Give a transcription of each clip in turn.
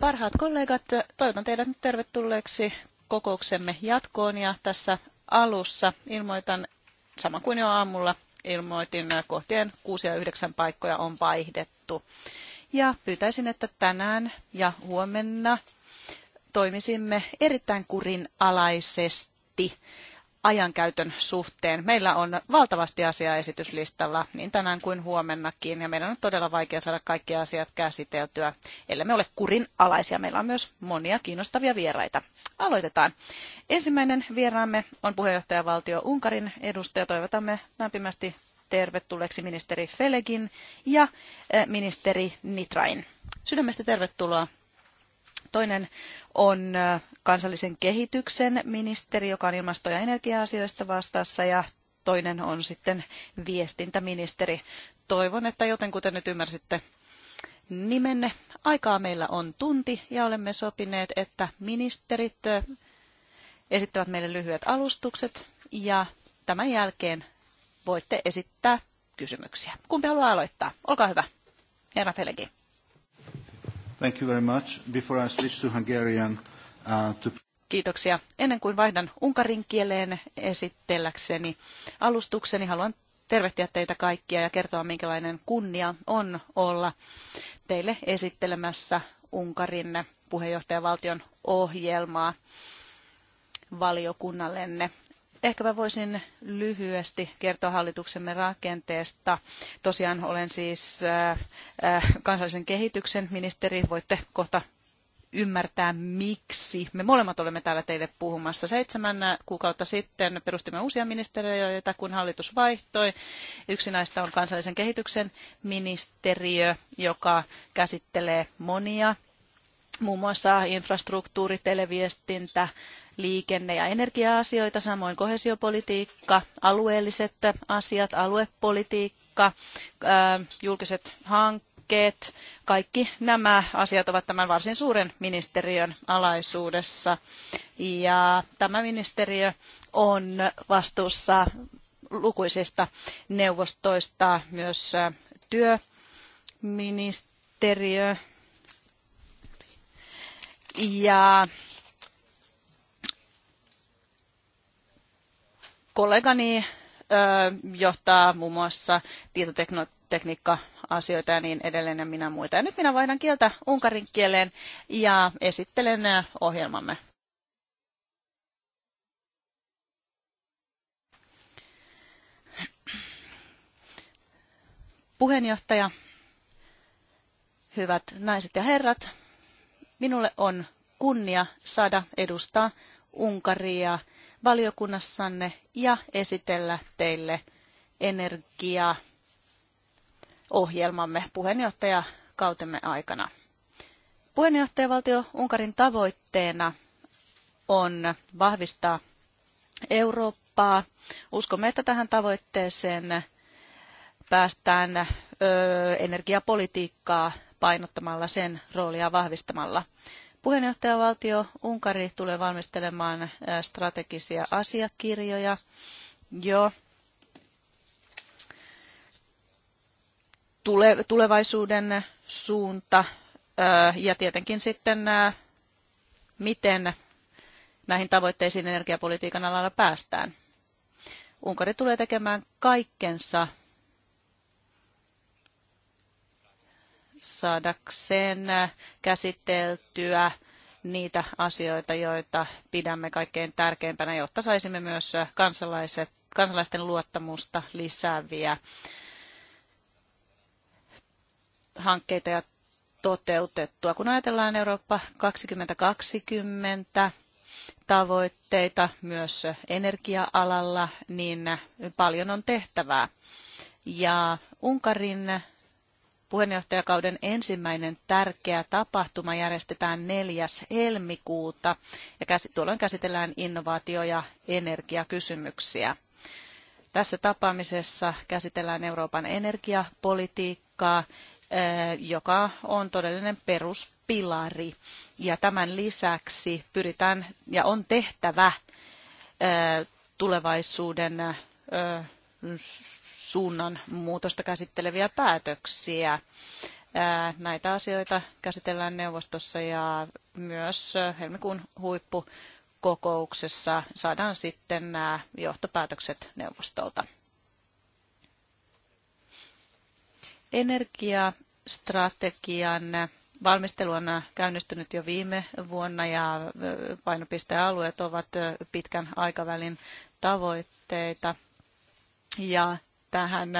Parhaat kollegat, toivotan teidät nyt tervetulleeksi kokouksemme jatkoon ja tässä alussa ilmoitan, sama kuin jo aamulla ilmoitin, kohtien 6 ja 9 paikkoja on vaihdettu. Ja pyytäisin, että tänään ja huomenna toimisimme erittäin kurinalaisesti ajankäytön suhteen. Meillä on valtavasti asiaa esityslistalla niin tänään kuin huomennakin ja meidän on todella vaikea saada kaikki asiat käsiteltyä, ellei me ole kurin alaisia. Meillä on myös monia kiinnostavia vieraita. Aloitetaan. Ensimmäinen vieraamme on puheenjohtajavaltio Unkarin edustaja. Toivotamme lämpimästi tervetulleeksi ministeri Felegin ja eh, ministeri Nitrain. Sydämestä tervetuloa Toinen on kansallisen kehityksen ministeri, joka on ilmasto- ja energia-asioista vastaassa, ja toinen on sitten viestintäministeri. Toivon, että jotenkuten nyt ymmärsitte nimenne. Aikaa meillä on tunti ja olemme sopineet, että ministerit esittävät meille lyhyet alustukset ja tämän jälkeen voitte esittää kysymyksiä. Kumpi haluaa aloittaa? Olkaa hyvä. Herra Pelegi. Thank you very much. Before I switch to Hungarian, uh, to... Kiitoksia. Ennen kuin vaihdan unkarin kieleen esitelläkseni alustukseni, haluan tervehtiä teitä kaikkia ja kertoa, minkälainen kunnia on olla teille esittelemässä Unkarin puheenjohtajavaltion ohjelmaa valiokunnallenne. Ehkäpä voisin lyhyesti kertoa hallituksemme rakenteesta. Tosiaan olen siis äh, äh, kansallisen kehityksen ministeri. Voitte kohta ymmärtää, miksi me molemmat olemme täällä teille puhumassa. Seitsemän kuukautta sitten perustimme uusia ministeriöitä, kun hallitus vaihtoi. Yksi näistä on kansallisen kehityksen ministeriö, joka käsittelee monia, muun muassa infrastruktuuri, televiestintä, liikenne- ja energia-asioita, samoin kohesiopolitiikka, alueelliset asiat, aluepolitiikka, julkiset hankkeet. Kaikki nämä asiat ovat tämän varsin suuren ministeriön alaisuudessa. Ja tämä ministeriö on vastuussa lukuisista neuvostoista myös työministeriö. Ja kollegani johtaa muun muassa tietotekniikka-asioita ja niin edelleen ja minä muita. Ja nyt minä vaihdan kieltä unkarin kieleen ja esittelen ohjelmamme. Puheenjohtaja, hyvät naiset ja herrat, minulle on kunnia saada edustaa Unkaria – valiokunnassanne ja esitellä teille energiaohjelmamme ohjelmamme puheenjohtajakautemme aikana. Puheenjohtajavaltio Unkarin tavoitteena on vahvistaa Eurooppaa. Uskomme, että tähän tavoitteeseen päästään ö, energiapolitiikkaa painottamalla sen roolia vahvistamalla. Puheenjohtajavaltio Unkari tulee valmistelemaan strategisia asiakirjoja jo tulevaisuuden suunta ja tietenkin sitten miten näihin tavoitteisiin energiapolitiikan alalla päästään. Unkari tulee tekemään kaikkensa saadakseen äh, käsiteltyä niitä asioita, joita pidämme kaikkein tärkeimpänä, jotta saisimme myös äh, kansalaiset, kansalaisten luottamusta lisääviä hankkeita ja toteutettua. Kun ajatellaan Eurooppa 2020 tavoitteita myös energia-alalla, niin paljon on tehtävää. Ja Unkarin puheenjohtajakauden ensimmäinen tärkeä tapahtuma järjestetään 4. helmikuuta ja tuolloin käsitellään innovaatio- ja energiakysymyksiä. Tässä tapaamisessa käsitellään Euroopan energiapolitiikkaa, eh, joka on todellinen peruspilari. Ja tämän lisäksi pyritään ja on tehtävä eh, tulevaisuuden eh, suunnanmuutosta käsitteleviä päätöksiä. Näitä asioita käsitellään neuvostossa ja myös helmikuun huippukokouksessa saadaan sitten nämä johtopäätökset neuvostolta. Energiastrategian valmistelu on käynnistynyt jo viime vuonna ja painopistealueet ovat pitkän aikavälin tavoitteita. Ja tähän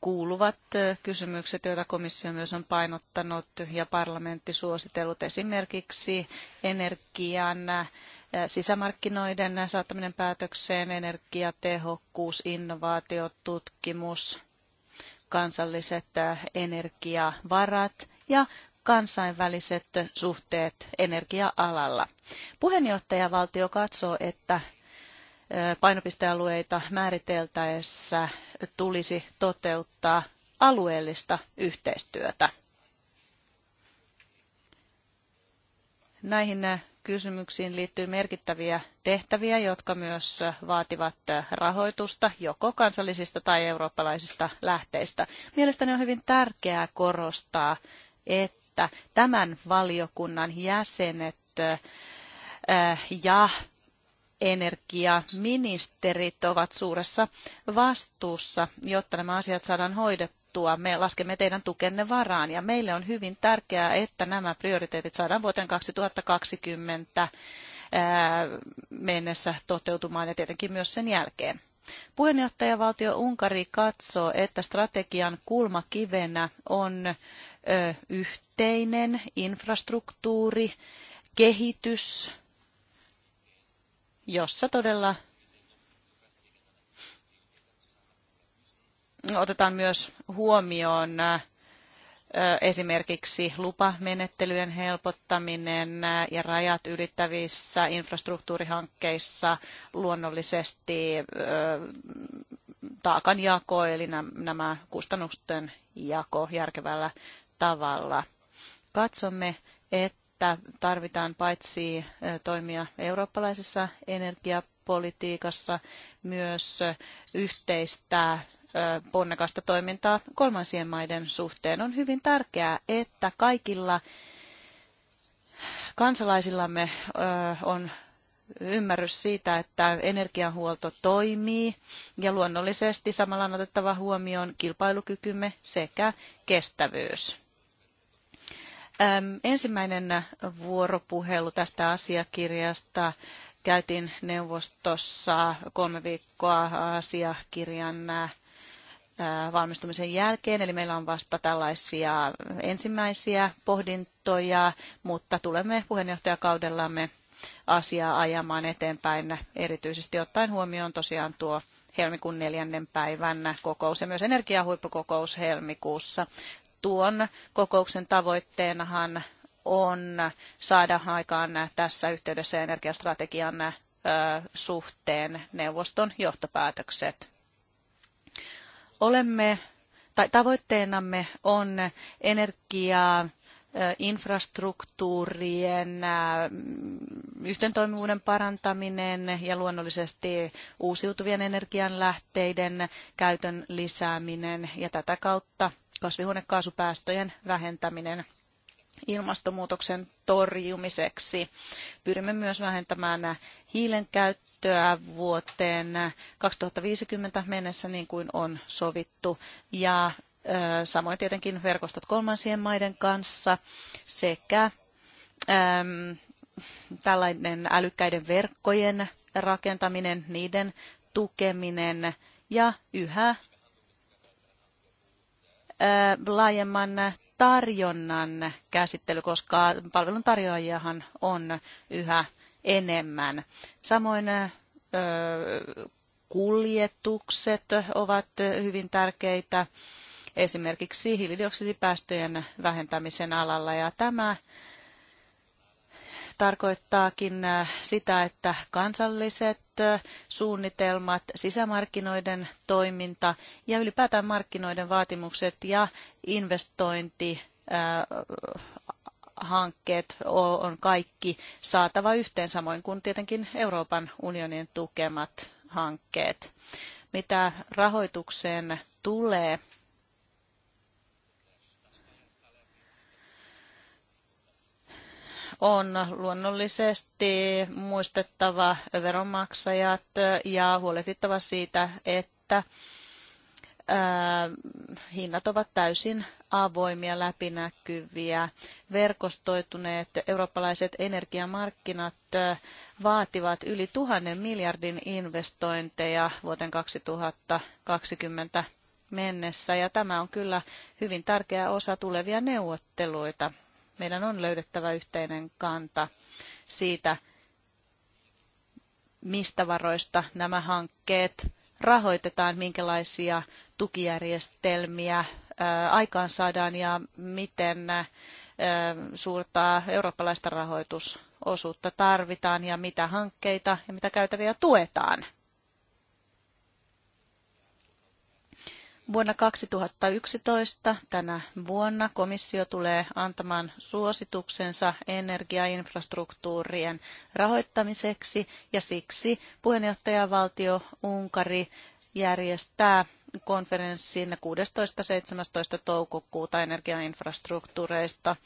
kuuluvat kysymykset, joita komissio myös on painottanut ja parlamentti suositellut esimerkiksi energian sisämarkkinoiden saattaminen päätökseen, energiatehokkuus, innovaatiot, tutkimus, kansalliset energiavarat ja kansainväliset suhteet energia-alalla. Puheenjohtajavaltio katsoo, että painopistealueita määriteltäessä tulisi toteuttaa alueellista yhteistyötä. Näihin kysymyksiin liittyy merkittäviä tehtäviä, jotka myös vaativat rahoitusta joko kansallisista tai eurooppalaisista lähteistä. Mielestäni on hyvin tärkeää korostaa, että tämän valiokunnan jäsenet ja energiaministerit ovat suuressa vastuussa, jotta nämä asiat saadaan hoidettua. Me laskemme teidän tukenne varaan ja meille on hyvin tärkeää, että nämä prioriteetit saadaan vuoteen 2020 mennessä toteutumaan ja tietenkin myös sen jälkeen. Puheenjohtajavaltio Unkari katsoo, että strategian kulmakivenä on yhteinen infrastruktuuri, kehitys, jossa todella otetaan myös huomioon esimerkiksi lupamenettelyjen helpottaminen ja rajat ylittävissä infrastruktuurihankkeissa luonnollisesti taakanjako, eli nämä kustannusten jako järkevällä tavalla. Katsomme, että että tarvitaan paitsi toimia eurooppalaisessa energiapolitiikassa myös yhteistä ponnekasta toimintaa kolmansien maiden suhteen. On hyvin tärkeää, että kaikilla kansalaisillamme on ymmärrys siitä, että energiahuolto toimii ja luonnollisesti samalla on otettava huomioon kilpailukykymme sekä kestävyys. Ensimmäinen vuoropuhelu tästä asiakirjasta käytiin neuvostossa kolme viikkoa asiakirjan valmistumisen jälkeen, eli meillä on vasta tällaisia ensimmäisiä pohdintoja, mutta tulemme puheenjohtajakaudellamme asiaa ajamaan eteenpäin, erityisesti ottaen huomioon tosiaan tuo helmikuun neljännen päivän kokous ja myös energiahuippukokous helmikuussa tuon kokouksen tavoitteenahan on saada aikaan tässä yhteydessä energiastrategian suhteen neuvoston johtopäätökset. Olemme, tai tavoitteenamme on energiaa infrastruktuurien yhteentoimivuuden parantaminen ja luonnollisesti uusiutuvien energianlähteiden käytön lisääminen ja tätä kautta kasvihuonekaasupäästöjen vähentäminen ilmastonmuutoksen torjumiseksi. Pyrimme myös vähentämään hiilen käyttöä vuoteen 2050 mennessä niin kuin on sovittu ja samoin tietenkin verkostot kolmansien maiden kanssa sekä äm, tällainen älykkäiden verkkojen rakentaminen, niiden tukeminen ja yhä laajemman tarjonnan käsittely, koska palvelun tarjoajiahan on yhä enemmän. Samoin kuljetukset ovat hyvin tärkeitä esimerkiksi hiilidioksidipäästöjen vähentämisen alalla ja tämä tarkoittaakin äh, sitä, että kansalliset äh, suunnitelmat, sisämarkkinoiden toiminta ja ylipäätään markkinoiden vaatimukset ja investointi äh, hankkeet on kaikki saatava yhteen, samoin kuin tietenkin Euroopan unionin tukemat hankkeet. Mitä rahoitukseen tulee, on luonnollisesti muistettava veronmaksajat ja huolehdittava siitä, että äh, hinnat ovat täysin avoimia, läpinäkyviä. Verkostoituneet eurooppalaiset energiamarkkinat äh, vaativat yli tuhannen miljardin investointeja vuoteen 2020 mennessä, ja tämä on kyllä hyvin tärkeä osa tulevia neuvotteluita. Meidän on löydettävä yhteinen kanta siitä, mistä varoista nämä hankkeet rahoitetaan, minkälaisia tukijärjestelmiä aikaansaadaan ja miten suurta eurooppalaista rahoitusosuutta tarvitaan ja mitä hankkeita ja mitä käytäviä tuetaan. Vuonna 2011 tänä vuonna komissio tulee antamaan suosituksensa energiainfrastruktuurien rahoittamiseksi ja siksi puheenjohtajavaltio Unkari järjestää konferenssin 16-17 toukokuuta energiainfrastruktuureista.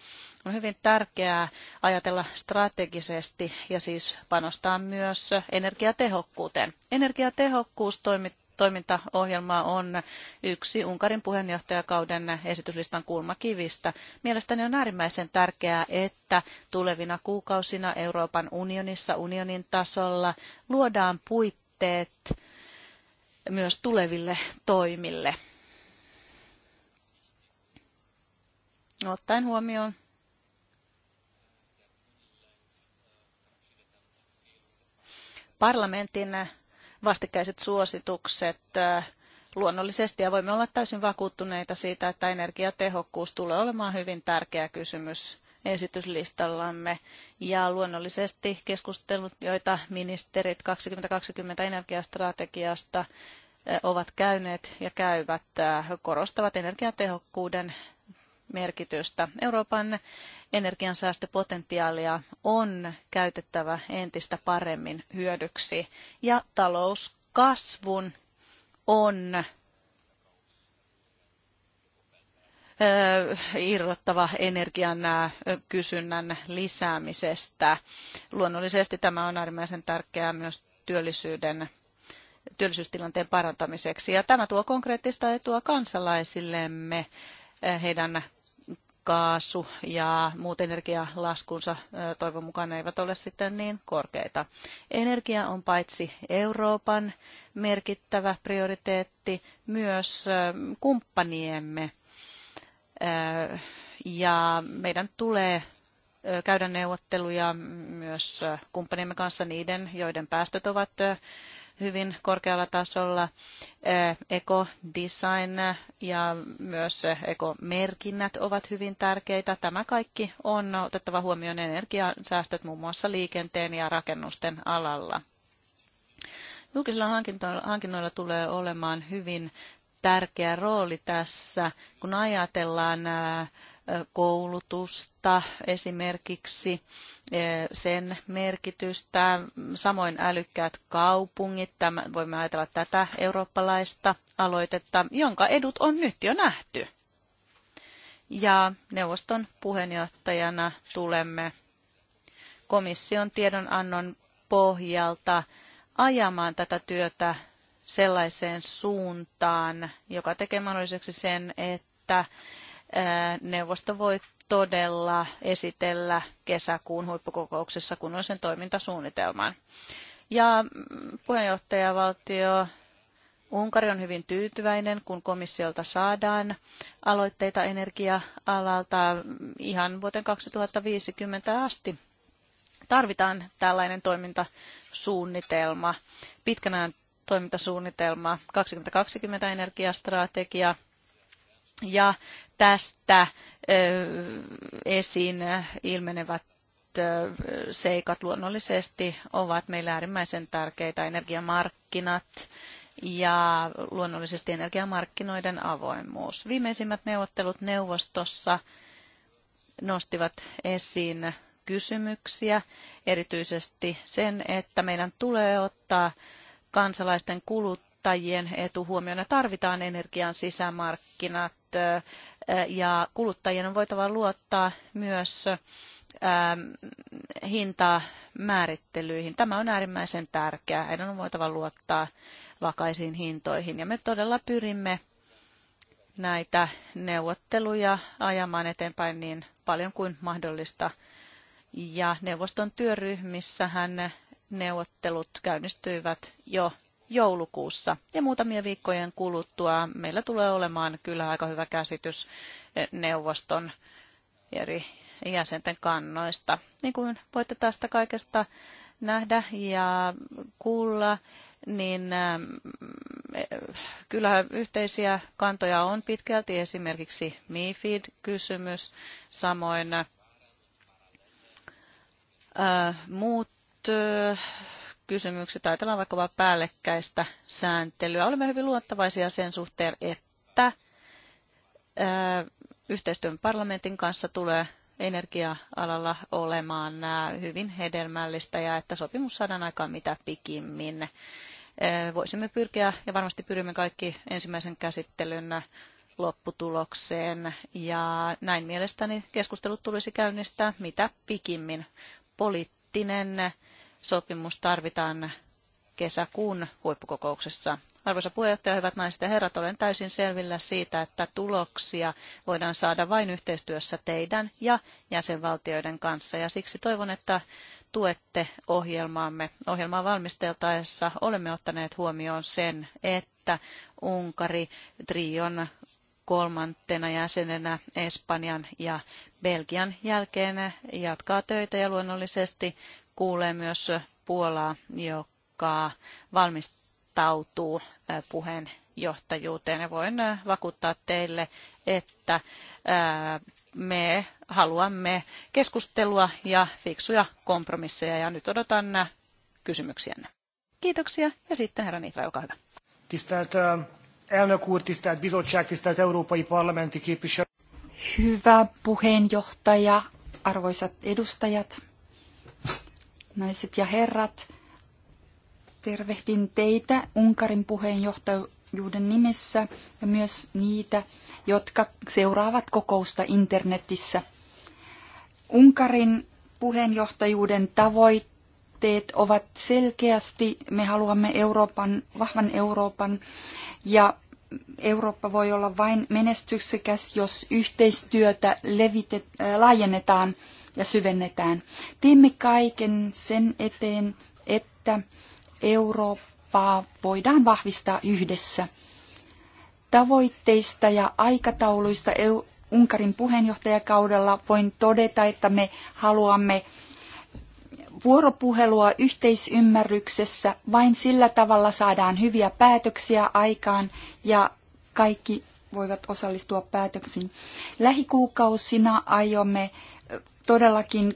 On hyvin tärkeää ajatella strategisesti ja siis panostaa myös energiatehokkuuteen. Energiatehokkuus toimittaa toimintaohjelma on yksi Unkarin puheenjohtajakauden esityslistan kulmakivistä. Mielestäni on äärimmäisen tärkeää, että tulevina kuukausina Euroopan unionissa, unionin tasolla luodaan puitteet myös tuleville toimille. Ottaen huomioon parlamentin vastikkäiset suositukset luonnollisesti ja voimme olla täysin vakuuttuneita siitä, että energiatehokkuus tulee olemaan hyvin tärkeä kysymys esityslistallamme. Ja luonnollisesti keskustelut, joita ministerit 2020 energiastrategiasta ovat käyneet ja käyvät, korostavat energiatehokkuuden merkitystä. Euroopan energiansäästöpotentiaalia on käytettävä entistä paremmin hyödyksi ja talouskasvun on irrottava energian kysynnän lisäämisestä. Luonnollisesti tämä on äärimmäisen tärkeää myös työllisyyden työllisyystilanteen parantamiseksi. Ja tämä tuo konkreettista etua kansalaisillemme heidän kaasu ja muut energialaskunsa toivon mukaan eivät ole sitten niin korkeita. Energia on paitsi Euroopan merkittävä prioriteetti, myös kumppaniemme. Ja meidän tulee käydä neuvotteluja myös kumppaniemme kanssa niiden, joiden päästöt ovat hyvin korkealla tasolla. Eh, ekodesign ja myös ekomerkinnät ovat hyvin tärkeitä. Tämä kaikki on otettava huomioon energiansäästöt muun muassa liikenteen ja rakennusten alalla. Julkisilla hankinnoilla, tulee olemaan hyvin tärkeä rooli tässä, kun ajatellaan eh, koulutusta esimerkiksi Eh, sen merkitystä, samoin älykkäät kaupungit, tämä, voimme ajatella tätä eurooppalaista aloitetta, jonka edut on nyt jo nähty. Ja neuvoston puheenjohtajana tulemme komission tiedonannon pohjalta ajamaan tätä työtä sellaiseen suuntaan, joka tekee mahdolliseksi sen, että eh, neuvosto voi todella esitellä kesäkuun huippukokouksessa kunnollisen toimintasuunnitelman. Ja mm, puheenjohtajavaltio Unkari on hyvin tyytyväinen, kun komissiolta saadaan aloitteita energia-alalta ihan vuoteen 2050 asti. Tarvitaan tällainen toimintasuunnitelma, pitkän ajan toimintasuunnitelma, 2020 energiastrategia ja tästä esiin ilmenevät seikat luonnollisesti ovat meille äärimmäisen tärkeitä, energiamarkkinat ja luonnollisesti energiamarkkinoiden avoimuus. Viimeisimmät neuvottelut neuvostossa nostivat esiin kysymyksiä, erityisesti sen, että meidän tulee ottaa kansalaisten kuluttajien etu huomioon ja tarvitaan energian sisämarkkinat ja kuluttajien on voitava luottaa myös hintamäärittelyihin. Tämä on äärimmäisen tärkeää. Heidän on voitava luottaa vakaisiin hintoihin. Ja me todella pyrimme näitä neuvotteluja ajamaan eteenpäin niin paljon kuin mahdollista. Ja neuvoston työryhmissähän neuvottelut käynnistyivät jo joulukuussa. Ja muutamia viikkojen kuluttua meillä tulee olemaan kyllä aika hyvä käsitys eh, neuvoston eri jäsenten kannoista. Niin kuin voitte tästä kaikesta nähdä ja kuulla, niin eh, eh, kyllähän yhteisiä kantoja on pitkälti esimerkiksi MIFID-kysymys, samoin muut kysymykset, ajatellaan vaikka päällekkäistä sääntelyä. Olemme hyvin luottavaisia sen suhteen, että yhteistyön parlamentin kanssa tulee energia-alalla olemaan hyvin hedelmällistä ja että sopimus saadaan aikaan mitä pikimmin. Voisimme pyrkiä ja varmasti pyrimme kaikki ensimmäisen käsittelyn lopputulokseen ja näin mielestäni keskustelut tulisi käynnistää mitä pikimmin. Poliittinen sopimus tarvitaan kesäkuun huippukokouksessa. Arvoisa puheenjohtaja, hyvät naiset ja herrat, olen täysin selvillä siitä, että tuloksia voidaan saada vain yhteistyössä teidän ja jäsenvaltioiden kanssa. Ja siksi toivon, että tuette ohjelmaamme. Ohjelmaa valmisteltaessa olemme ottaneet huomioon sen, että Unkari trion kolmantena jäsenenä Espanjan ja Belgian jälkeen jatkaa töitä ja luonnollisesti kuulee myös Puolaa, joka valmistautuu puheenjohtajuuteen. Ja voin vakuuttaa teille, että me haluamme keskustelua ja fiksuja kompromisseja ja nyt odotan kysymyksiänne. Kiitoksia ja sitten herra Nitra, olkaa hyvä. Tisztelt elnök úr, tisztelt bizottság, tisztelt európai parlamenti képviselő. Hyvä puheenjohtaja, arvoisat edustajat naiset ja herrat, tervehdin teitä Unkarin puheenjohtajuuden nimissä ja myös niitä, jotka seuraavat kokousta internetissä. Unkarin puheenjohtajuuden tavoitteet ovat selkeästi, me haluamme Euroopan, vahvan Euroopan ja Eurooppa voi olla vain menestyksekäs, jos yhteistyötä levitet, laajennetaan – ja syvennetään. Teemme kaiken sen eteen, että Eurooppaa voidaan vahvistaa yhdessä. Tavoitteista ja aikatauluista Unkarin puheenjohtajakaudella voin todeta, että me haluamme vuoropuhelua yhteisymmärryksessä. Vain sillä tavalla saadaan hyviä päätöksiä aikaan ja kaikki voivat osallistua päätöksiin. Lähikuukausina aiomme todellakin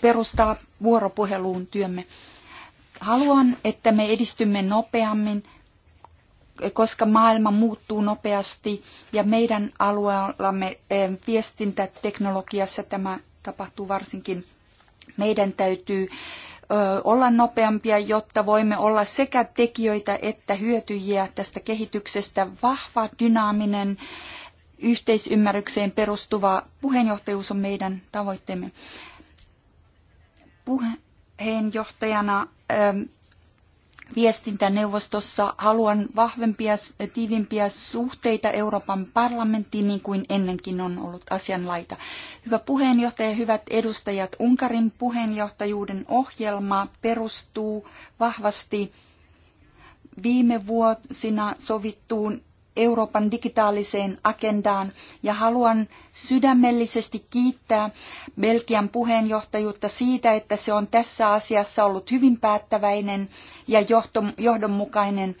perustaa vuoropuheluun työmme. Haluan, että me edistymme nopeammin, koska maailma muuttuu nopeasti ja meidän alueellamme eh, viestintäteknologiassa tämä tapahtuu varsinkin. Meidän täytyy olla nopeampia, jotta voimme olla sekä tekijöitä että hyötyjiä tästä kehityksestä. Vahva, dynaaminen yhteisymmärrykseen perustuva puheenjohtajuus on meidän tavoitteemme. Puheenjohtajana ähm, viestintäneuvostossa haluan vahvempia, tiivimpiä suhteita Euroopan parlamenttiin, niin kuin ennenkin on ollut asianlaita. Hyvä puheenjohtaja, hyvät edustajat, Unkarin puheenjohtajuuden ohjelma perustuu vahvasti viime vuosina sovittuun Euroopan digitaaliseen agendaan ja haluan sydämellisesti kiittää Belgian puheenjohtajuutta siitä, että se on tässä asiassa ollut hyvin päättäväinen ja johdonmukainen.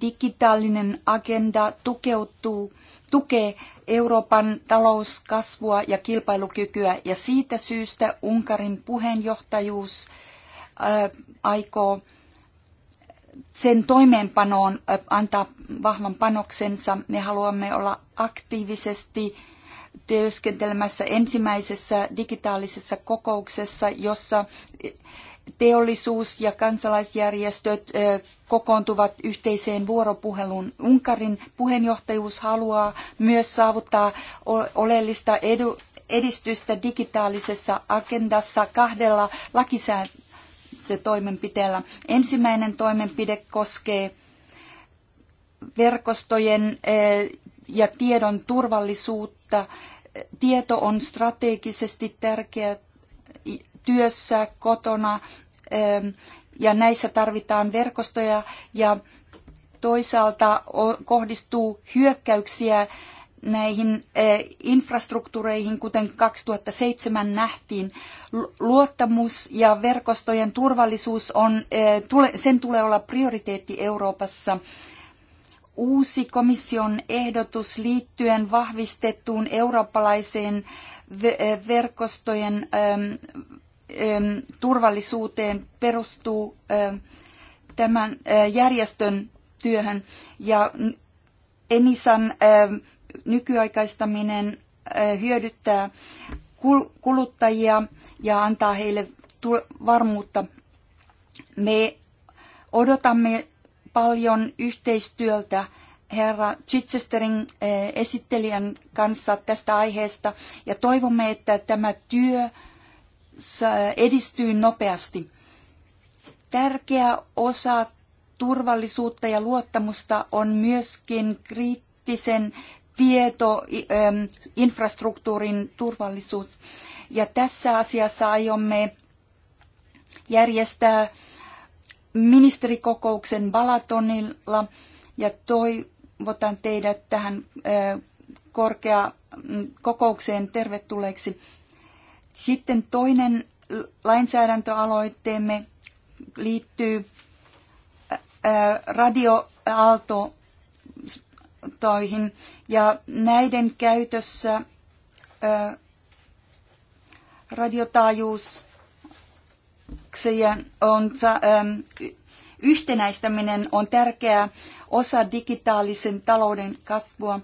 Digitaalinen agenda tukeutuu, tukee Euroopan talouskasvua ja kilpailukykyä ja siitä syystä Unkarin puheenjohtajuus aikoo sen toimeenpanoon antaa vahvan panoksensa. Me haluamme olla aktiivisesti työskentelemässä ensimmäisessä digitaalisessa kokouksessa, jossa teollisuus ja kansalaisjärjestöt kokoontuvat yhteiseen vuoropuheluun. Unkarin puheenjohtajuus haluaa myös saavuttaa oleellista edu, edistystä digitaalisessa agendassa kahdella lakisää, toimenpiteellä. Ensimmäinen toimenpide koskee verkostojen eh, ja tiedon turvallisuutta. Tieto on strategisesti tärkeä työssä, kotona eh, ja näissä tarvitaan verkostoja ja toisaalta kohdistuu hyökkäyksiä näihin eh, infrastruktuureihin, kuten 2007 nähtiin. Luottamus ja verkostojen turvallisuus on, eh, sen tulee olla prioriteetti Euroopassa. Uusi komission ehdotus liittyen vahvistettuun eurooppalaiseen eh, verkostojen turvallisuuteen perustuu tämän järjestön työhön ja Enisan nykyaikaistaminen hyödyttää kuluttajia ja antaa heille varmuutta. Me odotamme paljon yhteistyöltä herra Chichesterin esittelijän kanssa tästä aiheesta ja toivomme, että tämä työ edistyy nopeasti. Tärkeä osa turvallisuutta ja luottamusta on myöskin kriittisen tieto, infrastruktuurin turvallisuus. Ja tässä asiassa aiomme järjestää ministerikokouksen Balatonilla ja toivotan teidät tähän korkea mm, kokoukseen tervetulleeksi. Sitten toinen lainsäädäntöaloitteemme liittyy radioaalto valuuttoihin ja näiden käytössä radiotaajuuksien on, yhtenäistäminen on tärkeä osa digitaalisen talouden kasvua.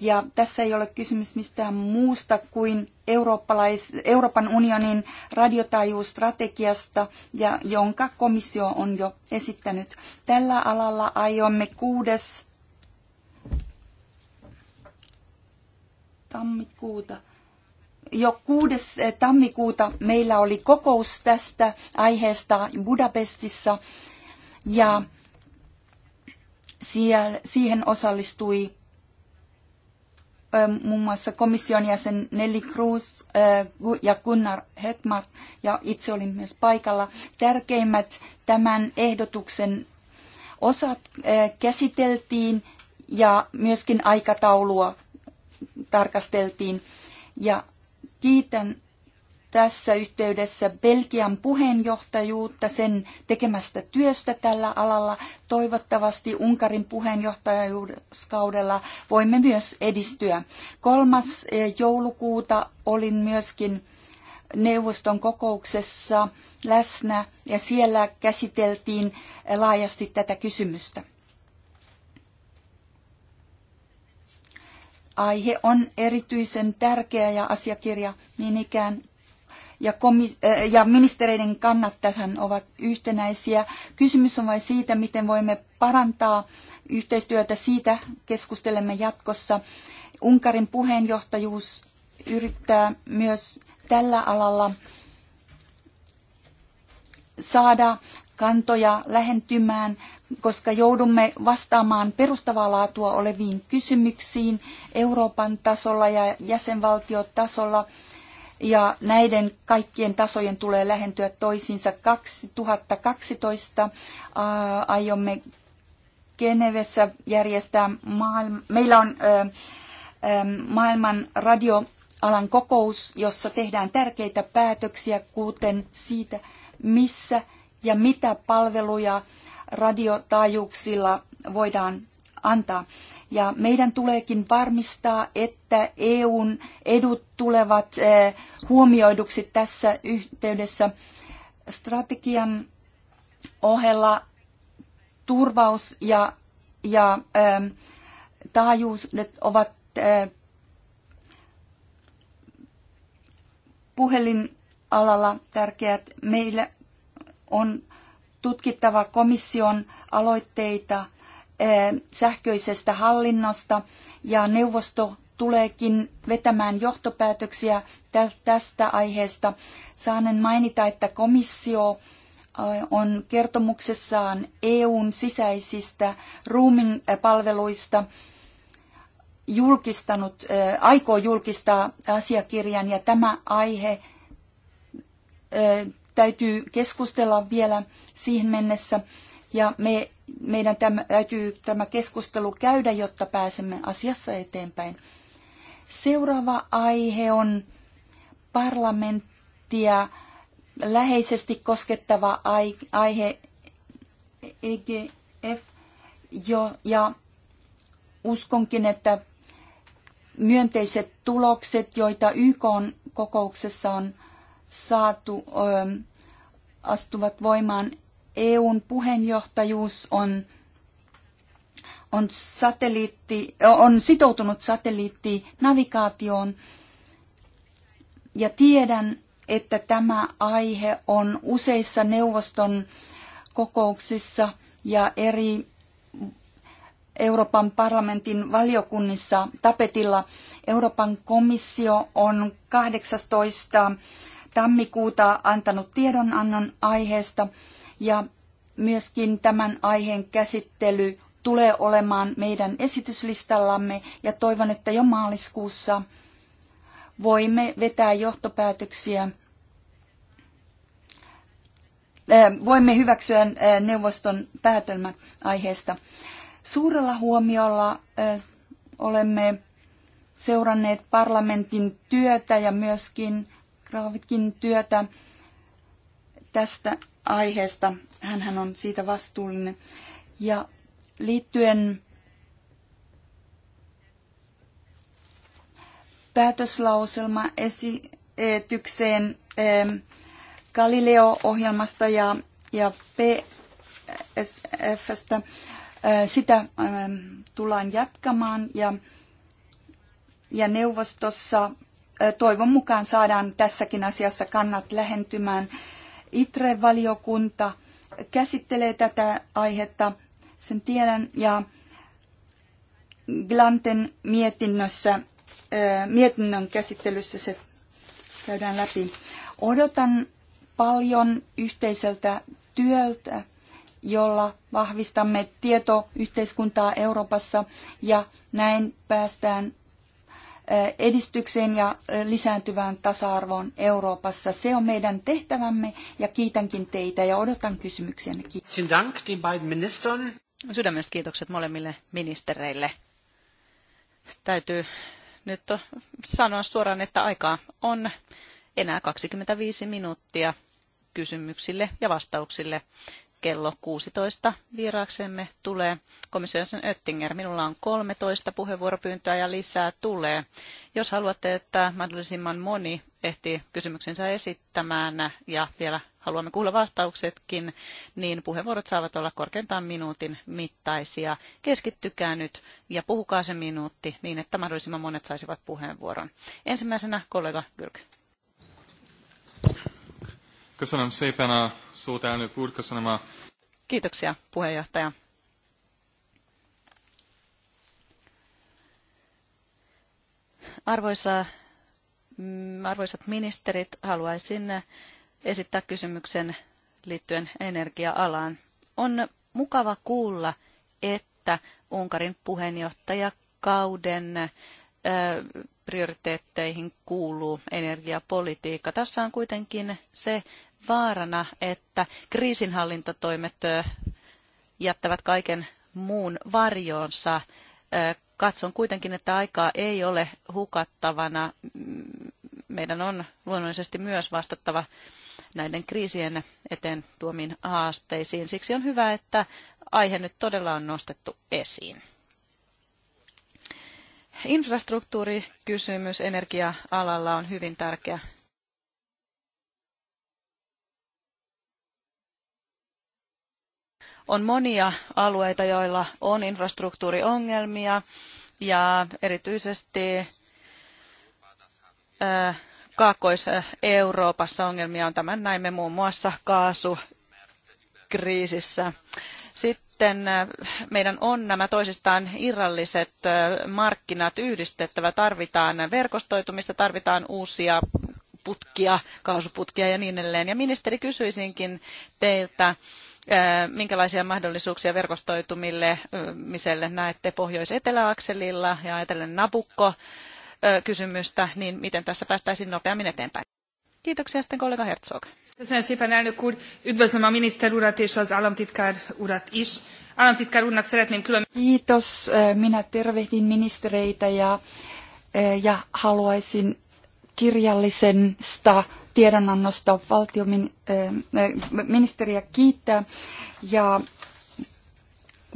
Ja tässä ei ole kysymys mistään muusta kuin eurooppalais, Euroopan unionin radiotaajuusstrategiasta, ja jonka komissio on jo esittänyt. Tällä alalla aiomme kuudes tammikuuta. Jo 6. Eh, tammikuuta meillä oli kokous tästä aiheesta Budapestissa ja siihen osallistui eh, muun mm. muassa komission jäsen Nelly Cruz eh, ja Gunnar Höckmark, ja itse olin myös paikalla. Tärkeimmät tämän ehdotuksen osat käsiteltiin ja myöskin aikataulua tarkasteltiin. Ja kiitän tässä yhteydessä Belgian puheenjohtajuutta sen tekemästä työstä tällä alalla. Toivottavasti Unkarin puheenjohtajuuskaudella voimme myös edistyä. Kolmas eh, joulukuuta olin myöskin neuvoston kokouksessa läsnä ja siellä käsiteltiin eh, laajasti tätä kysymystä. aihe on erityisen tärkeä ja asiakirja niin ikään. Ja, komi- äh, ja ministereiden kannat tähän ovat yhtenäisiä. Kysymys on vain siitä, miten voimme parantaa yhteistyötä. Siitä keskustelemme jatkossa. Unkarin puheenjohtajuus yrittää myös tällä alalla saada kantoja lähentymään, koska joudumme vastaamaan perustavaa laatua oleviin kysymyksiin Euroopan tasolla ja jäsenvaltiotasolla. Ja näiden kaikkien tasojen tulee lähentyä toisiinsa. 2012 ää, aiomme Genevessä järjestää maailma, meillä on ää, ää, maailman radioalan kokous, jossa tehdään tärkeitä päätöksiä, kuten siitä, missä ja mitä palveluja radiotaajuuksilla voidaan antaa. Ja meidän tuleekin varmistaa, että EUn edut tulevat eh, huomioiduksi tässä yhteydessä strategian ohella turvaus ja, ja eh, taajuudet ovat eh, puhelinalalla tärkeät. Meillä on tutkittava komission aloitteita eh, sähköisestä hallinnosta ja neuvosto tuleekin vetämään johtopäätöksiä tästä aiheesta. Saanen mainita, että komissio eh, on kertomuksessaan EUn sisäisistä roaming-palveluista julkistanut, eh, aikoo julkistaa asiakirjan ja tämä aihe täytyy keskustella vielä siihen mennessä ja me, meidän täm, täytyy tämä keskustelu käydä, jotta pääsemme asiassa eteenpäin. Seuraava aihe on parlamenttia läheisesti koskettava aihe EGF jo, ja uskonkin, että myönteiset tulokset, joita YK on kokouksessa on saatu, astuvat voimaan. EUn puheenjohtajuus on, on, satelliitti, on sitoutunut satelliittinavigaatioon ja tiedän, että tämä aihe on useissa neuvoston kokouksissa ja eri Euroopan parlamentin valiokunnissa tapetilla. Euroopan komissio on 18 tammikuuta antanut tiedonannon aiheesta ja myöskin tämän aiheen käsittely tulee olemaan meidän esityslistallamme ja toivon, että jo maaliskuussa voimme vetää johtopäätöksiä. Äh, voimme hyväksyä äh, neuvoston päätelmät aiheesta. Suurella huomiolla äh, olemme seuranneet parlamentin työtä ja myöskin Raavitkin työtä tästä aiheesta. hän on siitä vastuullinen. Ja liittyen päätöslauselma esitykseen eh, Galileo-ohjelmasta ja, ja PSFstä. Eh, sitä eh, tullaan jatkamaan ja, ja neuvostossa toivon mukaan saadaan tässäkin asiassa kannat lähentymään. ITRE-valiokunta käsittelee tätä aihetta, sen tiedän, ja Glanten mietinnössä, mietinnön käsittelyssä se käydään läpi. Odotan paljon yhteiseltä työltä, jolla vahvistamme tietoyhteiskuntaa Euroopassa ja näin päästään edistykseen ja lisääntyvään tasa-arvoon Euroopassa. Se on meidän tehtävämme ja kiitänkin teitä ja odotan kysymyksiänne. Kiitos. Sydämestä kiitokset molemmille ministereille. Täytyy nyt sanoa suoraan, että aikaa on enää 25 minuuttia kysymyksille ja vastauksille kello 16 vieraaksemme tulee komission Öttinger. Minulla on 13 puheenvuoropyyntöä ja lisää tulee. Jos haluatte, että mahdollisimman moni ehtii kysymyksensä esittämään ja vielä haluamme kuulla vastauksetkin, niin puheenvuorot saavat olla korkeintaan minuutin mittaisia. Keskittykää nyt ja puhukaa se minuutti niin, että mahdollisimman monet saisivat puheenvuoron. Ensimmäisenä kollega Gyrk. Köszönöm szépen a szót, elnök úr, köszönöm a... Kiitoksia, puheenjohtaja. Arvoisa, mm, arvoisat ministerit, haluaisin esittää kysymyksen liittyen energia-alaan. On mukava kuulla, että Unkarin puheenjohtajakauden prioriteetteihin kuuluu energiapolitiikka. Tässä on kuitenkin se vaarana, että kriisinhallintatoimet jättävät kaiken muun varjoonsa. Katson kuitenkin, että aikaa ei ole hukattavana. Meidän on luonnollisesti myös vastattava näiden kriisien eteen tuomiin haasteisiin. Siksi on hyvä, että aihe nyt todella on nostettu esiin. Infrastruktuurikysymys energia-alalla on hyvin tärkeä On monia alueita, joilla on infrastruktuuriongelmia ja erityisesti Kaakkois-Euroopassa ongelmia on. Tämän näimme muun muassa kaasukriisissä. Sitten meidän on nämä toisistaan irralliset markkinat yhdistettävä. Tarvitaan verkostoitumista, tarvitaan uusia putkia, kaasuputkia ja niin edelleen. Ja ministeri kysyisinkin teiltä, minkälaisia mahdollisuuksia verkostoitumiselle näette Pohjois-Etelä-akselilla ja ajatellen Nabukko kysymystä, niin miten tässä päästäisiin nopeammin eteenpäin? Kiitoksia sitten kollega Herzog. Köszönöm szépen, elnök úr! Üdvözlöm a miniszter urat és az államtitkár urat is. Államtitkár úrnak szeretném külön... Kiitos. Minä tervehdin ministereitä ja, ja haluaisin kirjallisen sta tiedonannosta. Valtioministeriä äh, äh, kiittää ja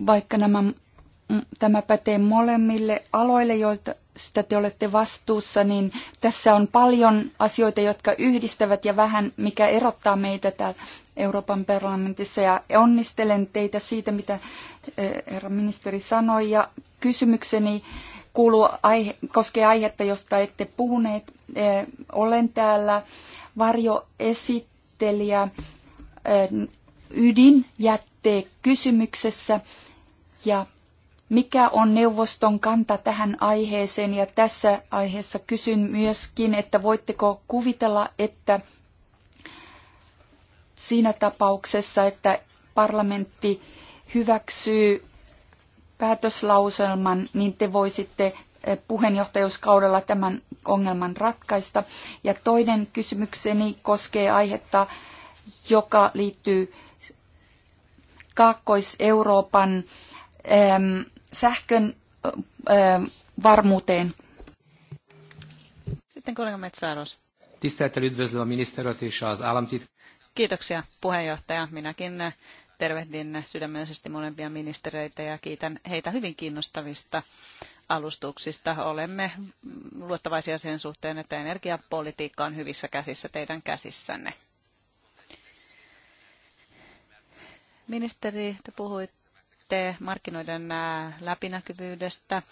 vaikka nämä, tämä pätee molemmille aloille, joita sitä te olette vastuussa, niin tässä on paljon asioita, jotka yhdistävät ja vähän mikä erottaa meitä täällä Euroopan parlamentissa. Ja onnistelen teitä siitä, mitä äh, herra ministeri sanoi. Ja kysymykseni kuuluu aihe, koskee aihetta, josta ette puhuneet. Olen täällä varjoesittelijä eh, ydinjätteen kysymyksessä ja mikä on neuvoston kanta tähän aiheeseen. Ja tässä aiheessa kysyn myöskin, että voitteko kuvitella, että siinä tapauksessa, että parlamentti hyväksyy päätöslauselman, niin te voisitte puheenjohtajuuskaudella tämän ongelman ratkaista. Ja toinen kysymykseni koskee aihetta, joka liittyy Kaakkois-Euroopan ähm, sähkön äh, ähm, varmuuteen. Sitten kollega Metsäros. Kiitoksia puheenjohtaja. Minäkin tervehdin sydämellisesti molempia ministereitä ja kiitän heitä hyvin kiinnostavista alustuksista. Olemme luottavaisia sen suhteen, että energiapolitiikka on hyvissä käsissä teidän käsissänne. Ministeri, te puhuitte markkinoiden läpinäkyvyydestä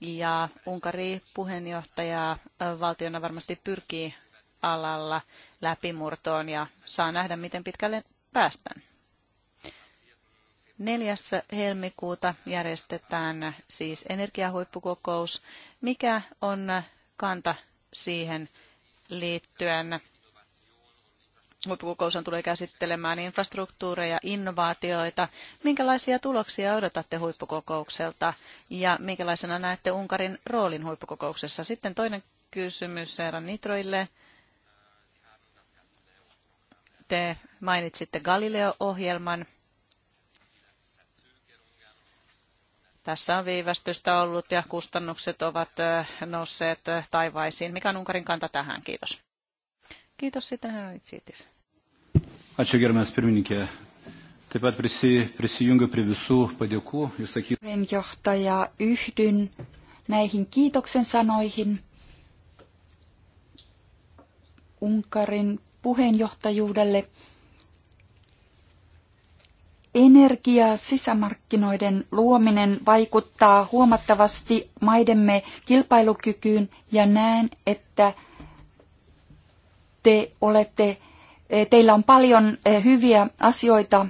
ja Unkari puheenjohtaja valtiona varmasti pyrkii alalla läpimurtoon ja saa nähdä, miten pitkälle päästään. 4. helmikuuta järjestetään siis energiahuippukokous. Mikä on kanta siihen liittyen? Huippukokous tulee käsittelemään infrastruktuureja, innovaatioita. Minkälaisia tuloksia odotatte huippukokoukselta ja minkälaisena näette Unkarin roolin huippukokouksessa? Sitten toinen kysymys Seera Nitroille. Te mainitsitte Galileo-ohjelman Tässä on viivästystä ollut ja kustannukset ovat nousseet taivaisiin. Mikä on Unkarin kanta tähän? Kiitos. Kiitos sitten herra Itsiitis. Ačiū gerbiamas pirmininkė. Taip pat prisi, prisijungiu prie visų padėkų. Puheenjohtaja, yhdyn näihin kiitoksen sanoihin. Unkarin puheenjohtajuudelle energia sisämarkkinoiden luominen vaikuttaa huomattavasti maidemme kilpailukykyyn ja näen, että te olette, eh, teillä on paljon eh, hyviä asioita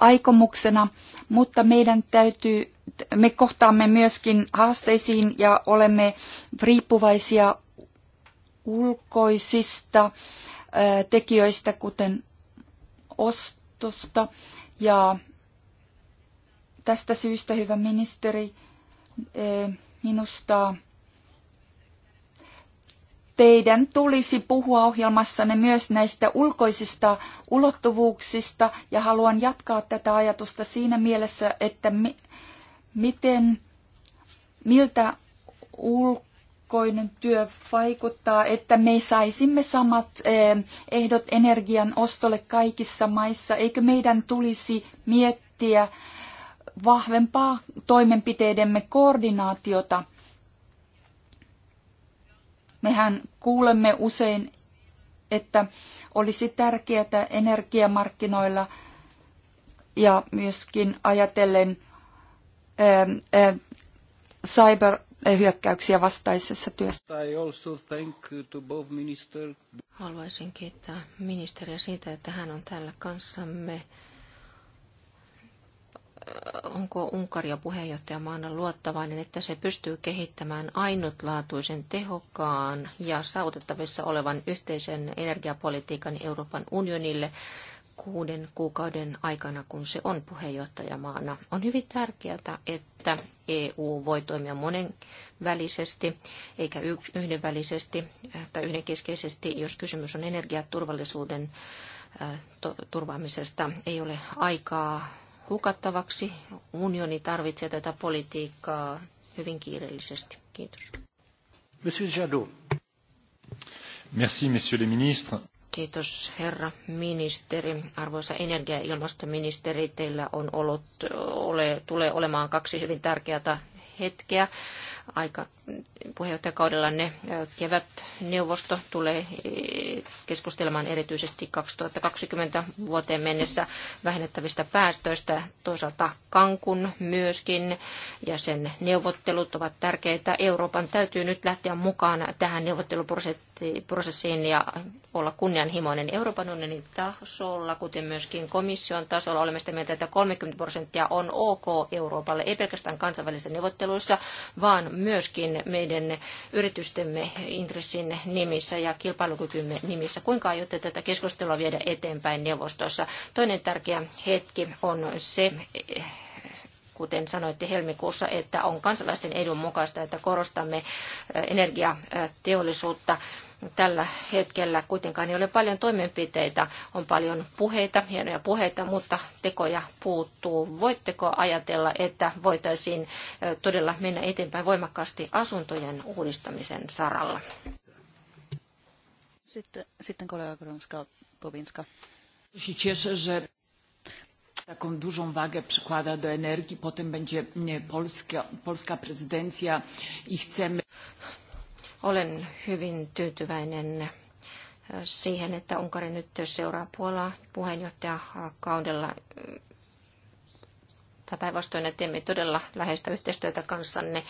aikomuksena, mutta meidän täytyy, me kohtaamme myöskin haasteisiin ja olemme riippuvaisia ulkoisista eh, tekijöistä, kuten ostosta. Ja tästä syystä, hyvä ministeri, e, minusta teidän tulisi puhua ohjelmassanne myös näistä ulkoisista ulottuvuuksista ja haluan jatkaa tätä ajatusta siinä mielessä, että mi- miten, miltä ulko valkoinen työ vaikuttaa, että me saisimme samat eh, ehdot energian ostolle kaikissa maissa. Eikö meidän tulisi miettiä vahvempaa toimenpiteidemme koordinaatiota? Mehän kuulemme usein, että olisi tärkeää energiamarkkinoilla ja myöskin ajatellen eh, eh, cyber hyökkäyksiä vastaisessa työssä. Uh, Haluaisin kiittää ministeriä siitä, että hän on täällä kanssamme. Äh, onko Unkaria puheenjohtajamaana luottavainen, että se pystyy kehittämään ainutlaatuisen tehokkaan ja saavutettavissa olevan yhteisen energiapolitiikan Euroopan unionille? kuuden kuukauden aikana, kun se on puheenjohtajamaana. On hyvin tärkeää, että EU voi toimia monenvälisesti eikä yhdenvälisesti äh, tai yhdenkeskeisesti, jos kysymys on energiaturvallisuuden äh, turvaamisesta. Ei ole aikaa hukattavaksi. Unioni tarvitsee tätä politiikkaa hyvin kiireellisesti. Kiitos. Monsieur Jadot. Merci, messieurs les ministres. Kiitos herra ministeri. Arvoisa energia- ja ilmastoministeri, teillä on ollut, ole, tulee olemaan kaksi hyvin tärkeää hetkeä. Aika puheenjohtajakaudellanne kevätneuvosto tulee e, keskustelemaan erityisesti 2020 vuoteen mennessä vähennettävistä päästöistä. Toisaalta Kankun myöskin ja sen neuvottelut ovat tärkeitä. Euroopan täytyy nyt lähteä mukaan tähän neuvotteluprosessiin ja olla kunnianhimoinen Euroopan unionin tasolla, kuten myöskin komission tasolla. Olemme sitä mieltä, että 30 prosenttia on ok Euroopalle, ei pelkästään kansainvälisissä neuvotteluissa, vaan myöskin meidän yritystemme intressin nimissä ja kilpailukykymme nimissä. Kuinka aiotte tätä keskustelua viedä eteenpäin neuvostossa? Toinen tärkeä hetki on se, kuten sanoitte helmikuussa, että on kansalaisten edun mukaista, että korostamme energiateollisuutta tällä hetkellä kuitenkaan ei ole paljon toimenpiteitä, on paljon puheita, hienoja puheita, mutta tekoja puuttuu. Voitteko ajatella, että voitaisiin todella mennä eteenpäin voimakkaasti asuntojen uudistamisen saralla? Sitten, sitten kollega gromska Povinska. że taką dużą wagę przykłada do energii. Potem będzie polska, polska prezydencja i chcemy... Olen hyvin tyytyväinen äh, siihen, että Unkari nyt seuraa Puolaa puheenjohtajakaudella. Tai äh, päinvastoin, että teemme todella läheistä yhteistyötä kanssanne.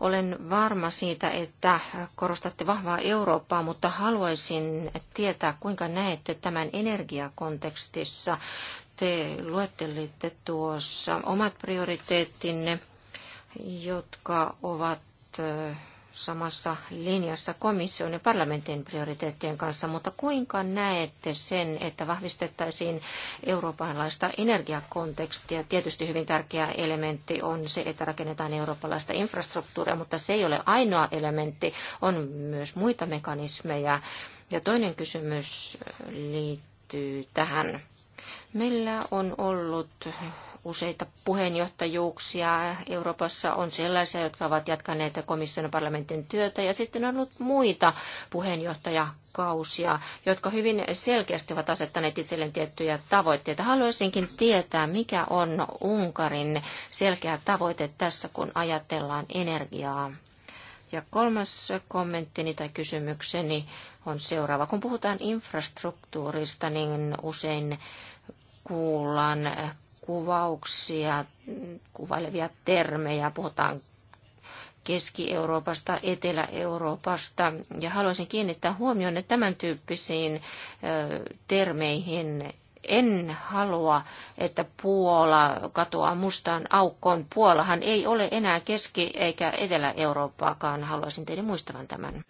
Olen varma siitä, että korostatte vahvaa Eurooppaa, mutta haluaisin tietää, kuinka näette tämän energiakontekstissa. Te luettelitte tuossa omat prioriteettinne, jotka ovat äh, samassa linjassa komission ja parlamentin prioriteettien kanssa, mutta kuinka näette sen, että vahvistettaisiin eurooppalaista energiakontekstia? Tietysti hyvin tärkeä elementti on se, että rakennetaan eurooppalaista infrastruktuuria, mutta se ei ole ainoa elementti, on myös muita mekanismeja. Ja toinen kysymys liittyy tähän. Meillä on ollut useita puheenjohtajuuksia Euroopassa on sellaisia, jotka ovat jatkaneet komission ja parlamentin työtä, ja sitten on ollut muita puheenjohtajakausia, jotka hyvin selkeästi ovat asettaneet itselleen tiettyjä tavoitteita. Haluaisinkin tietää, mikä on Unkarin selkeä tavoite tässä, kun ajatellaan energiaa. Ja kolmas kommenttini tai kysymykseni on seuraava. Kun puhutaan infrastruktuurista, niin usein kuullaan kuvauksia, kuvailevia termejä, puhutaan Keski-Euroopasta, Etelä-Euroopasta. Ja haluaisin kiinnittää huomioon tämän tyyppisiin termeihin. En halua, että Puola katoaa mustaan aukkoon. Puolahan ei ole enää Keski- eikä Etelä-Eurooppaakaan. Haluaisin teidän muistavan tämän.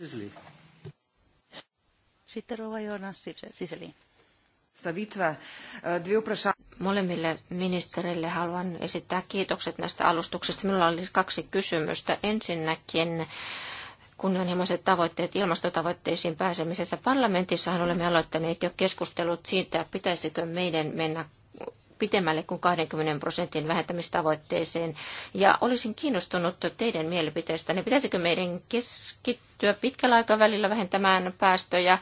Sitten Rova Joona Siseliin. Eh, Molemmille ministerille haluan esittää kiitokset näistä alustuksista. Minulla oli kaksi kysymystä. Ensinnäkin kunnianhimoiset tavoitteet ilmastotavoitteisiin pääsemisessä. Parlamentissahan olemme aloittaneet jo keskustelut siitä, pitäisikö meidän mennä pitemmälle kuin 20 prosentin vähentämistavoitteeseen. Ja olisin kiinnostunut teidän mielipiteestä, niin Pitäisikö meidän keskittyä pitkällä aikavälillä vähentämään päästöjä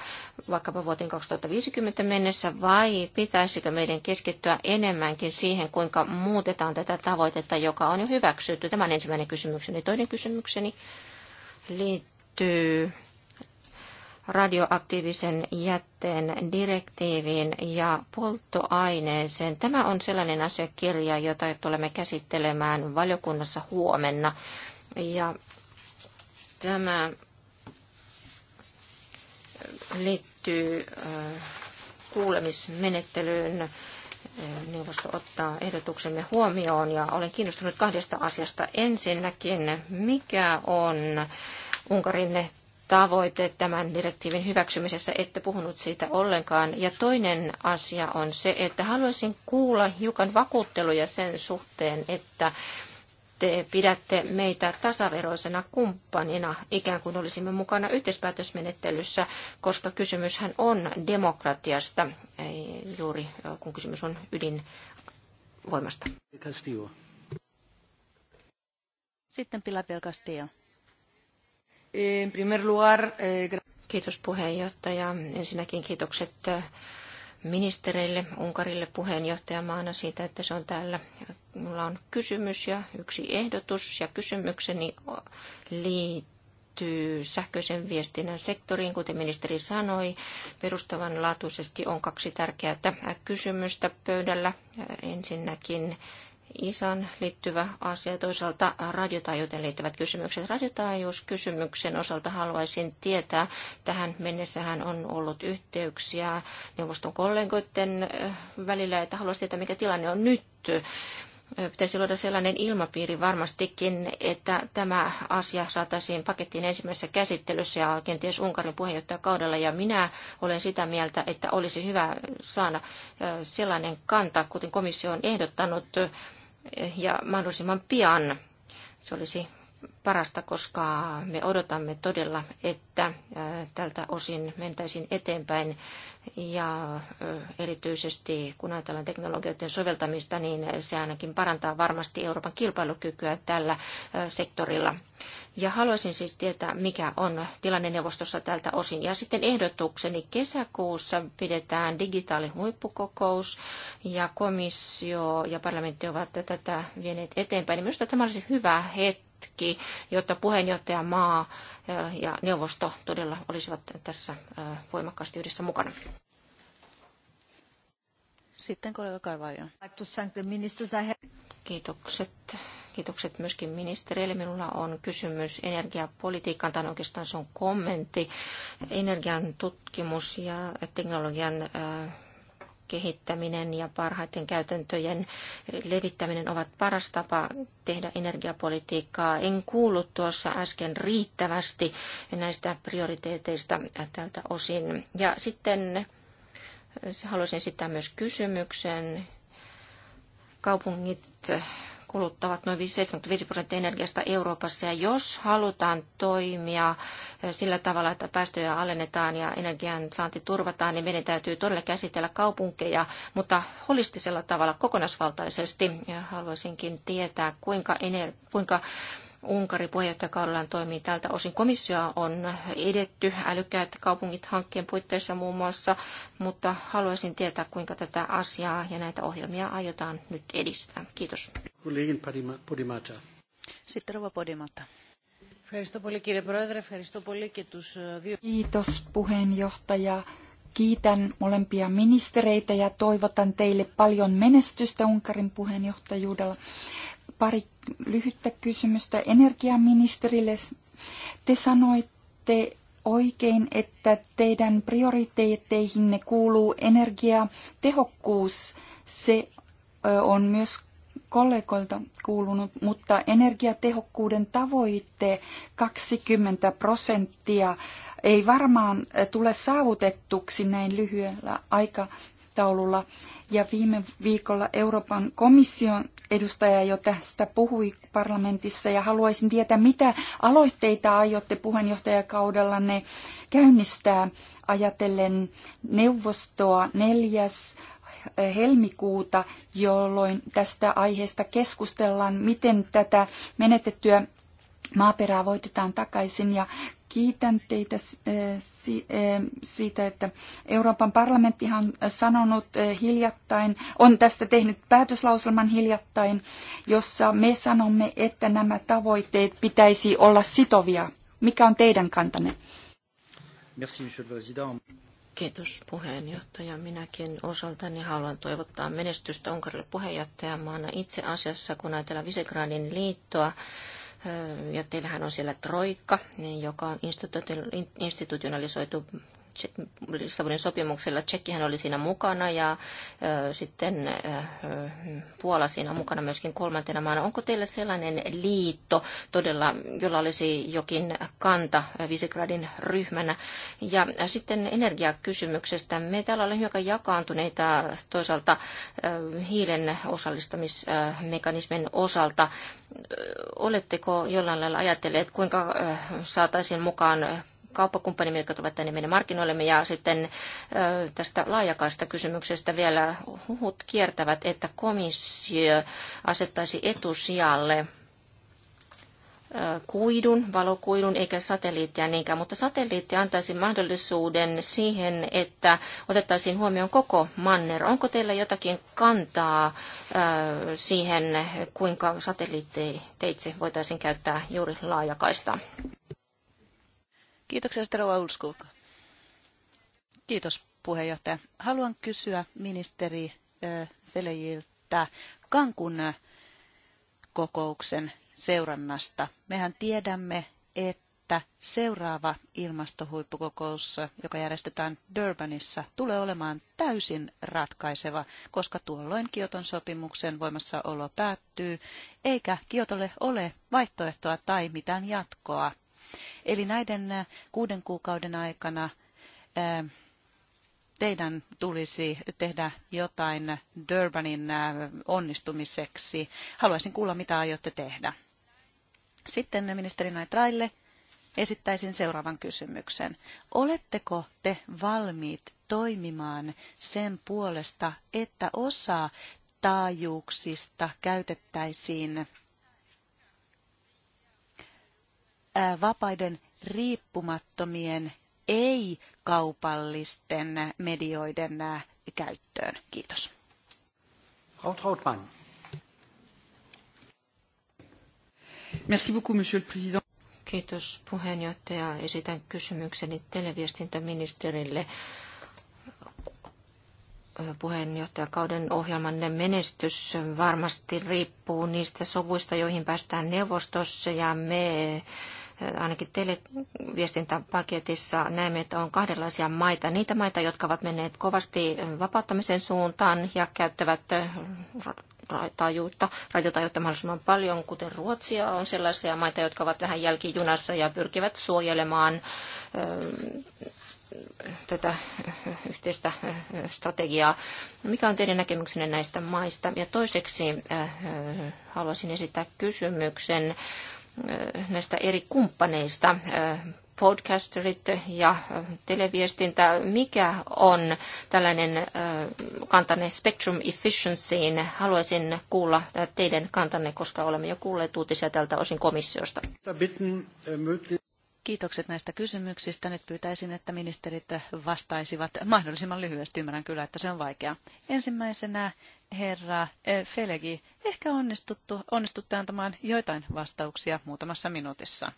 vaikkapa vuoteen 2050 mennessä vai pitäisikö meidän keskittyä enemmänkin siihen, kuinka muutetaan tätä tavoitetta, joka on jo hyväksytty? Tämä on ensimmäinen kysymykseni. Toinen kysymykseni liittyy radioaktiivisen jätteen direktiiviin ja polttoaineeseen. Tämä on sellainen asiakirja, jota tulemme käsittelemään valiokunnassa huomenna. Ja tämä liittyy äh, kuulemismenettelyyn. Neuvosto ottaa ehdotuksemme huomioon ja olen kiinnostunut kahdesta asiasta. Ensinnäkin, mikä on Unkarin tavoite tämän direktiivin hyväksymisessä, ette puhunut siitä ollenkaan. Ja toinen asia on se, että haluaisin kuulla hiukan vakuutteluja sen suhteen, että te pidätte meitä tasaveroisena kumppanina, ikään kuin olisimme mukana yhteispäätösmenettelyssä, koska kysymyshän on demokratiasta, Ei juuri kun kysymys on ydinvoimasta. Sitten Pilar Castillo. En primer lugar, eh, Kiitos puheenjohtaja. Ensinnäkin kiitokset eh, ministereille, Unkarille puheenjohtajamaana siitä, että se on täällä. Minulla on kysymys ja yksi ehdotus ja kysymykseni liittyy sähköisen viestinnän sektoriin. Kuten ministeri sanoi, perustavanlaatuisesti on kaksi tärkeää eh, kysymystä pöydällä. Ensinnäkin isän liittyvä asia ja toisaalta radiotaajuuteen liittyvät kysymykset. Radiotaajuuskysymyksen osalta haluaisin tietää, tähän mennessähän on ollut yhteyksiä neuvoston kollegoiden eh, välillä, että haluaisin tietää, mikä tilanne on nyt eh, pitäisi luoda sellainen ilmapiiri varmastikin, että tämä asia saataisiin pakettiin ensimmäisessä käsittelyssä ja kenties Unkarin puheenjohtajakaudella. Ja minä olen sitä mieltä, että olisi hyvä saada eh, sellainen kanta, kuten komissio on ehdottanut, ja mahdollisimman pian. Se olisi parasta, koska me odotamme todella, että tältä osin mentäisiin eteenpäin. Ja erityisesti kun ajatellaan teknologioiden soveltamista, niin se ainakin parantaa varmasti Euroopan kilpailukykyä tällä sektorilla. Ja haluaisin siis tietää, mikä on tilanne neuvostossa tältä osin. Ja sitten ehdotukseni kesäkuussa pidetään digitaalihuippukokous ja komissio ja parlamentti ovat tätä vieneet eteenpäin. Minusta tämä olisi hyvä hetki hetki, jotta puheenjohtajamaa ja neuvosto todella olisivat tässä voimakkaasti yhdessä mukana. Sitten kollega Carvalho. Kiitokset. Kiitokset myöskin ministerille. Minulla on kysymys energiapolitiikkaan, tai oikeastaan se on kommentti. Energian tutkimus ja teknologian kehittäminen ja parhaiten käytäntöjen levittäminen ovat paras tapa tehdä energiapolitiikkaa. En kuullut tuossa äsken riittävästi näistä prioriteeteista tältä osin. Ja sitten haluaisin sitä myös kysymyksen. Kaupungit kuluttavat noin 75 prosenttia energiasta Euroopassa. Ja jos halutaan toimia eh, sillä tavalla, että päästöjä alennetaan ja energian saanti turvataan, niin meidän täytyy todella käsitellä kaupunkeja, mutta holistisella tavalla kokonaisvaltaisesti. Ja haluaisinkin tietää, kuinka, ener- kuinka Unkari puheenjohtajakaudellaan toimii tältä osin. Komissio on edetty älykkäät kaupungit hankkeen puitteissa muun muassa, mutta haluaisin tietää, kuinka tätä asiaa ja näitä ohjelmia aiotaan nyt edistää. Kiitos. Sitten Rova Podimata. Kiitos puheenjohtaja. Kiitän molempia ministereitä ja toivotan teille paljon menestystä Unkarin puheenjohtajuudella pari lyhyttä kysymystä energiaministerille. Te sanoitte oikein, että teidän prioriteetteihinne kuuluu energiatehokkuus. Se on myös kollegoilta kuulunut, mutta energiatehokkuuden tavoitte 20 prosenttia ei varmaan tule saavutettuksi näin lyhyellä aikataululla. Ja viime viikolla Euroopan komission edustaja jo tästä puhui parlamentissa ja haluaisin tietää, mitä aloitteita aiotte puheenjohtajakaudellanne käynnistää ajatellen neuvostoa neljäs helmikuuta, jolloin tästä aiheesta keskustellaan, miten tätä menetettyä maaperää voitetaan takaisin ja Kiitän teitä eh, eh, siitä, että Euroopan parlamentti on sanonut eh, hiljattain, on tästä tehnyt päätöslauselman hiljattain, jossa me sanomme, että nämä tavoitteet pitäisi olla sitovia. Mikä on teidän kantanne? Merci, monsieur le président. Kiitos puheenjohtaja. Minäkin osaltani haluan toivottaa menestystä Unkarille puheenjohtajamaana. Itse asiassa, kun ajatellaan Visegradin liittoa, ja teillähän on siellä Troikka, joka on institutionalisoitu Savonin sopimuksella. Tsekkihän oli siinä mukana ja sitten Puola siinä mukana myöskin kolmantena maana. Onko teillä sellainen liitto todella, jolla olisi jokin kanta Visegradin ryhmänä? Ja sitten energiakysymyksestä. Me täällä olemme hyvin jakaantuneita toisaalta hiilen osallistamismekanismin osalta. Oletteko jollain lailla ajatelleet, kuinka saataisiin mukaan kauppakumppanimme, jotka tulevat tänne meidän markkinoillemme. Ja sitten tästä laajakaista kysymyksestä vielä huhut kiertävät, että komissio asettaisi etusijalle kuidun, valokuidun eikä satelliittia niinkään, mutta satelliitti antaisi mahdollisuuden siihen, että otettaisiin huomioon koko manner. Onko teillä jotakin kantaa siihen, kuinka satelliitteitse voitaisiin käyttää juuri laajakaista? Kiitoksia, Sterova Ulskulka. Kiitos, puheenjohtaja. Haluan kysyä ministeri Velejiltä Kankun kokouksen seurannasta. Mehän tiedämme, että seuraava ilmastohuippukokous, joka järjestetään Durbanissa, tulee olemaan täysin ratkaiseva, koska tuolloin Kioton sopimuksen voimassaolo päättyy, eikä Kiotolle ole vaihtoehtoa tai mitään jatkoa. Eli näiden äh, kuuden kuukauden aikana äh, teidän tulisi tehdä jotain Durbanin äh, onnistumiseksi. Haluaisin kuulla, mitä aiotte tehdä. Sitten ministeri Naitraille esittäisin seuraavan kysymyksen. Oletteko te valmiit toimimaan sen puolesta, että osa taajuuksista käytettäisiin vapaiden riippumattomien ei-kaupallisten medioiden käyttöön. Kiitos. Frau Merci beaucoup, monsieur le président. Kiitos puheenjohtaja. Esitän kysymykseni televiestintäministerille. Puheenjohtajakauden ohjelmanne menestys varmasti riippuu niistä sovuista, joihin päästään neuvostossa ja me ainakin televiestintäpaketissa näemme, että on kahdenlaisia maita. Niitä maita, jotka ovat menneet kovasti vapauttamisen suuntaan ja käyttävät äh, taajuutta, radiotajuutta mahdollisimman paljon, kuten Ruotsia on sellaisia maita, jotka ovat vähän jälkijunassa ja pyrkivät suojelemaan äh, tätä yhteistä äh, strategiaa. Mikä on teidän näkemyksenne näistä maista? Ja toiseksi haluaisin esittää kysymyksen näistä eri kumppaneista, podcasterit ja televiestintä, mikä on tällainen kantanne Spectrum efficiency? Haluaisin kuulla teidän kantanne, koska olemme jo kuulleet uutisia tältä osin komissiosta. Äh, Kiitokset näistä kysymyksistä. Nyt pyytäisin, että ministerit vastaisivat mahdollisimman lyhyesti. Ymmärrän kyllä, että se on vaikea. Ensimmäisenä herra eh, Felegi, ehkä onnistuttu, onnistutte antamaan joitain vastauksia muutamassa minuutissa.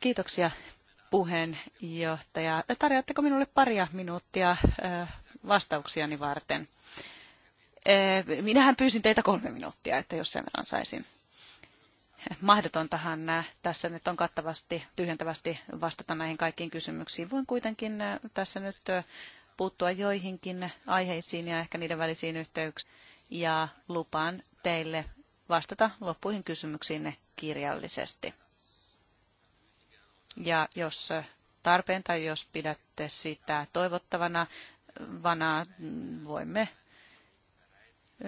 Kiitoksia puheenjohtaja. Tarjoatteko minulle paria minuuttia eh, vastauksiani varten? Eh, minähän pyysin teitä kolme minuuttia, että jos sen verran saisin mahdotontahan äh, tässä nyt on kattavasti, tyhjentävästi vastata näihin kaikkiin kysymyksiin. Voin kuitenkin äh, tässä nyt äh, puuttua joihinkin aiheisiin ja ehkä niiden välisiin yhteyksiin ja lupaan teille vastata loppuihin kysymyksiinne kirjallisesti. Ja jos tarpeen tai jos pidätte sitä toivottavana, vana, mm, voimme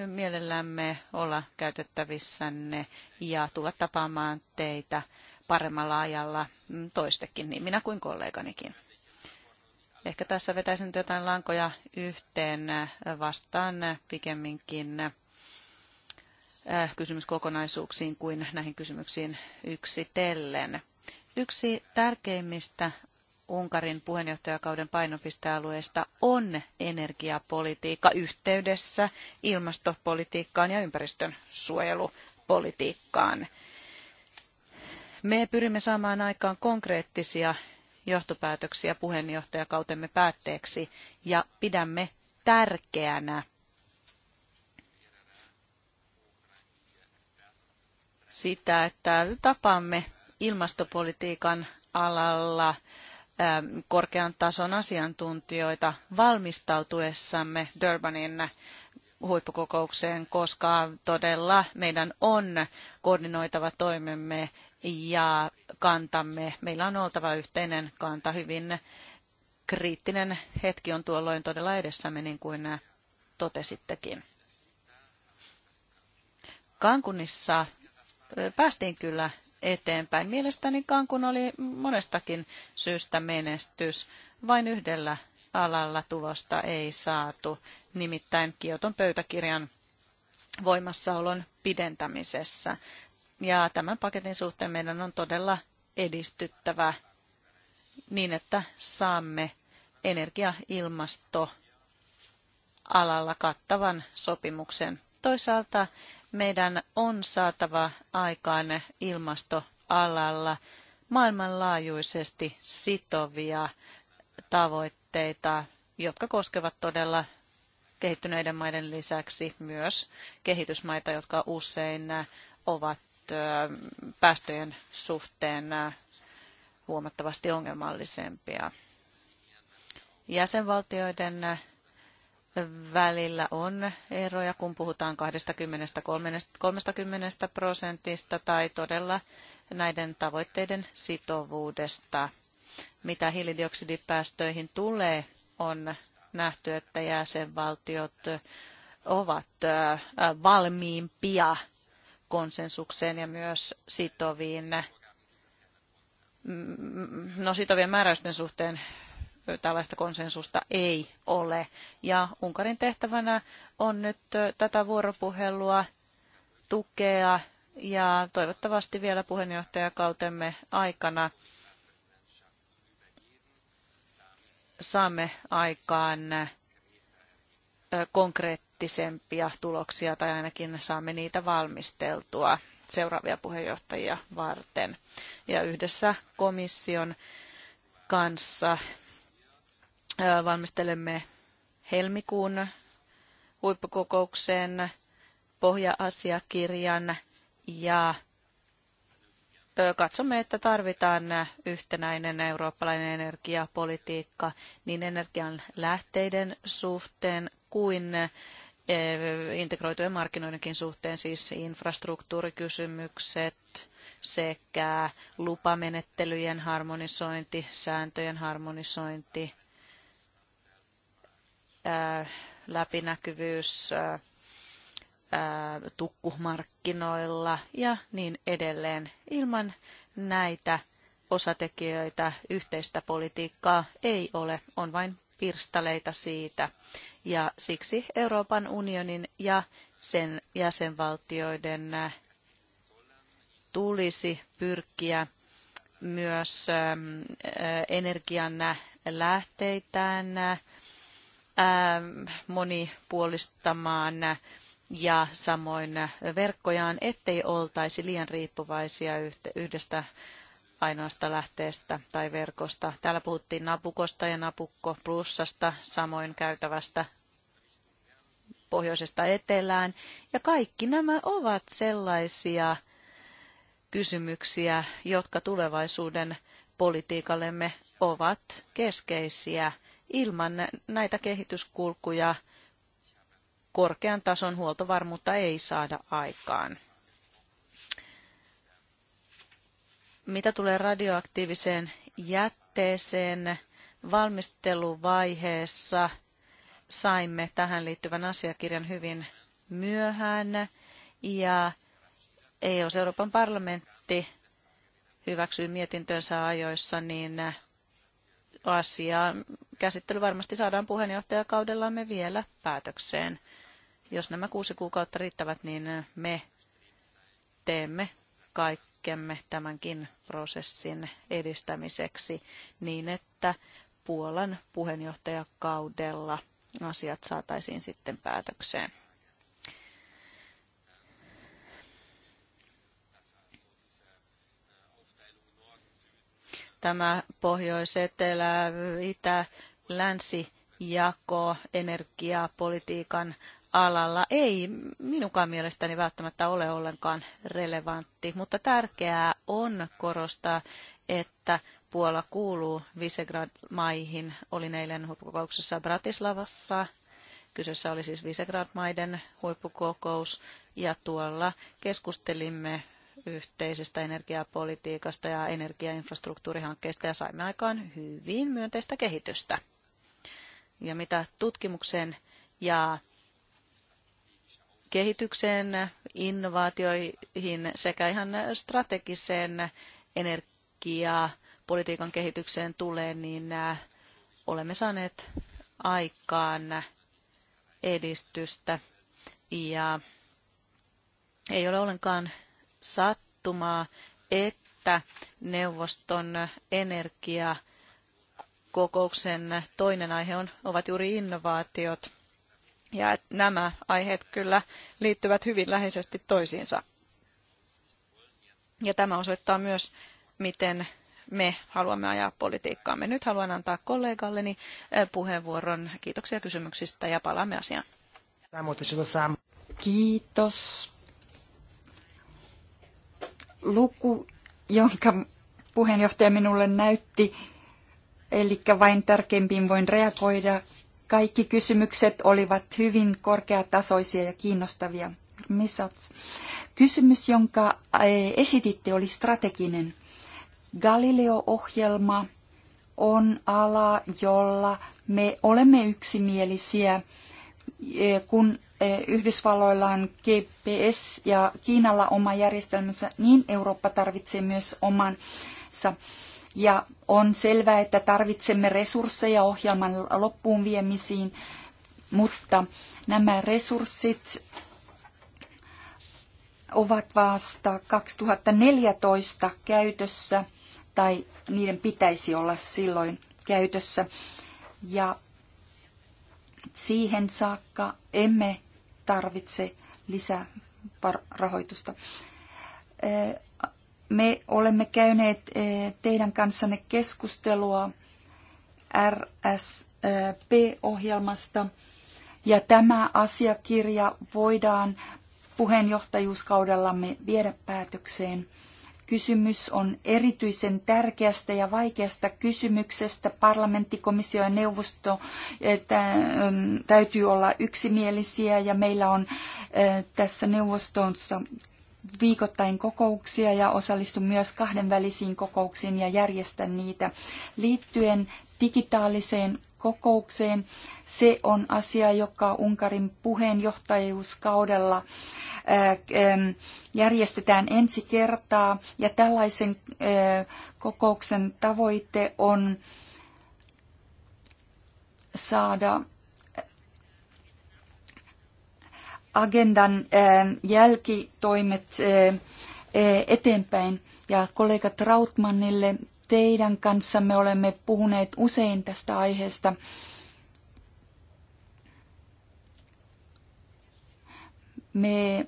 mielellämme olla käytettävissänne ja tulla tapaamaan teitä paremmalla ajalla mm, toistekin, niin minä kuin kolleganikin. Ehkä tässä vetäisin nyt jotain lankoja yhteen vastaan pikemminkin eh, kysymyskokonaisuuksiin kuin näihin kysymyksiin yksitellen. Yksi tärkeimmistä Unkarin puheenjohtajakauden painopistealueesta on energiapolitiikka yhteydessä ilmastopolitiikkaan ja ympäristön suojelupolitiikkaan. Me pyrimme saamaan aikaan konkreettisia johtopäätöksiä puheenjohtajakautemme päätteeksi ja pidämme tärkeänä sitä, että tapaamme ilmastopolitiikan alalla Ähm, korkean tason asiantuntijoita valmistautuessamme Durbanin huippukokoukseen, koska todella meidän on koordinoitava toimemme ja kantamme. Meillä on oltava yhteinen kanta. Hyvin kriittinen hetki on tuolloin todella edessämme, niin kuin totesittekin. Kankunissa päästiin kyllä eteenpäin. Mielestäni Kankun oli monestakin syystä menestys. Vain yhdellä alalla tulosta ei saatu, nimittäin Kioton pöytäkirjan voimassaolon pidentämisessä. Ja tämän paketin suhteen meidän on todella edistyttävä niin, että saamme energia- ilmasto alalla kattavan sopimuksen. Toisaalta meidän on saatava aikaan ilmastoalalla maailmanlaajuisesti sitovia tavoitteita, jotka koskevat todella kehittyneiden maiden lisäksi myös kehitysmaita, jotka usein ovat päästöjen suhteen huomattavasti ongelmallisempia. Jäsenvaltioiden välillä on eroja, kun puhutaan 20-30 prosentista tai todella näiden tavoitteiden sitovuudesta. Mitä hiilidioksidipäästöihin tulee, on nähty, että jäsenvaltiot ovat valmiimpia konsensukseen ja myös sitoviin, mm, no sitovien määräysten suhteen tällaista konsensusta ei ole. Ja Unkarin tehtävänä on nyt tätä vuoropuhelua tukea ja toivottavasti vielä puheenjohtajakautemme aikana saamme aikaan konkreettisempia tuloksia tai ainakin saamme niitä valmisteltua seuraavia puheenjohtajia varten. Ja yhdessä komission kanssa valmistelemme helmikuun huippukokoukseen pohja-asiakirjan ja katsomme, että tarvitaan yhtenäinen eurooppalainen energiapolitiikka niin energian lähteiden suhteen kuin integroitujen markkinoidenkin suhteen, siis infrastruktuurikysymykset sekä lupamenettelyjen harmonisointi, sääntöjen harmonisointi Äh, läpinäkyvyys äh, äh, tukkumarkkinoilla ja niin edelleen. Ilman näitä osatekijöitä yhteistä politiikkaa ei ole, on vain pirstaleita siitä. Ja siksi Euroopan unionin ja sen jäsenvaltioiden tulisi pyrkiä myös energian lähteitään Ähm, monipuolistamaan ja samoin verkkojaan, ettei oltaisi liian riippuvaisia yhdestä ainoasta lähteestä tai verkosta. Täällä puhuttiin Napukosta ja Napukko Plussasta, samoin käytävästä pohjoisesta etelään. Ja kaikki nämä ovat sellaisia kysymyksiä, jotka tulevaisuuden politiikallemme ovat keskeisiä. Ilman näitä kehityskulkuja korkean tason huoltovarmuutta ei saada aikaan. Mitä tulee radioaktiiviseen jätteeseen, valmisteluvaiheessa saimme tähän liittyvän asiakirjan hyvin myöhään ja eu Euroopan parlamentti hyväksyi mietintönsä ajoissa, niin asiaan. Käsittely varmasti saadaan puheenjohtajakaudellamme vielä päätökseen. Jos nämä kuusi kuukautta riittävät, niin me teemme kaikkemme tämänkin prosessin edistämiseksi niin, että Puolan puheenjohtajakaudella asiat saataisiin sitten päätökseen. tämä pohjois-etelä, itä, länsi jako energiapolitiikan alalla ei minunkaan mielestäni välttämättä ole ollenkaan relevantti, mutta tärkeää on korostaa, että Puola kuuluu Visegrad-maihin. Olin eilen huippukokouksessa Bratislavassa. Kyseessä oli siis Visegrad-maiden huippukokous ja tuolla keskustelimme yhteisestä energiapolitiikasta ja energiainfrastruktuurihankkeista ja saimme aikaan hyvin myönteistä kehitystä. Ja mitä tutkimuksen ja kehitykseen, innovaatioihin sekä ihan strategiseen energiapolitiikan kehitykseen tulee, niin äh, olemme saaneet aikaan edistystä ja ei ole ollenkaan sattumaa, että neuvoston energiakokouksen toinen aihe on, ovat juuri innovaatiot. Ja nämä aiheet kyllä liittyvät hyvin läheisesti toisiinsa. Ja tämä osoittaa myös, miten me haluamme ajaa politiikkaamme. Nyt haluan antaa kollegalleni eh, puheenvuoron. Kiitoksia kysymyksistä ja palaamme asiaan. Kiitos luku, jonka puheenjohtaja minulle näytti, eli vain tärkeimpiin voin reagoida. Kaikki kysymykset olivat hyvin korkeatasoisia ja kiinnostavia. Misats. Kysymys, jonka eh, esititte, oli strateginen. Galileo-ohjelma on ala, jolla me olemme yksimielisiä Eh, kun eh, Yhdysvalloilla on GPS ja Kiinalla oma järjestelmänsä, niin Eurooppa tarvitsee myös omansa. Ja on selvää, että tarvitsemme resursseja ohjelman loppuun viemisiin, mutta nämä resurssit ovat vasta 2014 käytössä, tai niiden pitäisi olla silloin käytössä. Ja Siihen saakka emme tarvitse lisää rahoitusta. Eh, me olemme käyneet eh, teidän kanssanne keskustelua RSP-ohjelmasta ja tämä asiakirja voidaan puheenjohtajuuskaudellamme viedä päätökseen – Kysymys on erityisen tärkeästä ja vaikeasta kysymyksestä. Parlamentti, komissio ja neuvosto eh, mm, täytyy olla yksimielisiä ja meillä on eh, tässä neuvostossa viikoittain kokouksia ja osallistun myös kahdenvälisiin kokouksiin ja järjestän niitä liittyen digitaaliseen kokoukseen. Se on asia, joka Unkarin puheenjohtajuuskaudella äh, ähm, järjestetään ensi kertaa ja tällaisen äh, kokouksen tavoite on saada äh, agendan ähm, jälkitoimet eteenpäin ja kollega Trautmannille teidän kanssa. Me olemme puhuneet usein tästä aiheesta. Me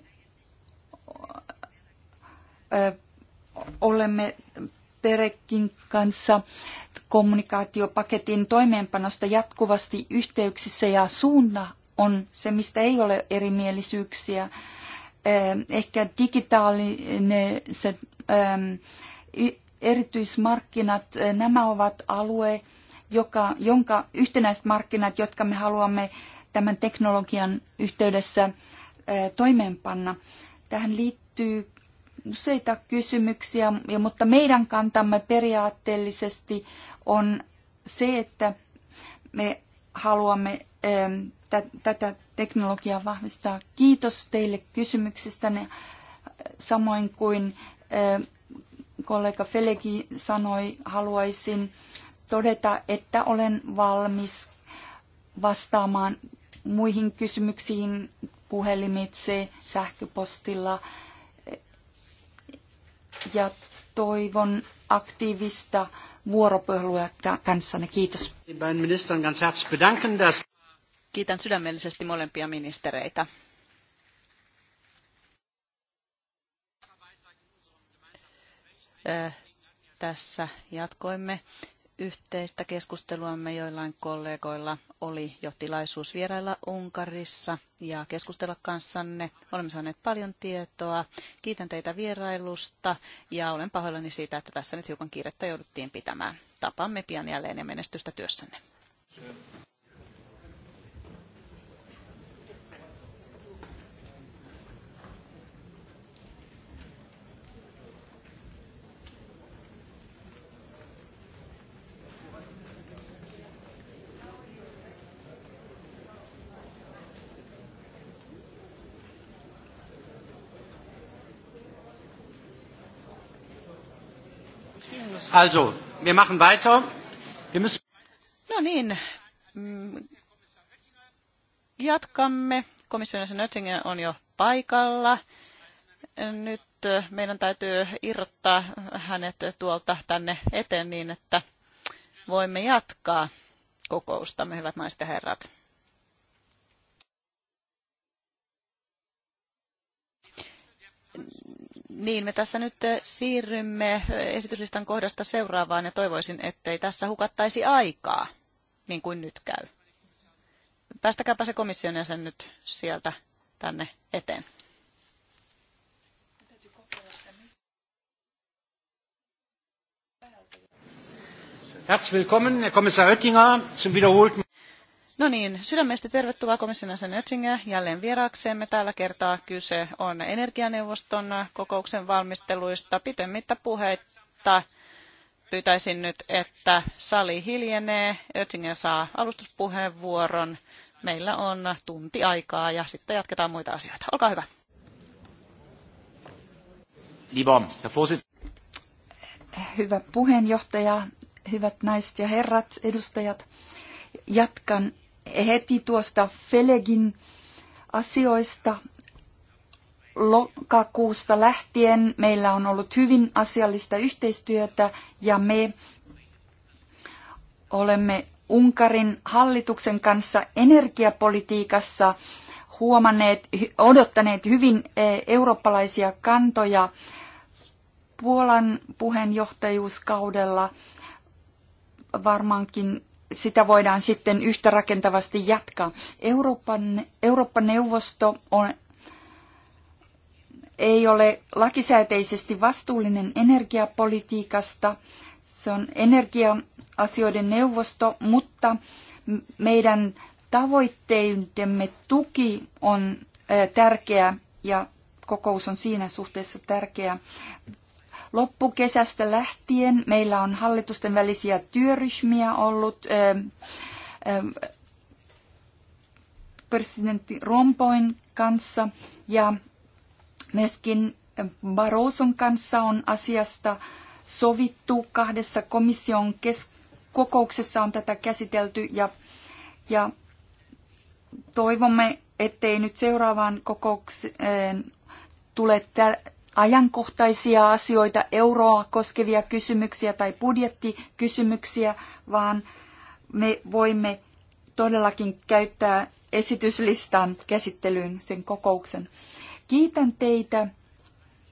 olemme Perekin kanssa kommunikaatiopaketin toimeenpanosta jatkuvasti yhteyksissä ja suunta on se, mistä ei ole erimielisyyksiä. Ehkä digitaaliset erityismarkkinat, eh, nämä ovat alue, joka, jonka yhtenäiset markkinat, jotka me haluamme tämän teknologian yhteydessä eh, toimeenpanna. Tähän liittyy useita kysymyksiä, mutta meidän kantamme periaatteellisesti on se, että me haluamme eh, tätä teknologiaa vahvistaa. Kiitos teille kysymyksistänne, samoin kuin kollega Felegi sanoi, haluaisin todeta, että olen valmis vastaamaan muihin kysymyksiin puhelimitse, sähköpostilla ja toivon aktiivista vuoropuhelua kanssanne. Kiitos. Kiitän sydämellisesti molempia ministereitä. tässä jatkoimme yhteistä keskusteluamme joillain kollegoilla oli jo tilaisuus vierailla Unkarissa ja keskustella kanssanne. Olemme saaneet paljon tietoa. Kiitän teitä vierailusta ja olen pahoillani siitä, että tässä nyt hiukan kiirettä jouduttiin pitämään. Tapaamme pian jälleen ja menestystä työssänne. Also, wir machen weiter. Wir müssen... No niin, mm, jatkamme. Komission jäsen Oettingen on jo paikalla. Nyt meidän täytyy irrottaa hänet tuolta tänne eteen niin, että voimme jatkaa kokoustamme, hyvät naiset ja herrat. Niin, me tässä nyt eh, siirrymme eh, esityslistan kohdasta seuraavaan ja toivoisin, ettei tässä hukattaisi aikaa, niin kuin nyt käy. Päästäkääpä se komission jäsen nyt sieltä tänne eteen. Herzlich willkommen, Herr Kommissar Oettinger, zum wiederholten No niin, sydämestä tervetuloa komission jäsen Oettinger jälleen vieraaksemme. Tällä kertaa kyse on energianeuvoston kokouksen valmisteluista. Pitemmittä puheitta pyytäisin nyt, että sali hiljenee. Oettinger saa alustuspuheenvuoron. Meillä on tunti aikaa ja sitten jatketaan muita asioita. Olkaa hyvä. Hyvä puheenjohtaja, hyvät naiset ja herrat, edustajat. Jatkan heti tuosta Felegin asioista lokakuusta lähtien meillä on ollut hyvin asiallista yhteistyötä ja me olemme Unkarin hallituksen kanssa energiapolitiikassa huomanneet, odottaneet hyvin e, eurooppalaisia kantoja Puolan puheenjohtajuuskaudella varmaankin sitä voidaan sitten yhtä rakentavasti jatkaa. Euroopan, Euroopan neuvosto on, ei ole lakisääteisesti vastuullinen energiapolitiikasta. Se on energia-asioiden neuvosto, mutta meidän tavoitteidemme tuki on tärkeä ja kokous on siinä suhteessa tärkeä. Loppukesästä lähtien meillä on hallitusten välisiä työryhmiä ollut presidentti Rompoin kanssa ja myöskin Barroson kanssa on asiasta sovittu. Kahdessa komission kokouksessa on tätä käsitelty ja, ja toivomme, ettei nyt seuraavaan kokoukseen tule tä- ajankohtaisia asioita, euroa koskevia kysymyksiä tai budjettikysymyksiä, vaan me voimme todellakin käyttää esityslistan käsittelyyn sen kokouksen. Kiitän teitä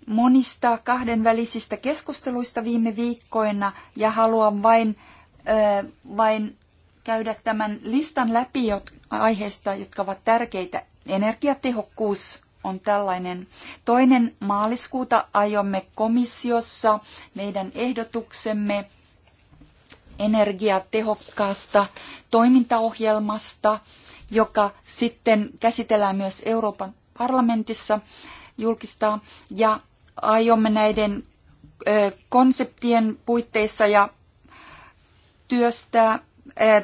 monista kahdenvälisistä keskusteluista viime viikkoina ja haluan vain, äh, vain käydä tämän listan läpi aiheista, jotka ovat tärkeitä. Energiatehokkuus on tällainen. Toinen maaliskuuta aiomme komissiossa meidän ehdotuksemme energiatehokkaasta toimintaohjelmasta, joka sitten käsitellään myös Euroopan parlamentissa julkistaa. Ja aiomme näiden konseptien puitteissa ja työstää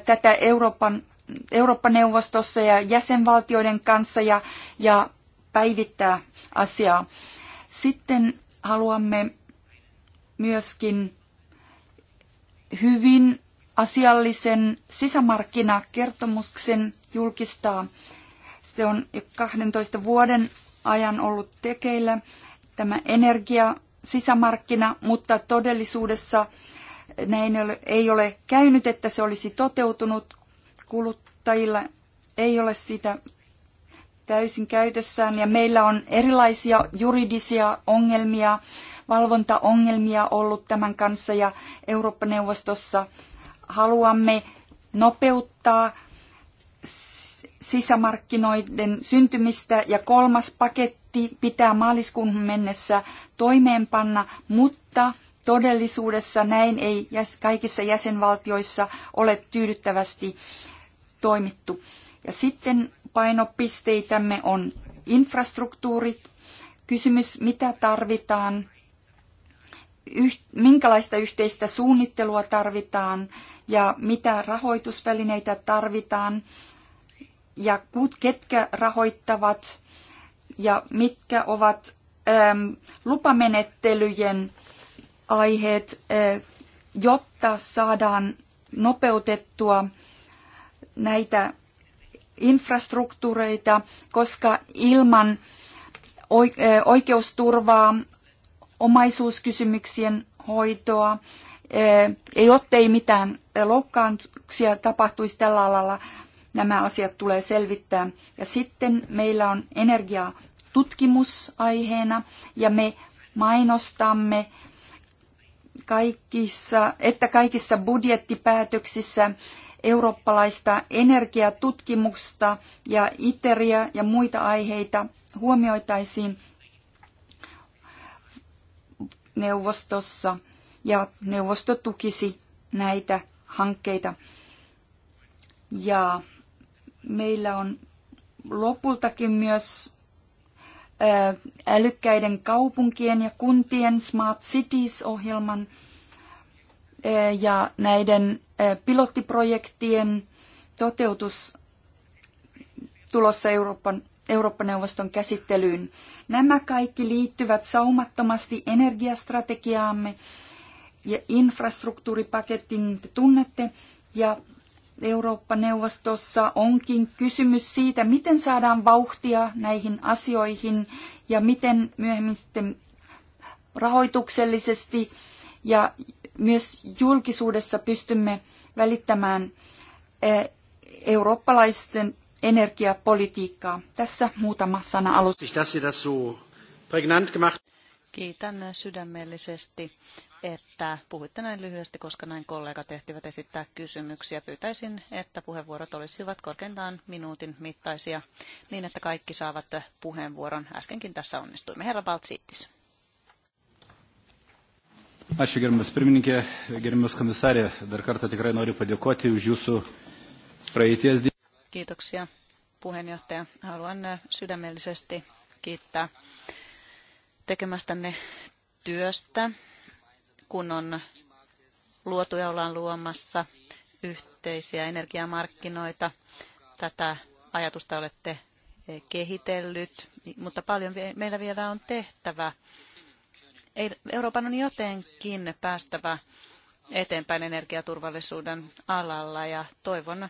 tätä Euroopan Eurooppa-neuvostossa ja jäsenvaltioiden kanssa ja, ja päivittää asiaa. Sitten haluamme myöskin hyvin asiallisen sisämarkkinakertomuksen julkistaa. Se on jo 12 vuoden ajan ollut tekeillä tämä energia sisämarkkina, mutta todellisuudessa näin ei ole käynyt, että se olisi toteutunut. Kuluttajilla ei ole sitä täysin käytössään ja meillä on erilaisia juridisia ongelmia, valvontaongelmia ollut tämän kanssa ja Eurooppa-neuvostossa haluamme nopeuttaa sisämarkkinoiden syntymistä ja kolmas paketti pitää maaliskuun mennessä toimeenpanna, mutta todellisuudessa näin ei kaikissa jäsenvaltioissa ole tyydyttävästi toimittu. Ja sitten painopisteitämme on infrastruktuurit, kysymys mitä tarvitaan, minkälaista yhteistä suunnittelua tarvitaan ja mitä rahoitusvälineitä tarvitaan ja ketkä rahoittavat ja mitkä ovat ähm, lupamenettelyjen aiheet, äh, jotta saadaan nopeutettua näitä infrastruktuureita, koska ilman oikeusturvaa, omaisuuskysymyksien hoitoa, ei ottei mitään loukkaantuksia tapahtuisi tällä alalla, nämä asiat tulee selvittää. Ja sitten meillä on energiaa tutkimusaiheena ja me mainostamme kaikissa, että kaikissa budjettipäätöksissä eurooppalaista energiatutkimusta ja iteriä ja muita aiheita huomioitaisiin neuvostossa ja neuvosto tukisi näitä hankkeita. Ja meillä on lopultakin myös älykkäiden kaupunkien ja kuntien Smart Cities-ohjelman Eh, ja näiden eh, pilottiprojektien toteutus tulossa Euroopan, Eurooppa-neuvoston käsittelyyn. Nämä kaikki liittyvät saumattomasti energiastrategiaamme ja infrastruktuuripaketin te tunnette. Ja Eurooppa-neuvostossa onkin kysymys siitä, miten saadaan vauhtia näihin asioihin ja miten myöhemmin sitten rahoituksellisesti ja myös julkisuudessa pystymme välittämään eh, eurooppalaisten energiapolitiikkaa. Tässä muutama sana alusta. Kiitän sydämellisesti, että puhuitte näin lyhyesti, koska näin kollegat ehtivät esittää kysymyksiä. Pyytäisin, että puheenvuorot olisivat korkeintaan minuutin mittaisia niin, että kaikki saavat puheenvuoron. Äskenkin tässä onnistuimme. Herra Baltsiittis. Ačiū gerbiamas pirmininkė, gerbiamas komisarė. Dar kartą tikrai noriu padėkoti už jūsų praeities dieną. Kiitoksia puheenjohtaja. Haluan äh, sydämellisesti kiittää tekemästänne työstä, kun on luotu ja ollaan luomassa yhteisiä energiamarkkinoita. Tätä ajatusta olette äh, kehitellyt, mutta paljon meillä vielä on tehtävä. Euroopan on jotenkin päästävä eteenpäin energiaturvallisuuden alalla ja toivon,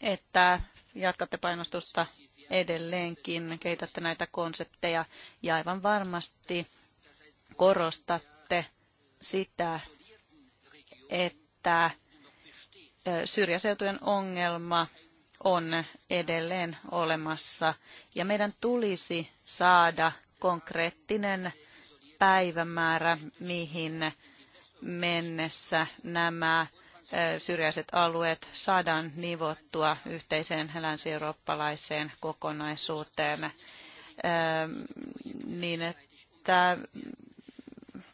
että jatkatte painostusta edelleenkin, kehitätte näitä konsepteja ja aivan varmasti korostatte sitä, että syrjäseutujen ongelma on edelleen olemassa ja meidän tulisi saada konkreettinen päivämäärä, mihin mennessä nämä syrjäiset alueet saadaan nivottua yhteiseen länsi-eurooppalaiseen kokonaisuuteen niin, että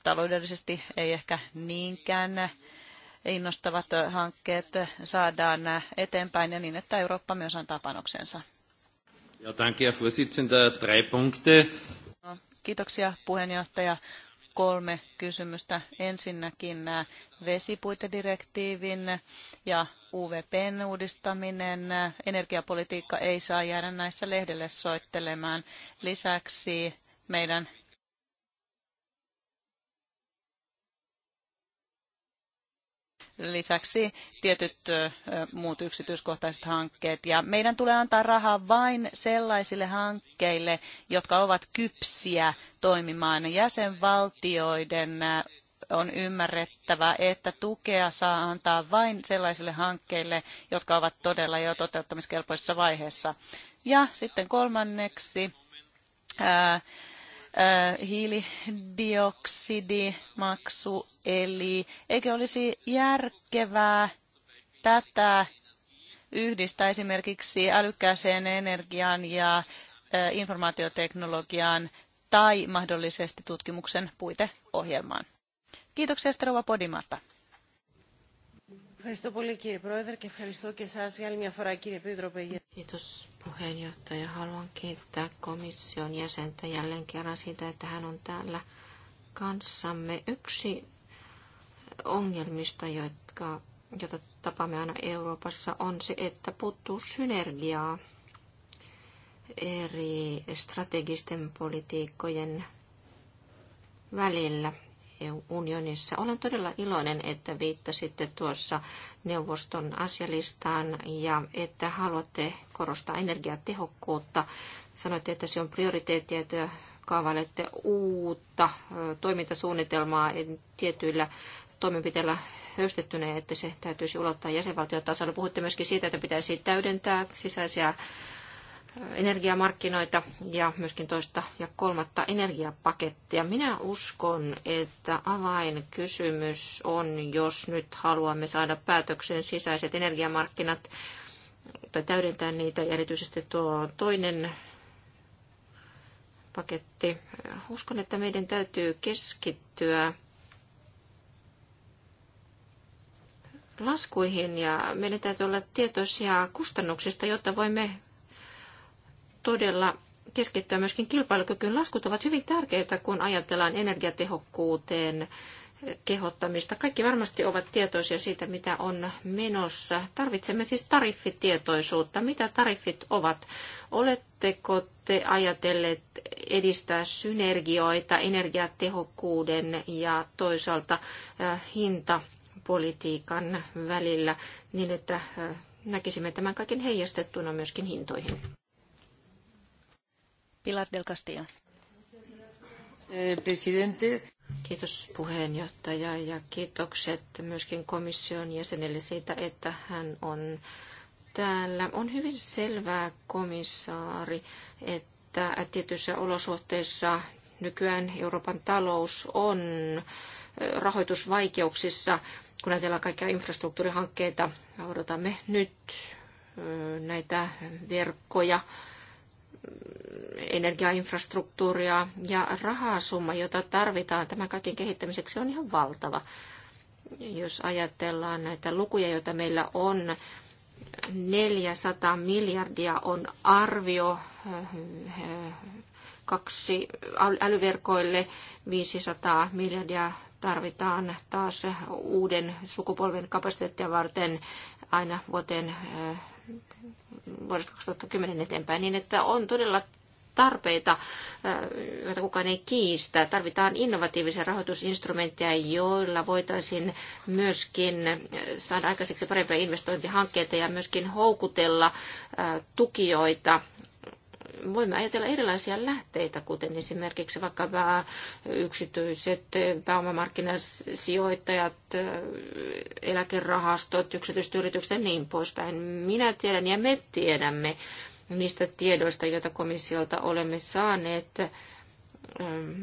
taloudellisesti ei ehkä niinkään innostavat hankkeet saadaan eteenpäin ja niin, että Eurooppa myös antaa panoksensa. Ja, danke, Herr Vorsitzender. Drei Punkte. Kiitoksia puheenjohtaja. Kolme kysymystä. Ensinnäkin nämä äh, vesipuitedirektiivin ja UVPn uudistaminen. Energiapolitiikka ei saa jäädä näissä lehdelle soittelemaan. Lisäksi meidän lisäksi tietyt muut yksityiskohtaiset hankkeet. Ja meidän tulee antaa rahaa vain sellaisille hankkeille, jotka ovat kypsiä toimimaan jäsenvaltioiden on ymmärrettävä, että tukea saa antaa vain sellaisille hankkeille, jotka ovat todella jo toteuttamiskelpoisessa vaiheessa. Ja sitten kolmanneksi ää, ää, hiilidioksidimaksu Eli eikö olisi järkevää tätä yhdistää esimerkiksi älykkääseen energiaan ja informaatioteknologiaan tai mahdollisesti tutkimuksen puiteohjelmaan. Kiitoksia, Sterova Podimata. Kiitos puheenjohtaja. Haluan kiittää komission jäsentä jälleen kerran siitä, että hän on täällä kanssamme. Yksi ongelmista, jotka, jota tapaamme aina Euroopassa, on se, että puuttuu synergiaa eri strategisten politiikkojen välillä e unionissa. Olen todella iloinen, että viittasitte tuossa neuvoston asialistaan ja että haluatte korostaa energiatehokkuutta. Sanoitte, että se on prioriteetti, että kaavailette uutta toimintasuunnitelmaa tietyillä toimenpiteellä höystettyneet, että se täytyisi ulottaa jäsenvaltiotasolle. Puhutte myöskin siitä, että pitäisi täydentää sisäisiä energiamarkkinoita ja myöskin toista ja kolmatta energiapakettia. Minä uskon, että avainkysymys on, jos nyt haluamme saada päätöksen sisäiset energiamarkkinat tai täydentää niitä, erityisesti tuo toinen paketti. Uskon, että meidän täytyy keskittyä laskuihin ja meidän täytyy olla tietoisia kustannuksista, jotta voimme todella keskittyä myöskin kilpailukykyyn. Laskut ovat hyvin tärkeitä, kun ajatellaan energiatehokkuuteen, kehottamista. Kaikki varmasti ovat tietoisia siitä, mitä on menossa. Tarvitsemme siis tariffitietoisuutta. Mitä tariffit ovat? Oletteko te ajatelleet edistää synergioita energiatehokkuuden ja toisaalta äh, hinta politiikan välillä niin, että äh, näkisimme tämän kaiken heijastettuna myöskin hintoihin. Pilar del Castillo. Eh, presidente. Kiitos puheenjohtaja ja kiitokset myöskin komission jäsenelle siitä, että hän on täällä. On hyvin selvää, komissaari, että tietyissä olosuhteissa nykyään Euroopan talous on eh, rahoitusvaikeuksissa kun ajatellaan kaikkia infrastruktuurihankkeita, odotamme nyt näitä verkkoja, energiainfrastruktuuria ja rahasumma, jota tarvitaan tämän kaiken kehittämiseksi, on ihan valtava. Jos ajatellaan näitä lukuja, joita meillä on, 400 miljardia on arvio kaksi älyverkoille, 500 miljardia tarvitaan taas uuden sukupolven kapasiteettia varten aina vuoteen eh, vuodesta 2010 eteenpäin, niin että on todella tarpeita, eh, joita kukaan ei kiistä. Tarvitaan innovatiivisia rahoitusinstrumentteja, joilla voitaisiin myöskin eh, saada aikaiseksi parempia investointihankkeita ja myöskin houkutella tukijoita voimme ajatella erilaisia lähteitä, kuten esimerkiksi vaikka yksityiset pääomamarkkinasijoittajat, eläkerahastot, yksityiset yritykset ja niin poispäin. Minä tiedän ja me tiedämme niistä tiedoista, joita komissiolta olemme saaneet ähm,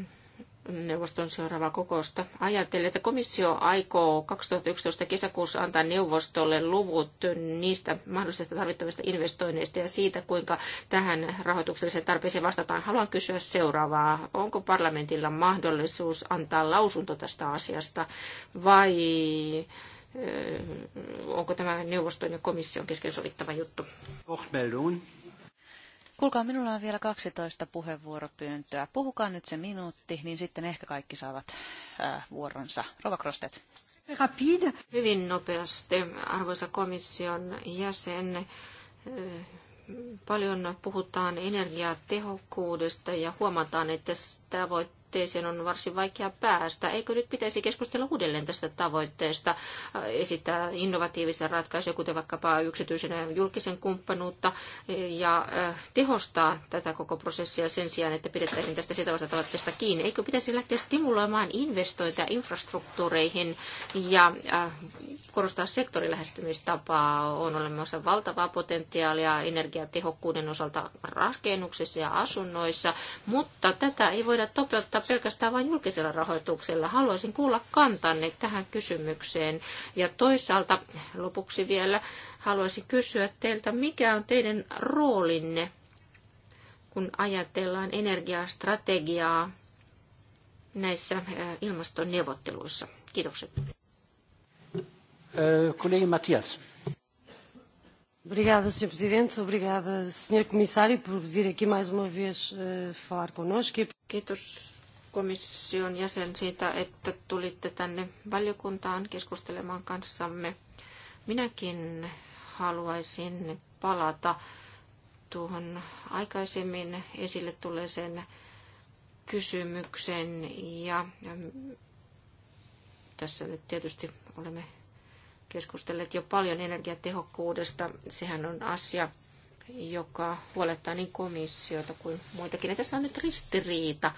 neuvoston seuraavaa kokousta. ajatellen, että komissio aikoo 2011 kesäkuussa antaa neuvostolle luvut niistä mahdollisista tarvittavista investoinneista ja siitä, kuinka tähän rahoitukselliseen tarpeeseen vastataan. Haluan kysyä seuraavaa. Onko parlamentilla mahdollisuus antaa lausunto tästä asiasta vai onko tämä neuvoston ja komission kesken sovittava juttu? Kohmeldun. Kuulkaa, minulla on vielä 12 puheenvuoropyyntöä. Puhukaa nyt se minuutti, niin sitten ehkä kaikki saavat äh, vuoronsa. Rova Krostet. Rapid. Hyvin nopeasti, arvoisa komission jäsen. Äh, paljon puhutaan energiatehokkuudesta ja huomataan, että tämä voi tavoitteeseen on varsin vaikea päästä. Eikö nyt pitäisi keskustella uudelleen tästä tavoitteesta, äh, esittää innovatiivisia ratkaisuja, kuten vaikkapa yksityisen ja julkisen kumppanuutta, eh, ja äh, tehostaa tätä koko prosessia sen sijaan, että pidettäisiin tästä sitovasta tavoitteesta kiinni. Eikö pitäisi lähteä stimuloimaan investointeja infrastruktuureihin ja äh, korostaa sektorilähestymistapaa? On olemassa valtavaa potentiaalia energiatehokkuuden osalta rakennuksissa ja asunnoissa, mutta tätä ei voida toteuttaa rahoittaa pelkästään vain julkisella rahoituksella. Haluaisin kuulla kantanne tähän kysymykseen. Ja toisaalta lopuksi vielä haluaisin kysyä teiltä, mikä on teidän roolinne, kun ajatellaan energiastrategiaa näissä ilmastoneuvotteluissa? Kiitokset. Kollega Matias. Obrigada, Sr. Presidente. Obrigada, Sr. Comissário, por vir aqui mais uma vez falar connosco. Kiitos komission jäsen siitä, että tulitte tänne valiokuntaan keskustelemaan kanssamme. Minäkin haluaisin palata tuohon aikaisemmin esille tulleeseen kysymykseen ja ähm, tässä nyt tietysti olemme keskustelleet jo paljon energiatehokkuudesta. Sehän on asia, joka huolettaa niin komissiota kuin muitakin. Ja tässä on nyt ristiriita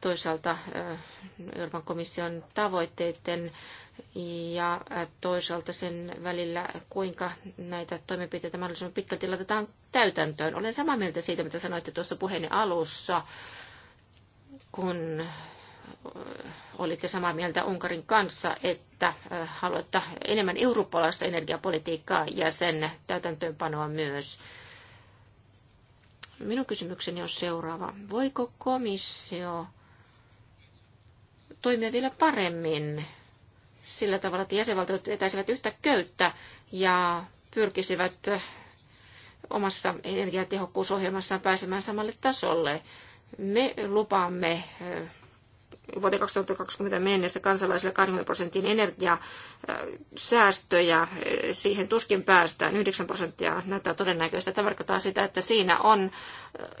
toisaalta Euroopan komission tavoitteiden ja toisaalta sen välillä, kuinka näitä toimenpiteitä mahdollisimman pitkälti laitetaan täytäntöön. Olen samaa mieltä siitä, mitä sanoitte tuossa puheen alussa, kun olitte samaa mieltä Unkarin kanssa, että haluatte enemmän eurooppalaista energiapolitiikkaa ja sen täytäntöönpanoa myös. Minun kysymykseni on seuraava. Voiko komissio toimia vielä paremmin sillä tavalla, että jäsenvaltiot etäisivät yhtä köyttä ja pyrkisivät omassa energiatehokkuusohjelmassaan pääsemään samalle tasolle. Me lupaamme vuoteen 2020 mennessä kansalaisille 20 prosentin energiasäästöjä. Eh, siihen tuskin päästään. 9 prosenttia näyttää todennäköistä. Tämä tarkoittaa sitä, että siinä on eh,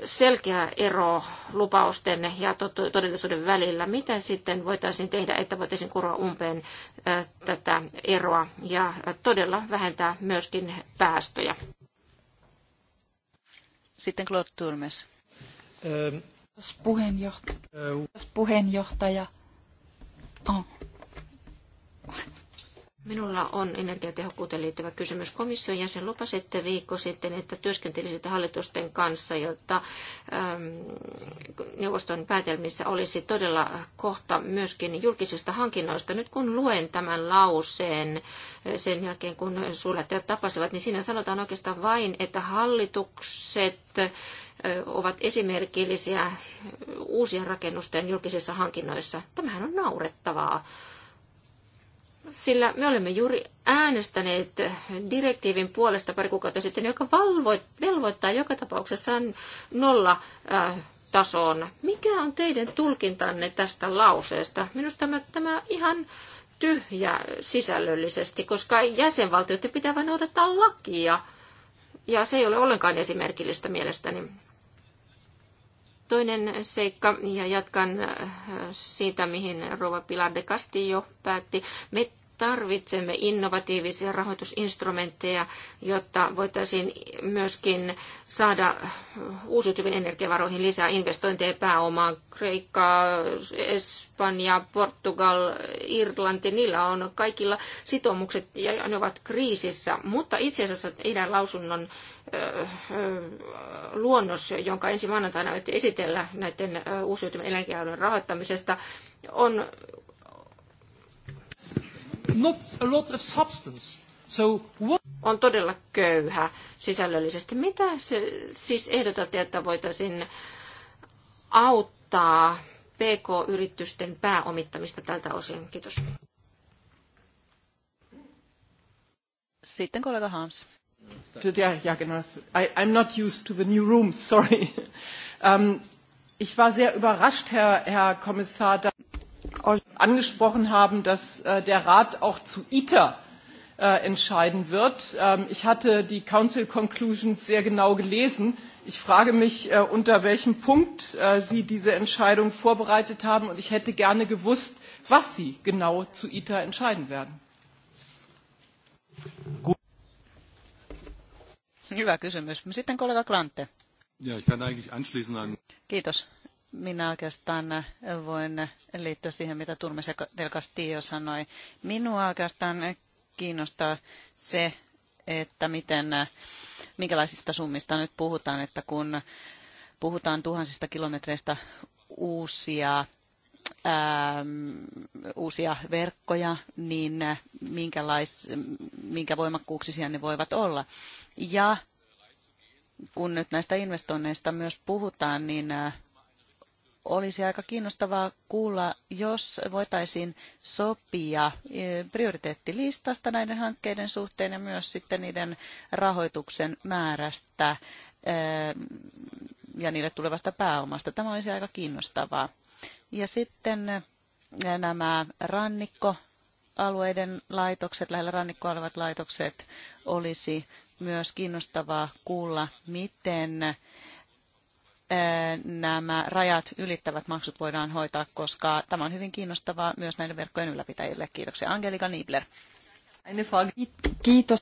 selkeä ero lupausten ja todellisuuden välillä. Mitä sitten voitaisiin tehdä, että voitaisiin kuroa umpeen eh, tätä eroa ja todella vähentää myöskin päästöjä? Sitten Claude Turmes. Ähm. Kiitos puheenjohtaja, Kiitos puheenjohtaja on. Ah. Minulla on energiatehokkuuteen liittyvä kysymys. Komission jäsen lupasitte viikko sitten, että työskentelisitte hallitusten kanssa, jotta ähm, neuvoston päätelmissä olisi todella kohta myöskin julkisista hankinnoista. Nyt kun luen tämän lauseen sen jälkeen, kun suunnattajat tapasivat, niin siinä sanotaan oikeastaan vain, että hallitukset äh, ovat esimerkillisiä uusien rakennusten julkisissa hankinnoissa. Tämähän on naurettavaa sillä me olemme juuri äänestäneet direktiivin puolesta pari kuukautta sitten, joka valvoit, velvoittaa joka tapauksessa nolla äh, tasoon. Mikä on teidän tulkintanne tästä lauseesta? Minusta tämä, tämä ihan tyhjä sisällöllisesti, koska jäsenvaltiot pitää vain noudattaa lakia. Ja se ei ole ollenkaan esimerkillistä mielestäni. Toinen seikka, ja jatkan äh, siitä, mihin Rova Pilar de Castillo päätti. Me tarvitsemme innovatiivisia rahoitusinstrumentteja, jotta voitaisiin myöskin saada uusiutuvien energiavaroihin lisää investointeja pääomaan. Kreikka, Espanja, Portugal, Irlanti, niillä on kaikilla sitoumukset ja ne ovat kriisissä. Mutta itse asiassa teidän lausunnon luonnos, jonka ensi maanantaina nyt esitellä näiden uusiutuvien energiaalojen rahoittamisesta, on not a lot of substance. So what... On todella köyhä sisällöllisesti. Mitä se, siis ehdotatte, että voitaisiin auttaa PK-yritysten pääomittamista tältä osin? Kiitos. Sitten kollega Hans. Ja, ja I, I'm not used to the new room, sorry. Um, ich war sehr überrascht, Herr, Herr Kommissar, angesprochen haben, dass äh, der Rat auch zu ITER äh, entscheiden wird. Ähm, ich hatte die Council Conclusions sehr genau gelesen. Ich frage mich, äh, unter welchem Punkt Sie diese Entscheidung vorbereitet haben. Und ich hätte gerne gewusst, was Sie genau zu ITER entscheiden werden. Hyvä kysymys. Sitten kollega Klante. Ja, ich kann eigentlich anschließen an... Kiitos minä oikeastaan voin liittyä siihen, mitä Turmes Del Castillo sanoi. Minua oikeastaan kiinnostaa se, että miten, minkälaisista summista nyt puhutaan, että kun puhutaan tuhansista kilometreistä uusia, ää, ähm, uusia verkkoja, niin minkälais, minkä voimakkuuksisia ne voivat olla. Ja kun nyt näistä investoinneista myös puhutaan, niin äh, olisi aika kiinnostavaa kuulla, jos voitaisiin sopia eh, prioriteettilistasta näiden hankkeiden suhteen ja myös sitten niiden rahoituksen määrästä eh, ja niille tulevasta pääomasta. Tämä olisi aika kiinnostavaa. Ja sitten eh, nämä rannikkoalueiden laitokset, lähellä rannikkoa olevat laitokset, olisi myös kiinnostavaa kuulla, miten nämä rajat ylittävät maksut voidaan hoitaa, koska tämä on hyvin kiinnostavaa myös näille verkkojen ylläpitäjille. Kiitoksia Angelika Niebler. Kiitos.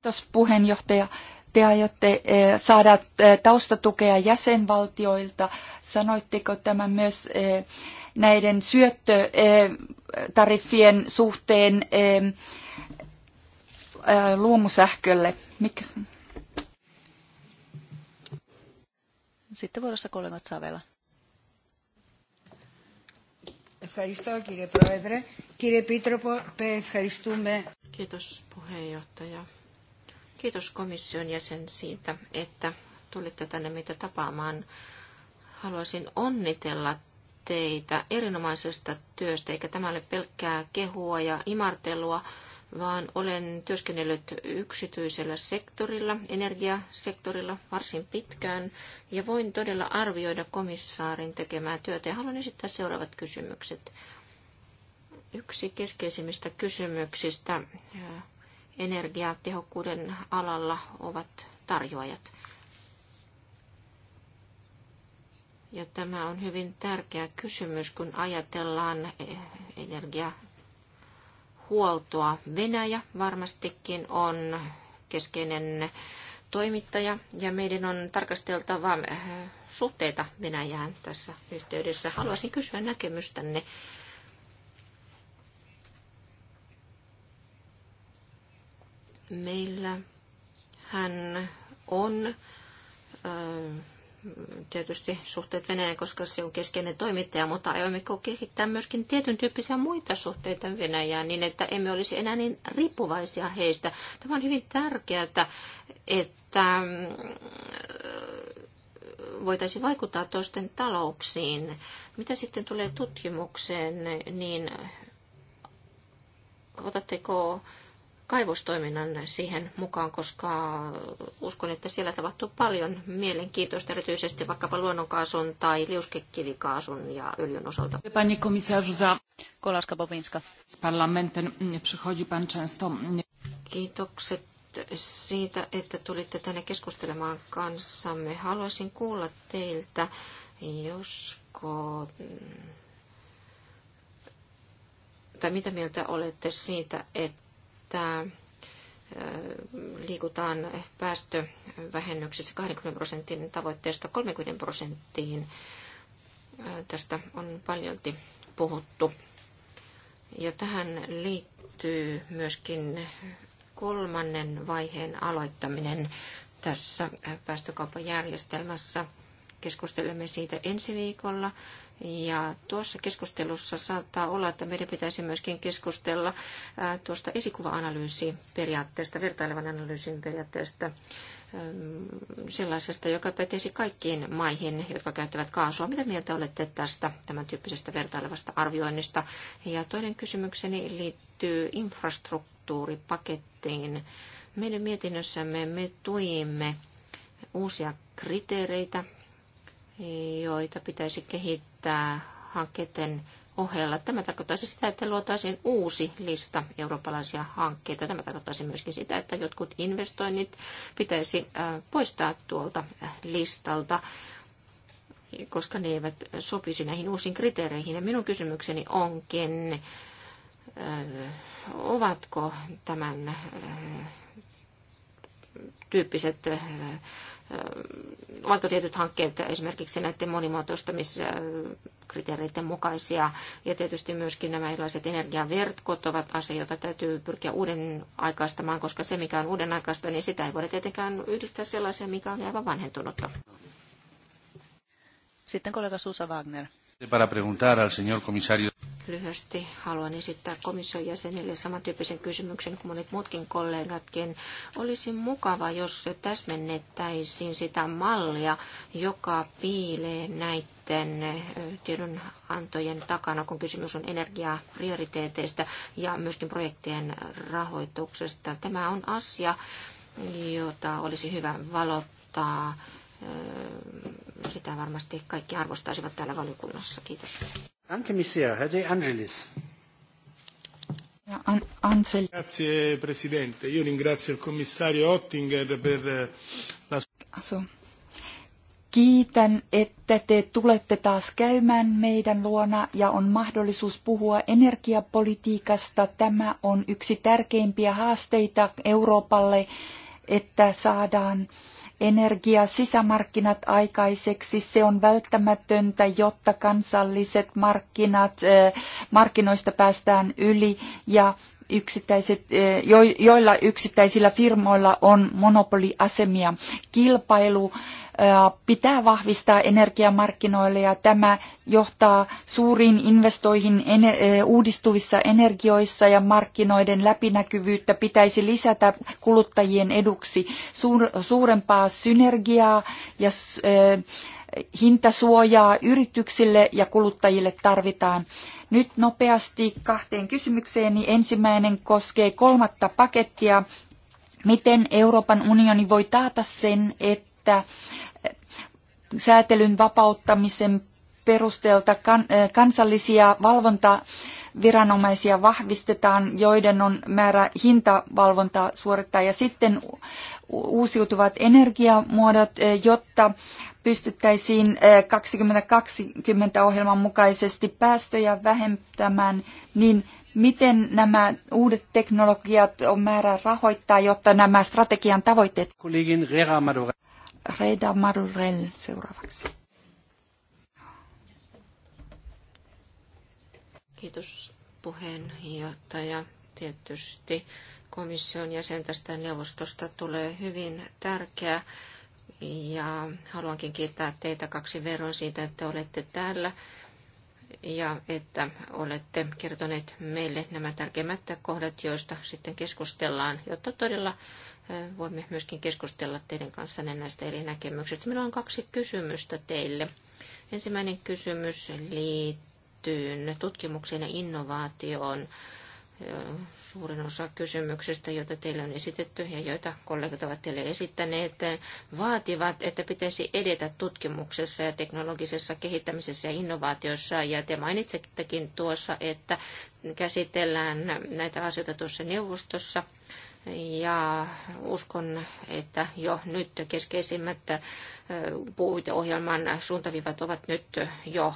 Kiitos puheenjohtaja. Te aiotte saada taustatukea jäsenvaltioilta. Sanoitteko tämä myös näiden syöttötariffien suhteen luomusähkölle? Mikä Sitten vuorossa kollegat Savela. Kiitos puheenjohtaja. Kiitos komission jäsen siitä, että tulitte tänne meitä tapaamaan. Haluaisin onnitella teitä erinomaisesta työstä, eikä tämä ole pelkkää kehua ja imartelua, vaan olen työskennellyt yksityisellä sektorilla, energiasektorilla varsin pitkään, ja voin todella arvioida komissaarin tekemää työtä. Ja haluan esittää seuraavat kysymykset. Yksi keskeisimmistä kysymyksistä energiatehokkuuden alalla ovat tarjoajat. Ja tämä on hyvin tärkeä kysymys, kun ajatellaan energia huoltoa. Venäjä varmastikin on keskeinen toimittaja ja meidän on tarkasteltava äh, suhteita Venäjään tässä yhteydessä. Haluaisin kysyä näkemystänne. Meillä hän on äh, tietysti suhteet Venäjään, koska se on keskeinen toimittaja, mutta aiommeko kehittää myöskin tietyn tyyppisiä muita suhteita Venäjään niin, että emme olisi enää niin riippuvaisia heistä. Tämä on hyvin tärkeää, että mm, voitaisiin vaikuttaa toisten talouksiin. Mitä sitten tulee tutkimukseen, niin otatteko kaivostoiminnan siihen mukaan, koska uskon, että siellä tapahtuu paljon mielenkiintoista, erityisesti vaikkapa luonnonkaasun tai liuskekivikaasun ja öljyn osalta. Pani komisarzu, za Kolaska Bobinska. Z parlamentem przychodzi pan często. Kiitokset siitä, että tulitte tänne keskustelemaan kanssamme. Haluaisin kuulla teiltä, josko mm, tai mitä mieltä olette siitä, että että äh, liikutaan päästövähennyksessä 20 prosentin tavoitteesta 30 prosenttiin. Äh, tästä on paljolti puhuttu. Ja tähän liittyy myöskin kolmannen vaiheen aloittaminen tässä äh, päästökauppajärjestelmässä. Keskustelemme siitä ensi viikolla ja tuossa keskustelussa saattaa olla, että meidän pitäisi myöskin keskustella tuosta esikuva-analyysiperiaatteesta, vertailevan analyysin periaatteesta, sellaisesta, joka pätisi kaikkiin maihin, jotka käyttävät kaasua. Mitä mieltä olette tästä tämän tyyppisestä vertailevasta arvioinnista? Ja toinen kysymykseni liittyy infrastruktuuripakettiin. Meidän mietinnössämme me tuimme uusia kriteereitä joita pitäisi kehittää hankkeiden ohella. Tämä tarkoittaisi sitä, että luotaisiin uusi lista eurooppalaisia hankkeita. Tämä tarkoittaisi myöskin sitä, että jotkut investoinnit pitäisi äh, poistaa tuolta äh, listalta, koska ne eivät sopisi näihin uusiin kriteereihin. Ja minun kysymykseni onkin, äh, ovatko tämän tyyppiset ovatko tietyt hankkeet esimerkiksi näiden monimuotoistamiskriteereiden mukaisia. Ja tietysti myöskin nämä erilaiset energiaverkot ovat asia, jota täytyy pyrkiä uuden aikaistamaan, koska se, mikä on uuden aikaista, niin sitä ei voida tietenkään yhdistää sellaiseen, mikä on aivan vanhentunutta. Sitten kollega Susa Wagner. Para Lyhyesti haluan esittää komission jäsenille samantyyppisen kysymyksen kuin monet muutkin kollegatkin. Olisi mukava, jos täsmennettäisiin sitä mallia, joka piilee näiden tiedonantojen takana, kun kysymys on energiaprioriteeteista ja myöskin projektien rahoituksesta. Tämä on asia, jota olisi hyvä valottaa sitä varmasti kaikki arvostaisivat täällä valiokunnassa. Kiitos. Anche De Angelis. Grazie Presidente, io ringrazio il commissario per eh, la sua... Kiitän, että te tulette taas käymään meidän luona ja on mahdollisuus puhua energiapolitiikasta. Tämä on yksi tärkeimpiä haasteita Euroopalle, että saadaan energia sisämarkkinat aikaiseksi. Se on välttämätöntä, jotta kansalliset markkinat, eh, markkinoista päästään yli ja yksittäiset, eh, joilla yksittäisillä firmoilla on monopoliasemia. Kilpailu eh, pitää vahvistaa energiamarkkinoille ja tämä johtaa suuriin investoihin eh, uudistuvissa energioissa ja markkinoiden läpinäkyvyyttä pitäisi lisätä kuluttajien eduksi suurempaa synergiaa ja hintasuojaa yrityksille ja kuluttajille tarvitaan. Nyt nopeasti kahteen kysymykseen. Niin ensimmäinen koskee kolmatta pakettia. Miten Euroopan unioni voi taata sen, että eh, säätelyn vapauttamisen perusteelta eh, kansallisia valvonta viranomaisia vahvistetaan, joiden on määrä hintavalvontaa suorittaa. Ja sitten uusiutuvat energiamuodot, eh, jotta pystyttäisiin 2020-ohjelman eh, mukaisesti päästöjä vähentämään, niin miten nämä uudet teknologiat on määrä rahoittaa, jotta nämä strategian tavoitteet... Kollegin Reda Madurell seuraavaksi. Kiitos puheenjohtaja. Tietysti komission jäsen tästä neuvostosta tulee hyvin tärkeä ja haluankin kiittää teitä kaksi veron siitä, että olette täällä ja että olette kertoneet meille nämä tärkeimmät kohdat, joista sitten keskustellaan, jotta todella voimme myöskin keskustella teidän kanssanne näistä eri näkemyksistä. Minulla on kaksi kysymystä teille. Ensimmäinen kysymys liittyy liittyen tutkimukseen ja innovaatioon. Suurin osa kysymyksistä, joita teille on esitetty ja joita kollegat ovat teille esittäneet, vaativat, että pitäisi edetä tutkimuksessa ja teknologisessa kehittämisessä ja innovaatiossa. Ja te mainitsettekin tuossa, että käsitellään näitä asioita tuossa neuvostossa. Ja uskon, että jo nyt keskeisimmät puhuiteohjelman suuntaviivat ovat nyt jo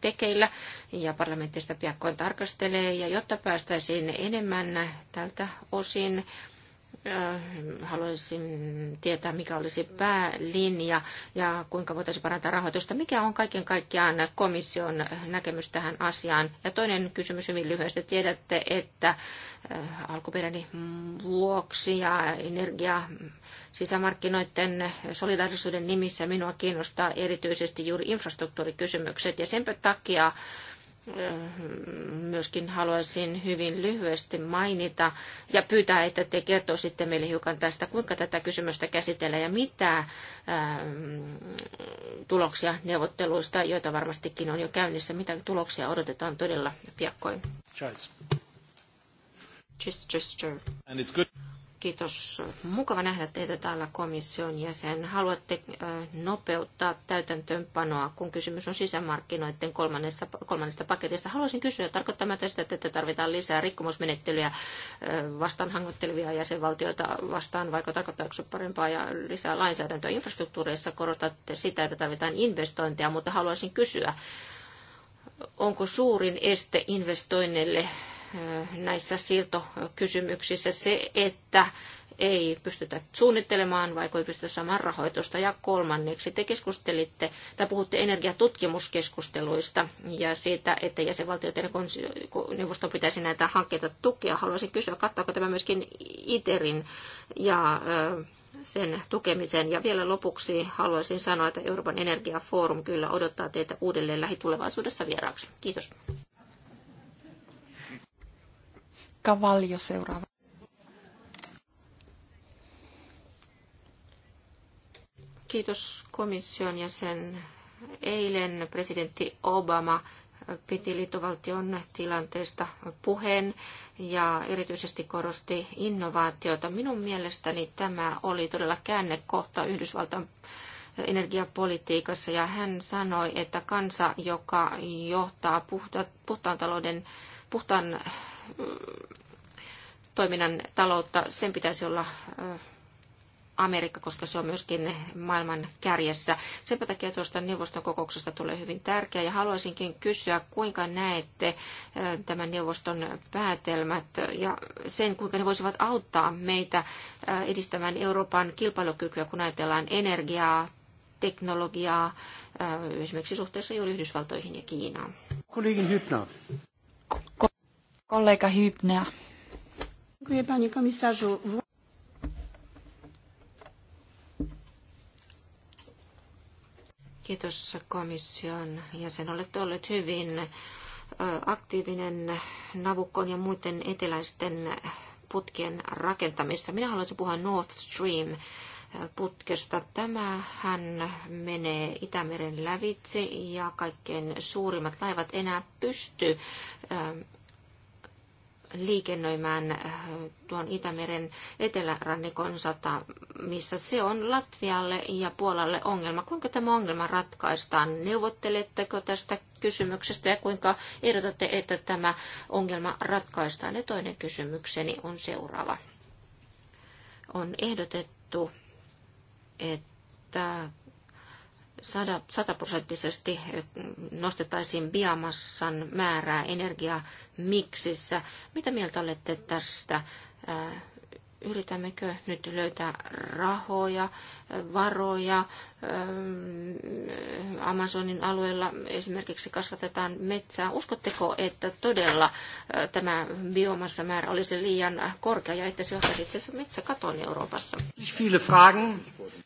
tekeillä ja parlamentti sitä piakkoin tarkastelee. Ja jotta päästäisiin enemmän tältä osin, Äh, haluaisin tietää, mikä olisi päälinja ja kuinka voitaisiin parantaa rahoitusta. Mikä on kaiken kaikkiaan komission näkemys tähän asiaan? Ja toinen kysymys hyvin lyhyesti. Tiedätte, että äh, alkuperäinen vuoksi ja energia sisämarkkinoiden solidaarisuuden nimissä minua kiinnostaa erityisesti juuri infrastruktuurikysymykset. Ja sen takia myöskin haluaisin hyvin lyhyesti mainita ja pyytää, että te kertoisitte meille hiukan tästä, kuinka tätä kysymystä käsitellään ja mitä ähm, tuloksia neuvotteluista, joita varmastikin on jo käynnissä, mitä tuloksia odotetaan todella piakkoin. Cheers. Cheers, cheers, cheers. And it's good. Kiitos. Mukava nähdä teitä täällä komission jäsen. Haluatte nopeuttaa täytäntöönpanoa, kun kysymys on sisämarkkinoiden kolmannesta, kolmannesta paketista. Haluaisin kysyä, tarkoittaa tästä, että tarvitaan lisää rikkomusmenettelyjä vastaan hankottelevia jäsenvaltioita vastaan, vaikka tarkoittaako se parempaa ja lisää lainsäädäntöä infrastruktuureissa? Korostatte sitä, että tarvitaan investointeja, mutta haluaisin kysyä, onko suurin este investoinneille näissä siirtokysymyksissä se, että ei pystytä suunnittelemaan, vaikka ei pystytä saamaan rahoitusta. Ja kolmanneksi te keskustelitte tai puhutte energiatutkimuskeskusteluista ja siitä, että jäsenvaltioiden neuvoston pitäisi näitä hankkeita tukea. Haluaisin kysyä, kattaako tämä myöskin ITERin ja sen tukemisen Ja vielä lopuksi haluaisin sanoa, että Euroopan energiafoorum kyllä odottaa teitä uudelleen lähitulevaisuudessa vieraaksi. Kiitos seuraava. Kiitos komission jäsen. Eilen presidentti Obama piti liittovaltion tilanteesta puheen ja erityisesti korosti innovaatiota. Minun mielestäni tämä oli todella käännekohta Yhdysvaltain energiapolitiikassa ja hän sanoi, että kansa, joka johtaa puhtaan talouden, puhtaan toiminnan taloutta, sen pitäisi olla Amerikka, koska se on myöskin maailman kärjessä. Sen takia tuosta neuvoston kokouksesta tulee hyvin tärkeä ja haluaisinkin kysyä, kuinka näette tämän neuvoston päätelmät ja sen, kuinka ne voisivat auttaa meitä edistämään Euroopan kilpailukykyä, kun ajatellaan energiaa, teknologiaa, esimerkiksi suhteessa juuri Yhdysvaltoihin ja Kiinaan. Kollegin Hübner kollega Hybner. Dziękuję panie komisarzu. Kiitos komission jäsen. Olette olleet hyvin aktiivinen Navukon ja muiden eteläisten putkien rakentamissa. Minä haluaisin puhua North Stream putkesta. Tämähän menee Itämeren lävitse ja kaikkein suurimmat laivat enää pysty liikennöimään äh, tuon Itämeren etelärannikon sata, missä se on Latvialle ja Puolalle ongelma. Kuinka tämä ongelma ratkaistaan? Neuvotteletteko tästä kysymyksestä ja kuinka ehdotatte, että tämä ongelma ratkaistaan? Ja toinen kysymykseni on seuraava. On ehdotettu, että sataprosenttisesti nostettaisiin biomassan määrää energiamiksissä. Mitä mieltä olette tästä? yritämmekö nyt löytää rahoja, varoja. Ähm, Amazonin alueella esimerkiksi kasvatetaan metsää. Uskotteko, että todella äh, tämä biomassamäärä olisi liian korkea ja että se johtaisi itse asiassa metsäkatoon Euroopassa?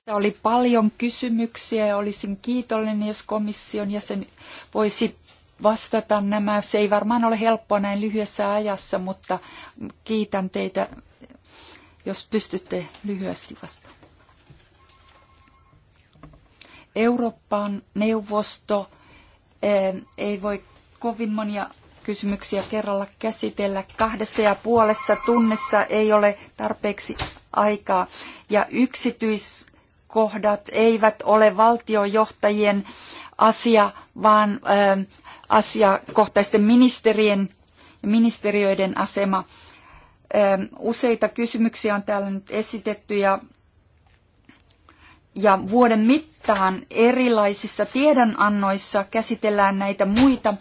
Oli paljon kysymyksiä ja olisin kiitollinen, jos komission jäsen voisi vastata nämä. Se ei varmaan ole helppoa näin lyhyessä ajassa, mutta kiitän teitä jos pystytte lyhyesti vastaamaan. Euroopan neuvosto eh, ei voi kovin monia kysymyksiä kerralla käsitellä. Kahdessa ja puolessa tunnissa ei ole tarpeeksi aikaa. Ja yksityiskohdat eivät ole valtiojohtajien asia, vaan eh, asiakohtaisten ministerien ja ministeriöiden asema. Useita kysymyksiä on täällä nyt esitetty ja, ja vuoden mittaan erilaisissa tiedonannoissa käsitellään näitä muita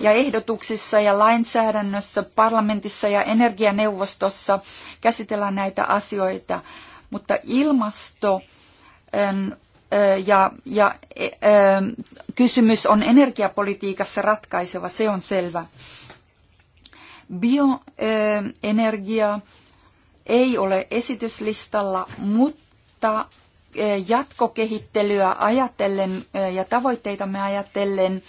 ja ehdotuksissa ja lainsäädännössä, parlamentissa ja energianeuvostossa käsitellään näitä asioita. Mutta ilmasto ja, ja e, kysymys on energiapolitiikassa ratkaiseva, se on selvä. Bioenergia ei ole esityslistalla, mutta eh, jatkokehittelyä ajatellen eh, ja tavoitteitamme ajatellen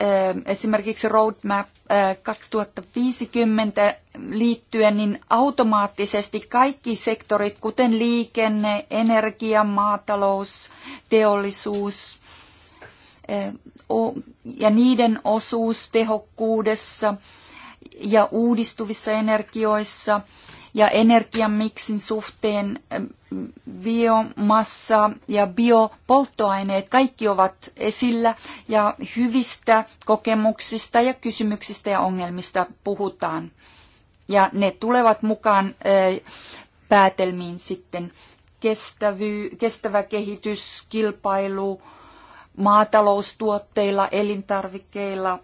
eh, esimerkiksi Roadmap 2050 liittyen, niin automaattisesti kaikki sektorit, kuten liikenne, energia, maatalous, teollisuus ja niiden osuus tehokkuudessa – ja uudistuvissa energioissa ja energiamiksin suhteen ähm, biomassa ja biopolttoaineet, kaikki ovat esillä ja hyvistä kokemuksista ja kysymyksistä ja ongelmista puhutaan. Ja ne tulevat mukaan äh, päätelmiin sitten kestävy, kestävä kehitys, kilpailu, maataloustuotteilla, elintarvikkeilla –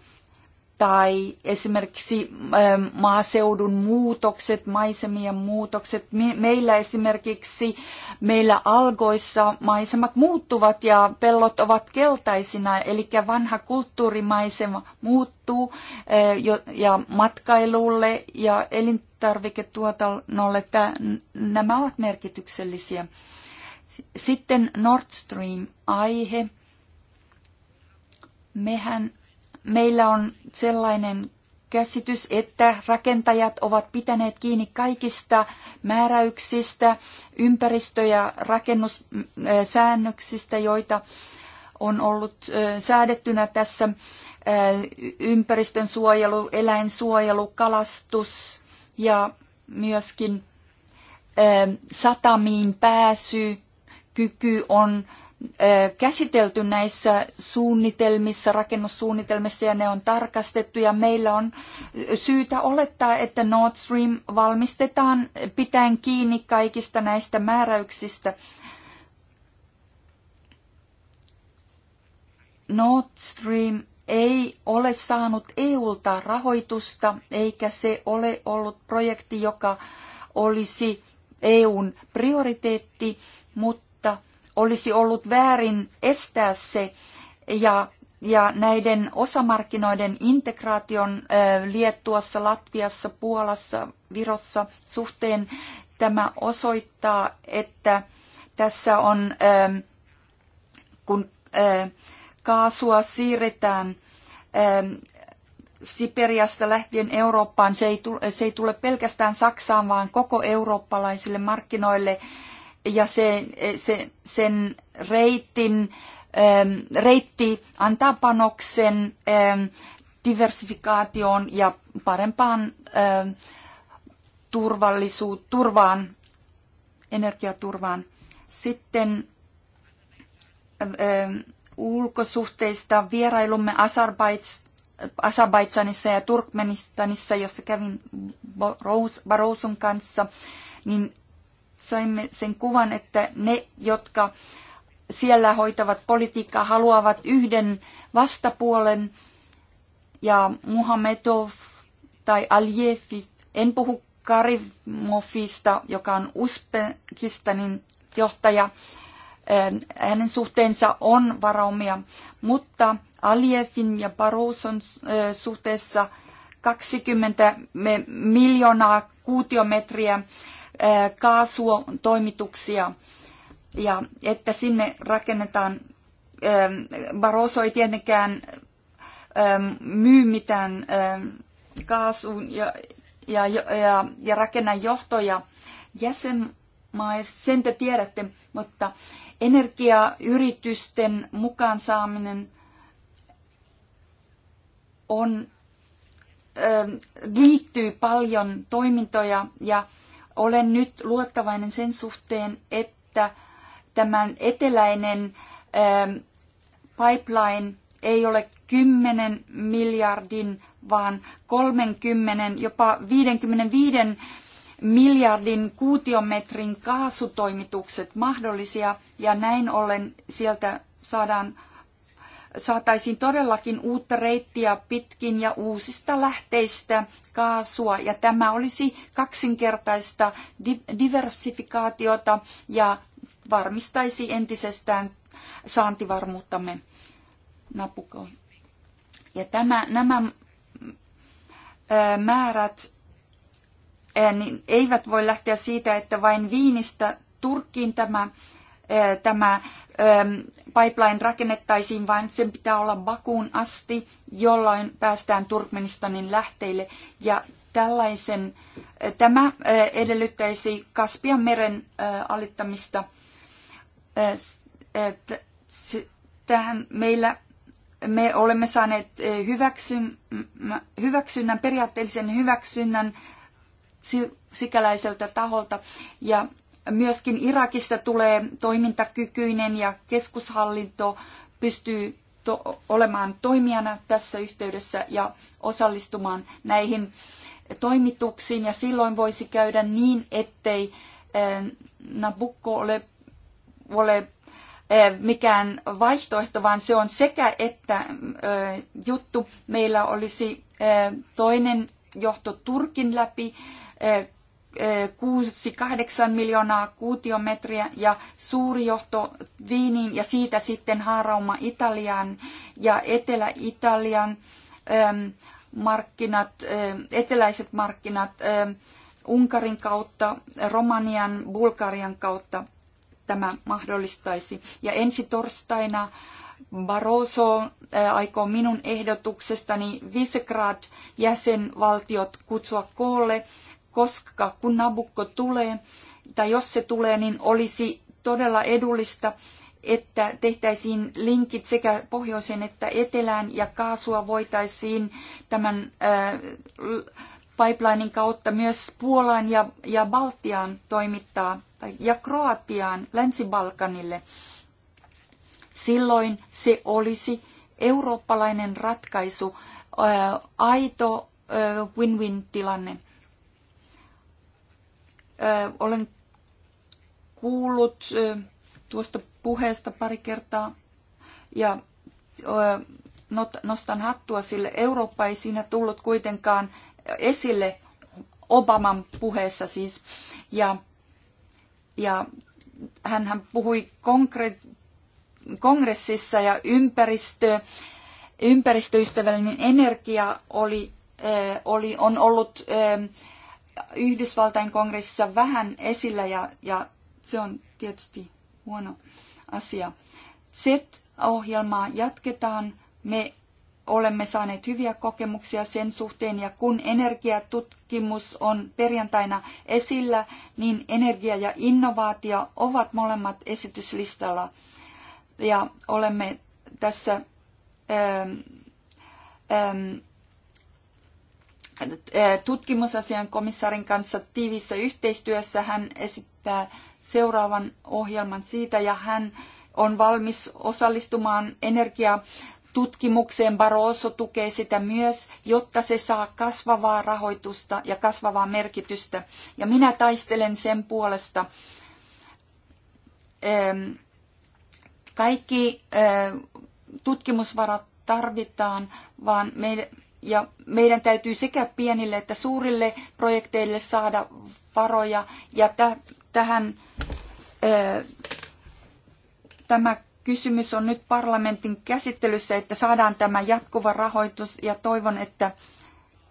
tai esimerkiksi ähm, maaseudun muutokset, maisemien muutokset. Meillä esimerkiksi, meillä algoissa maisemat muuttuvat ja pellot ovat keltaisina, eli vanha kulttuurimaisema muuttuu äh, ja matkailulle ja elintarviketuotannolle nämä ovat merkityksellisiä. Sitten Nord Stream-aihe. Mehän meillä on sellainen käsitys, että rakentajat ovat pitäneet kiinni kaikista määräyksistä, ympäristö- ja rakennussäännöksistä, äh, joita on ollut äh, säädettynä tässä äh, ympäristön suojelu, eläinsuojelu, kalastus ja myöskin satamiin pääsy, kyky on käsitelty näissä suunnitelmissa, rakennussuunnitelmissa ja ne on tarkastettu ja meillä on syytä olettaa, että Nord Stream valmistetaan pitäen kiinni kaikista näistä määräyksistä. Nord Stream ei ole saanut EUlta rahoitusta, eikä se ole ollut projekti, joka olisi EUn prioriteetti, mutta olisi ollut väärin estää se ja, ja näiden osamarkkinoiden integraation Liettuassa, Latviassa, Puolassa, Virossa suhteen tämä osoittaa, että tässä on, kun kaasua siirretään Siperiasta lähtien Eurooppaan, se ei, tule, se ei tule pelkästään Saksaan, vaan koko eurooppalaisille markkinoille ja se, eh, se, sen reitin, reitti antaa panoksen diversifikaatioon ja parempaan turvallisuut, turvaan, energiaturvaan. Sitten ulkosuhteista vierailumme Azerbaidsanissa ja Turkmenistanissa, jossa kävin Barousun kanssa, niin saimme sen kuvan, että ne, jotka siellä hoitavat politiikkaa, haluavat yhden vastapuolen ja Muhamedov tai Aliyev, en puhu Karimovista, joka on Uzbekistanin johtaja, ähm, hänen suhteensa on varaumia, mutta Aliyevin ja Barouson äh, suhteessa 20 miljoonaa kuutiometriä kaasutoimituksia ja että sinne rakennetaan. Barroso ei tietenkään myy mitään kaasuun ja, ja, ja, ja rakenna johtoja jäsenmaissa, sen te tiedätte, mutta energiayritysten mukaan saaminen on, liittyy paljon toimintoja ja olen nyt luottavainen sen suhteen, että tämän eteläinen ähm, pipeline ei ole 10 miljardin, vaan 30, jopa 55 miljardin kuutiometrin kaasutoimitukset mahdollisia, ja näin ollen sieltä saadaan saataisiin todellakin uutta reittiä pitkin ja uusista lähteistä kaasua. Ja tämä olisi kaksinkertaista diversifikaatiota ja varmistaisi entisestään saantivarmuuttamme napukoon. Ja tämä, nämä mm, määrät niin eivät voi lähteä siitä, että vain viinistä Turkkiin tämä tämä pipeline rakennettaisiin, vaan sen pitää olla Bakuun asti, jolloin päästään Turkmenistanin lähteille. Ja tällaisen, tämä edellyttäisi Kaspian meren alittamista. Tähän meillä me olemme saaneet hyväksynnän, periaatteellisen hyväksynnän sikäläiseltä taholta. Ja Myöskin Irakista tulee toimintakykyinen ja keskushallinto pystyy to- olemaan toimijana tässä yhteydessä ja osallistumaan näihin toimituksiin. Ja silloin voisi käydä niin, ettei eh, Nabucco ole, ole eh, mikään vaihtoehto, vaan se on sekä että eh, juttu. Meillä olisi toinen johto Turkin läpi 6 miljoonaa kuutiometriä ja suuri johto Viiniin ja siitä sitten haarauma Italiaan ja Etelä-Italian ähm, markkinat, ähm, eteläiset markkinat ähm, Unkarin kautta, Romanian, Bulgarian kautta tämä mahdollistaisi. Ja ensi torstaina Barroso äh, aikoo minun ehdotuksestani Visegrad jäsenvaltiot kutsua koolle koska kun Nabukko tulee, tai jos se tulee, niin olisi todella edullista, että tehtäisiin linkit sekä pohjoiseen että etelään ja kaasua voitaisiin tämän ää, äh, pipelinein kautta myös Puolaan ja, ja Baltiaan toimittaa tai, ja Kroatiaan, Länsi-Balkanille. Silloin se olisi eurooppalainen ratkaisu, ää, äh, aito äh, win-win-tilanne. Olen kuullut tuosta puheesta pari kertaa ja nostan hattua sille. Eurooppa ei siinä tullut kuitenkaan esille Obaman puheessa siis. Ja, ja hän puhui konkre- kongressissa ja ympäristö, ympäristöystävällinen energia oli, oli, on ollut Yhdysvaltain kongressissa vähän esillä ja, ja se on tietysti huono asia. Z-ohjelmaa jatketaan. Me olemme saaneet hyviä kokemuksia sen suhteen ja kun energiatutkimus on perjantaina esillä, niin energia ja innovaatio ovat molemmat esityslistalla ja olemme tässä ähm, ähm Äh, tutkimusasian komissarin kanssa tiivissä yhteistyössä. Hän esittää seuraavan ohjelman siitä ja hän on valmis osallistumaan energiatutkimukseen. Barroso tukee sitä myös, jotta se saa kasvavaa rahoitusta ja kasvavaa merkitystä. Ja minä taistelen sen puolesta. Ähm, kaikki äh, tutkimusvarat tarvitaan, vaan meidän ja meidän täytyy sekä pienille että suurille projekteille saada varoja. Ja tähän ö, tämä kysymys on nyt parlamentin käsittelyssä, että saadaan tämä jatkuva rahoitus ja toivon, että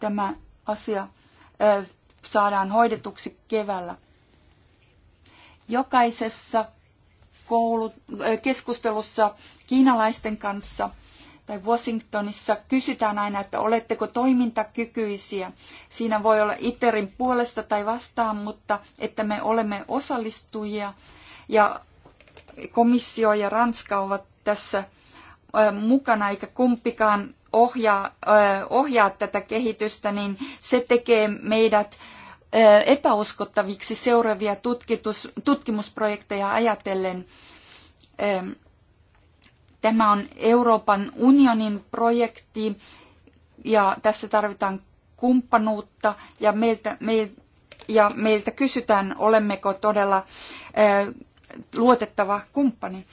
tämä asia ö, saadaan hoidetuksi keväällä. Jokaisessa koulu keskustelussa kiinalaisten kanssa – tai Washingtonissa kysytään aina, että oletteko toimintakykyisiä. Siinä voi olla ITERin puolesta tai vastaan, mutta että me olemme osallistujia ja komissio ja Ranska ovat tässä mukana, eikä kumpikaan ohjaa, ohjaa tätä kehitystä, niin se tekee meidät epäuskottaviksi seuraavia tutkimusprojekteja ajatellen. Tämä on Euroopan unionin projekti ja tässä tarvitaan kumppanuutta ja meiltä, meil, ja meiltä kysytään, olemmeko todella ö, luotettava kumppani.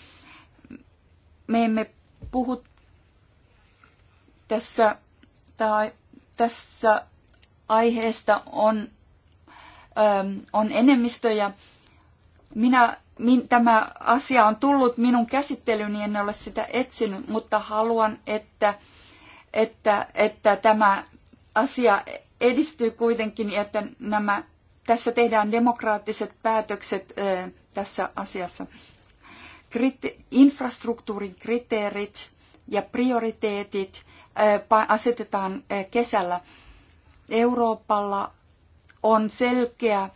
Me emme puhu tässä, tai, tässä aiheesta on, ö, on ja Minä min, tämä asia on tullut minun käsittelyni, niin en ole sitä etsinyt, mutta haluan, että, että, että tämä asia edistyy kuitenkin, että nämä, tässä tehdään demokraattiset päätökset tässä asiassa. infrastruktuurin kriteerit ja prioriteetit asetetaan kesällä. Euroopalla on selkeä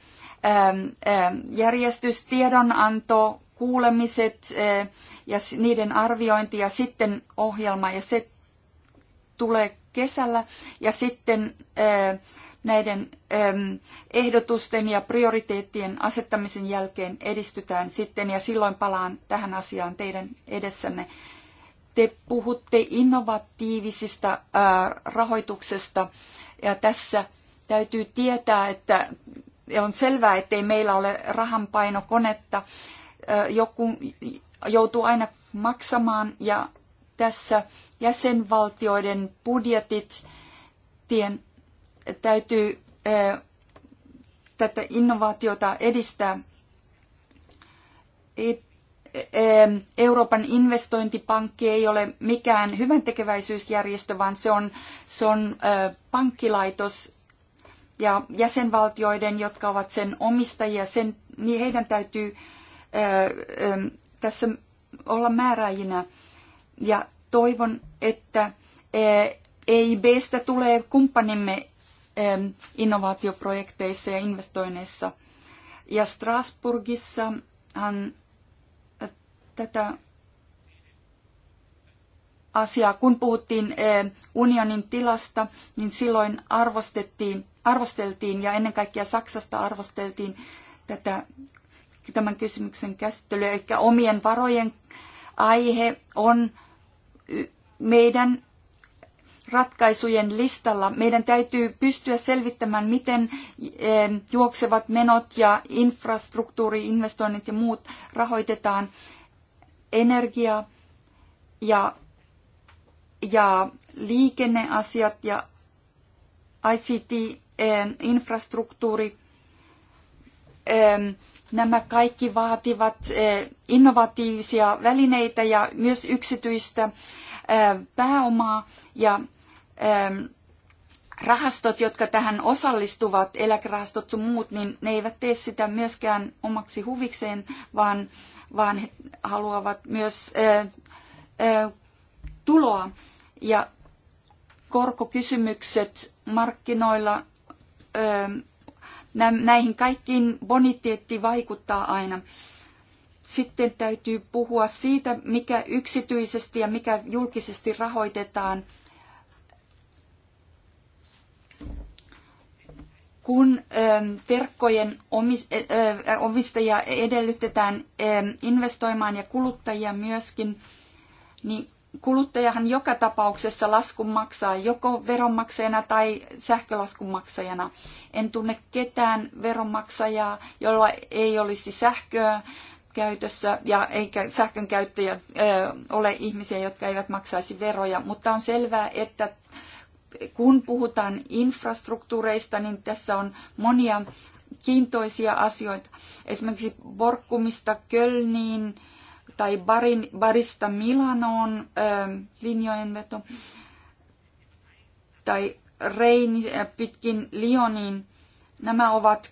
Ähm, ähm, järjestys, tiedonanto, kuulemiset äh, ja niiden arviointi ja sitten ohjelma ja se tulee kesällä ja sitten äh, näiden ähm, ehdotusten ja prioriteettien asettamisen jälkeen edistytään sitten ja silloin palaan tähän asiaan teidän edessänne. Te puhutte innovatiivisista äh, rahoituksesta ja tässä täytyy tietää, että on selvää, ettei meillä ole rahanpainokonetta. Joku joutuu aina maksamaan ja tässä jäsenvaltioiden budjetit tien täytyy tätä innovaatiota edistää. E, Euroopan investointipankki ei ole mikään hyväntekeväisyysjärjestö, vaan se on, se on pankkilaitos, ja jäsenvaltioiden, jotka ovat sen omistajia, sen, niin heidän täytyy tässä olla määräjinä. Ja toivon, että EIBstä tulee kumppanimme innovaatioprojekteissa ja investoinneissa. Ja Strasburgissa tätä asiaa. Kun puhuttiin e, unionin tilasta, niin silloin arvostettiin, arvosteltiin ja ennen kaikkea Saksasta arvosteltiin tätä, tämän kysymyksen käsittelyä. Eli omien varojen aihe on meidän ratkaisujen listalla. Meidän täytyy pystyä selvittämään, miten e, juoksevat menot ja infrastruktuuriinvestoinnit ja muut rahoitetaan energia ja ja liikenneasiat ja ICT-infrastruktuuri. Nämä kaikki vaativat eh, innovatiivisia välineitä ja myös yksityistä eh, pääomaa ja rahastot, jotka tähän osallistuvat, eläkerahastot ja muut, niin ne eivät tee sitä myöskään omaksi huvikseen, vaan, vaan he haluavat myös eh, tuloa. Ja korkokysymykset markkinoilla, näihin kaikkiin boniteetti vaikuttaa aina. Sitten täytyy puhua siitä, mikä yksityisesti ja mikä julkisesti rahoitetaan. Kun verkkojen omistajia edellytetään investoimaan ja kuluttajia myöskin, niin kuluttajahan joka tapauksessa laskun maksaa joko veronmaksajana tai sähkölaskun maksajana. En tunne ketään veronmaksajaa, jolla ei olisi sähköä käytössä ja eikä sähkön käyttäjä ole ihmisiä, jotka eivät maksaisi veroja, mutta on selvää, että kun puhutaan infrastruktuureista, niin tässä on monia kiintoisia asioita. Esimerkiksi Borkumista Kölniin, tai Barin, Barista Milanoon linjojenveto tai Rein pitkin Lioniin. Nämä ovat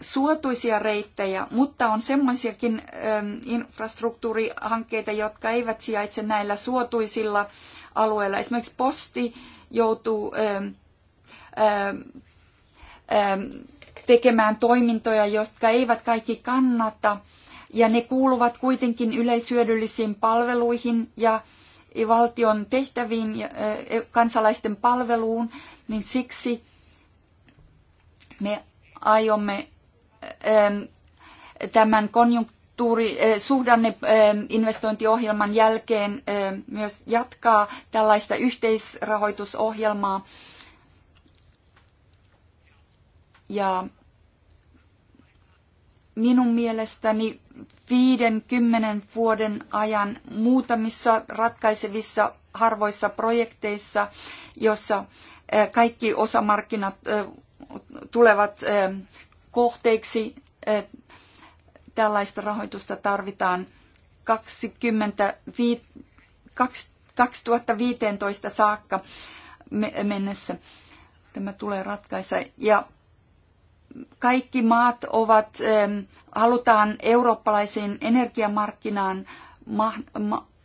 suotuisia reittejä, mutta on semmoisiakin infrastruktuurihankkeita, jotka eivät sijaitse näillä suotuisilla alueilla. Esimerkiksi posti joutuu tekemään toimintoja, jotka eivät kaikki kannata ja ne kuuluvat kuitenkin yleishyödyllisiin palveluihin ja valtion tehtäviin ja e, kansalaisten palveluun, niin siksi me aiomme e, tämän konjunktuuri, e, suhdanne investointiohjelman jälkeen myös jatkaa tällaista yhteisrahoitusohjelmaa. Ja minun mielestäni kymmenen vuoden ajan muutamissa ratkaisevissa harvoissa projekteissa, jossa eh, kaikki osamarkkinat eh, tulevat eh, kohteiksi. Tällaista rahoitusta tarvitaan 25, 2015 saakka mennessä. Tämä tulee ratkaista. Ja kaikki maat ovat, halutaan eurooppalaiseen energiamarkkinaan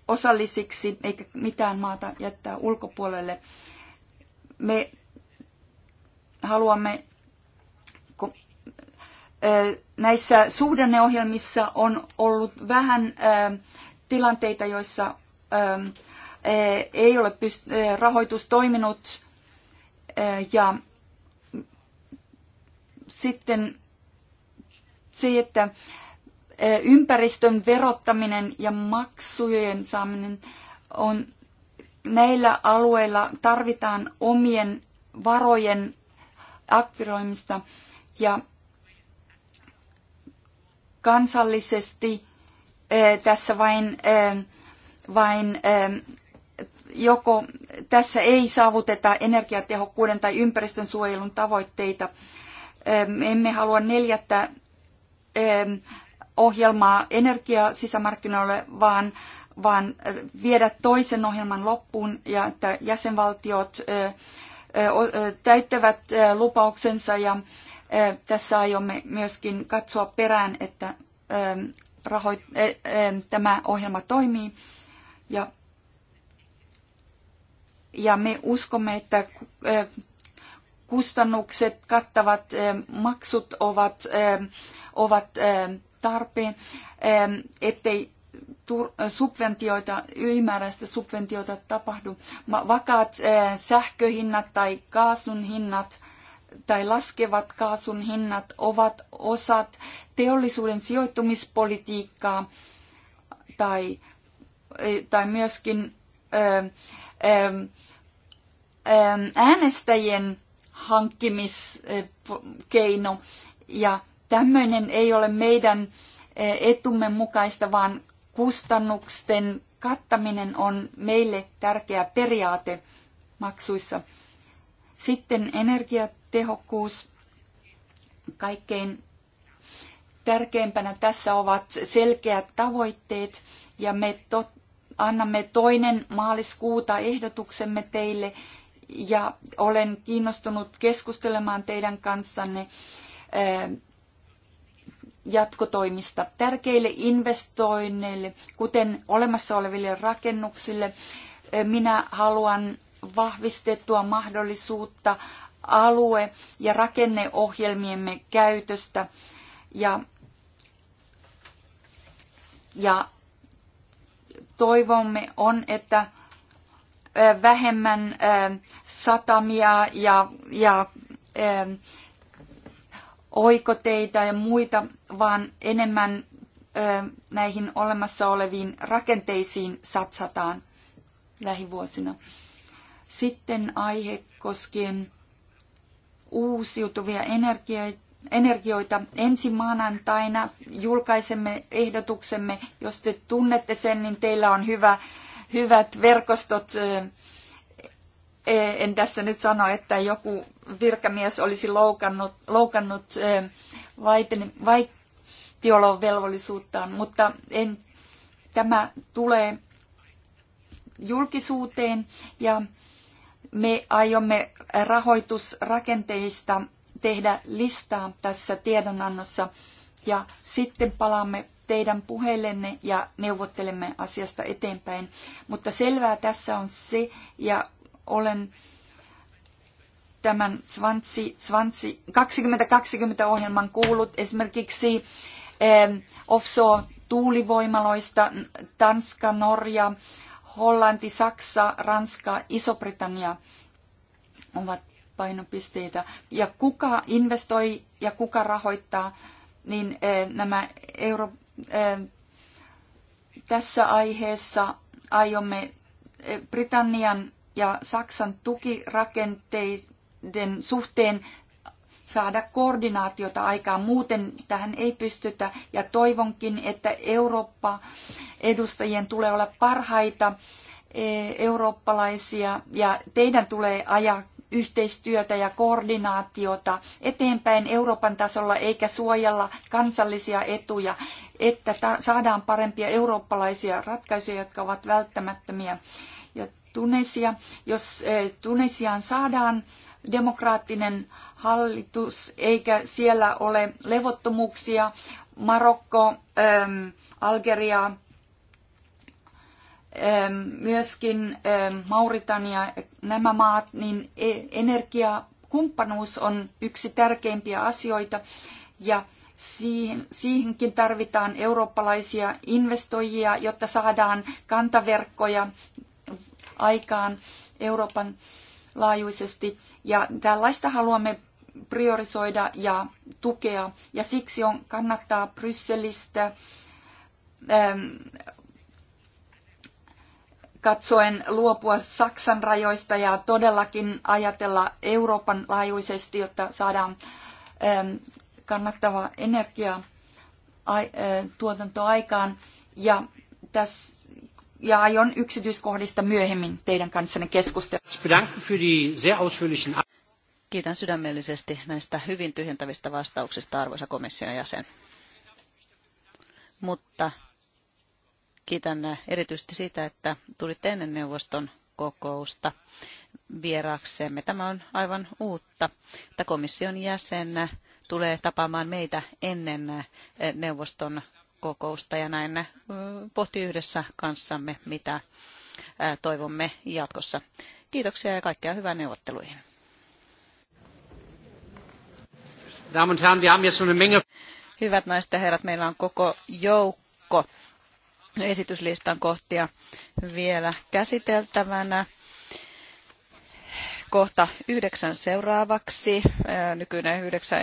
osallisiksi, eikä mitään maata jättää ulkopuolelle. Me haluamme, näissä suhdanneohjelmissa on ollut vähän tilanteita, joissa ei ole rahoitus toiminut ja sitten se, että ympäristön verottaminen ja maksujen saaminen on näillä alueilla tarvitaan omien varojen aktivoimista ja kansallisesti tässä vain, vain joko tässä ei saavuteta energiatehokkuuden tai ympäristön suojelun tavoitteita emme halua neljättä ohjelmaa energiaa sisämarkkinoille, vaan, vaan viedä toisen ohjelman loppuun ja että jäsenvaltiot täyttävät lupauksensa ja tässä aiomme myöskin katsoa perään, että tämä ohjelma toimii ja ja me uskomme, että kustannukset, kattavat eh, maksut ovat, eh, ovat eh, tarpeen, ettei subventioita, ylimääräistä subventioita tapahdu. Vakaat sähköhinnat tai kaasun hinnat tai laskevat kaasun hinnat ovat osat teollisuuden sijoittumispolitiikkaa tai, tai myöskin äänestäjien hankkimiskeino. Ja tämmöinen ei ole meidän e, etumme mukaista, vaan kustannusten kattaminen on meille tärkeä periaate maksuissa. Sitten energiatehokkuus. Kaikkein tärkeimpänä tässä ovat selkeät tavoitteet ja me tot, annamme toinen maaliskuuta ehdotuksemme teille ja olen kiinnostunut keskustelemaan teidän kanssanne jatkotoimista tärkeille investoinneille, kuten olemassa oleville rakennuksille. Minä haluan vahvistettua mahdollisuutta alue- ja rakenneohjelmiemme käytöstä ja, ja toivomme on, että vähemmän satamia ja, ja oikoteita ja muita, vaan enemmän näihin olemassa oleviin rakenteisiin satsataan lähivuosina. Sitten aihe koskien uusiutuvia energioita. Ensi maanantaina julkaisemme ehdotuksemme. Jos te tunnette sen, niin teillä on hyvä hyvät verkostot. E, en tässä nyt sano, että joku virkamies olisi loukannut, loukannut velvollisuuttaan, mutta en, tämä tulee julkisuuteen ja me aiomme rahoitusrakenteista tehdä listaa tässä tiedonannossa ja sitten palaamme teidän puheillenne ja neuvottelemme asiasta eteenpäin. Mutta selvää tässä on se, ja olen tämän 2020, 2020 ohjelman kuullut esimerkiksi eh, offshore-tuulivoimaloista Tanska, Norja, Hollanti, Saksa, Ranska, Iso-Britannia ovat painopisteitä. Ja kuka investoi ja kuka rahoittaa, niin eh, nämä euro, tässä aiheessa aiomme e, Britannian ja Saksan tukirakenteiden suhteen saada koordinaatiota aikaan. Muuten tähän ei pystytä ja toivonkin, että Eurooppa-edustajien tulee olla parhaita e, eurooppalaisia ja teidän tulee ajaa yhteistyötä ja koordinaatiota eteenpäin Euroopan tasolla eikä suojella kansallisia etuja, että saadaan parempia eurooppalaisia ratkaisuja, jotka ovat välttämättömiä. Ja Tunesia, jos eh, Tunesiaan saadaan demokraattinen hallitus eikä siellä ole levottomuuksia, Marokko, eh, Algeria, myöskin Mauritania, nämä maat, niin e, energiakumppanuus on yksi tärkeimpiä asioita ja siihen, siihenkin tarvitaan eurooppalaisia investoijia, jotta saadaan kantaverkkoja aikaan Euroopan laajuisesti ja tällaista haluamme priorisoida ja tukea ja siksi on, kannattaa Brysselistä katsoen luopua Saksan rajoista ja todellakin ajatella Euroopan laajuisesti, jotta saadaan ähm, kannattavaa energiatuotanto äh, tuotanto aikaan. Ja, tässä ja aion yksityiskohdista myöhemmin teidän kanssanne keskustella. Kiitän sydämellisesti näistä hyvin tyhjentävistä vastauksista, arvoisa komission jäsen. Mutta Kiitän äh, erityisesti siitä, että tulitte ennen neuvoston kokousta vieraaksemme. Tämä on aivan uutta, että komission jäsen tulee tapaamaan meitä ennen äh, neuvoston kokousta ja näin äh, pohti yhdessä kanssamme, mitä toivomme jatkossa. Kiitoksia ja kaikkea hyvää neuvotteluihin. Hyvät naiset ja herrat, meillä on koko joukko esityslistan kohtia vielä käsiteltävänä. Kohta yhdeksän seuraavaksi, nykyinen, yhdeksän,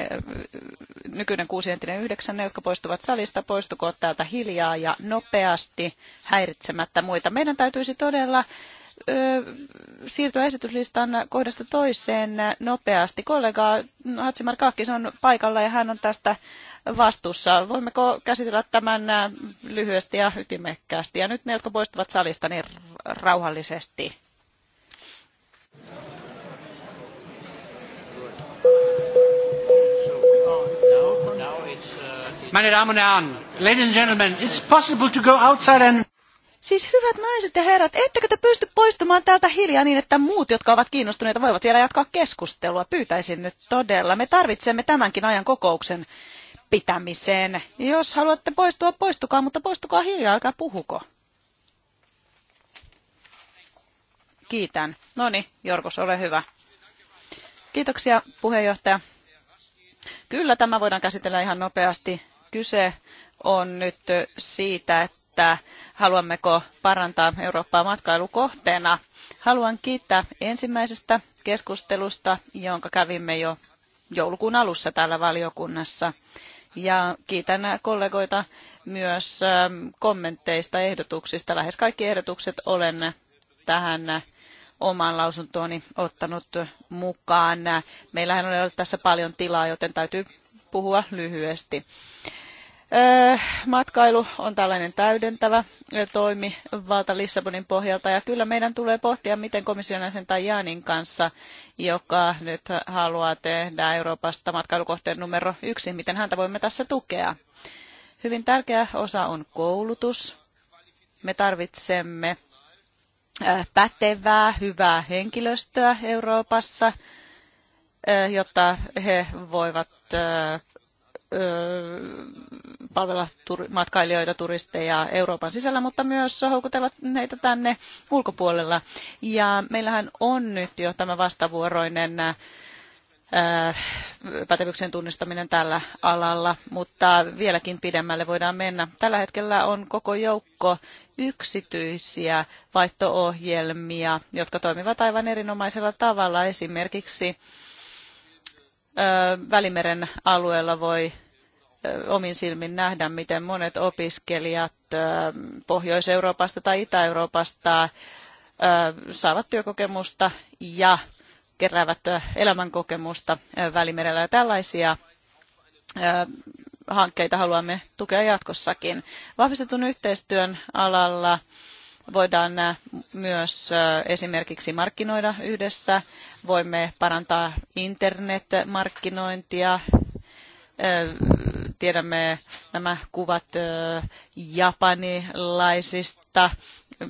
nykyinen kuusi entinen yhdeksän, ne jotka poistuvat salista, poistukoot täältä hiljaa ja nopeasti häiritsemättä muita. Meidän täytyisi todella siirtyä esityslistan kohdasta toiseen nopeasti. Kollega Hatsimar Kaakkis on paikalla ja hän on tästä vastuussa. Voimmeko käsitellä tämän lyhyesti ja ytimekkäästi? Ja nyt ne, jotka poistuvat salista, niin rauhallisesti. Meine Damen und Herren, ladies and gentlemen, it's possible to go outside and Siis hyvät naiset ja herrat, ettekö te pysty poistumaan täältä hiljaa niin, että muut, jotka ovat kiinnostuneita, voivat vielä jatkaa keskustelua? Pyytäisin nyt todella. Me tarvitsemme tämänkin ajan kokouksen pitämiseen. Jos haluatte poistua, poistukaa, mutta poistukaa hiljaa, älkää puhuko. Kiitän. No niin, Jorgos, ole hyvä. Kiitoksia, puheenjohtaja. Kyllä, tämä voidaan käsitellä ihan nopeasti. Kyse on nyt siitä, että että haluammeko parantaa Eurooppaa matkailukohteena. Haluan kiittää ensimmäisestä keskustelusta, jonka kävimme jo joulukuun alussa täällä valiokunnassa. Ja kiitän kollegoita myös ähm, kommenteista, ehdotuksista. Lähes kaikki ehdotukset olen tähän omaan lausuntooni ottanut mukaan. Meillähän on ollut tässä paljon tilaa, joten täytyy puhua lyhyesti. Matkailu on tällainen täydentävä toimi valta Lissabonin pohjalta ja kyllä meidän tulee pohtia, miten komission jäsen Jaanin kanssa, joka nyt haluaa tehdä Euroopasta matkailukohteen numero yksi, miten häntä voimme tässä tukea. Hyvin tärkeä osa on koulutus. Me tarvitsemme pätevää, hyvää henkilöstöä Euroopassa, jotta he voivat palvella matkailijoita, turisteja Euroopan sisällä, mutta myös houkutella heitä tänne ulkopuolella. Ja meillähän on nyt jo tämä vastavuoroinen pätevyyksien tunnistaminen tällä alalla, mutta vieläkin pidemmälle voidaan mennä. Tällä hetkellä on koko joukko yksityisiä vaihtoohjelmia, jotka toimivat aivan erinomaisella tavalla. Esimerkiksi Välimeren alueella voi omin silmin nähdä, miten monet opiskelijat Pohjois-Euroopasta tai Itä-Euroopasta saavat työkokemusta ja keräävät elämänkokemusta Välimerellä. Ja tällaisia hankkeita haluamme tukea jatkossakin. Vahvistetun yhteistyön alalla voidaan myös esimerkiksi markkinoida yhdessä. Voimme parantaa internetmarkkinointia, tiedämme nämä kuvat japanilaisista,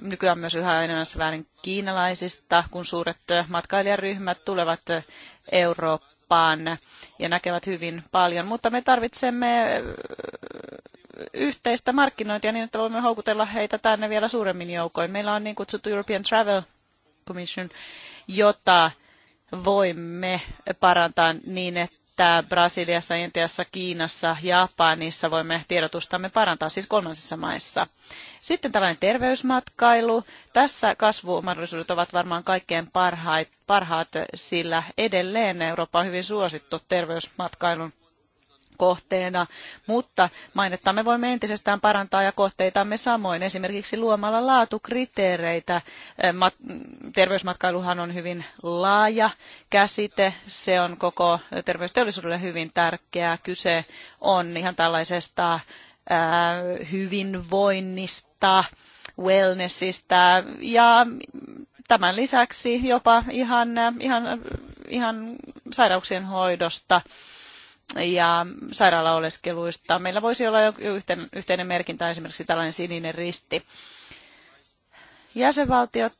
nykyään myös yhä enemmän väärin kiinalaisista, kun suuret matkailijaryhmät tulevat Eurooppaan ja näkevät hyvin paljon. Mutta me tarvitsemme yhteistä markkinointia niin, että voimme houkutella heitä tänne vielä suuremmin joukoin. Meillä on niin kutsuttu European Travel Commission, jota voimme parantaa niin, että että Brasiliassa, Intiassa, Kiinassa, Japanissa voimme tiedotustamme parantaa, siis kolmansissa maissa. Sitten tällainen terveysmatkailu. Tässä kasvumahdollisuudet ovat varmaan kaikkein parhaat, parhaat sillä edelleen Eurooppa on hyvin suosittu terveysmatkailun kohteena, mutta mainetta me voimme entisestään parantaa ja kohteitamme samoin, esimerkiksi luomalla laatukriteereitä. Eh, terveysmatkailuhan on hyvin laaja käsite, se on koko terveysteollisuudelle hyvin tärkeää. Kyse on ihan tällaisesta eh, hyvinvoinnista, wellnessistä ja tämän lisäksi jopa ihan, eh, ihan, ihan sairauksien hoidosta ja sairaalaoleskeluista. Meillä voisi olla jo yhteinen merkintä esimerkiksi tällainen sininen risti. Jäsenvaltiot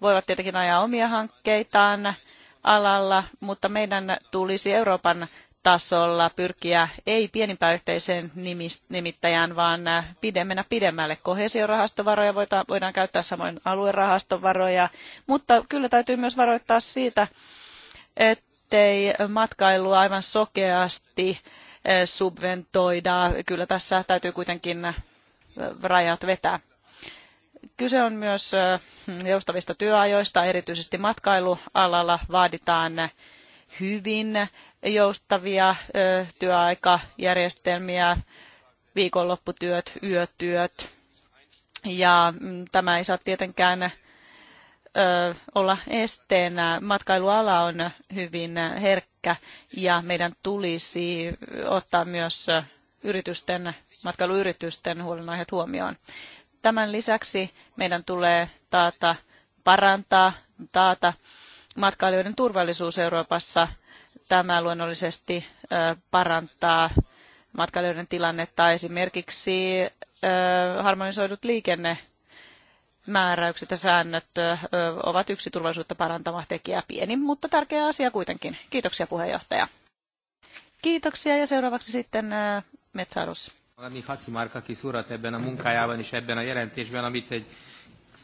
voivat tietenkin ajaa omia hankkeitaan alalla, mutta meidän tulisi Euroopan tasolla pyrkiä ei pienimpään yhteiseen nimittäjään, vaan pidemmänä pidemmälle. Kohesiorahastovaroja voidaan käyttää samoin aluerahastovaroja, mutta kyllä täytyy myös varoittaa siitä, että ettei matkailua aivan sokeasti eh, subventoida. Kyllä tässä täytyy kuitenkin eh, rajat vetää. Kyse on myös eh, joustavista työajoista, erityisesti matkailualalla vaaditaan hyvin joustavia työaikajärjestelmiä, viikonlopputyöt, yötyöt. Ja mm, tämä ei saa tietenkään olla esteenä. Matkailuala on hyvin herkkä ja meidän tulisi ottaa myös yritysten, matkailuyritysten huolenaiheet huomioon. Tämän lisäksi meidän tulee taata, parantaa, taata matkailijoiden turvallisuus Euroopassa. Tämä luonnollisesti parantaa matkailijoiden tilannetta esimerkiksi harmonisoidut liikenne määräykset ja säännöt ovat yksi turvallisuutta parantava tekijä pieni, mutta tärkeä asia kuitenkin. Kiitoksia puheenjohtaja. Kiitoksia ja seuraavaksi sitten Metsaros. Ami Hatsimarka kisurat ebben a munkájában és ebben a jelentésben, amit egy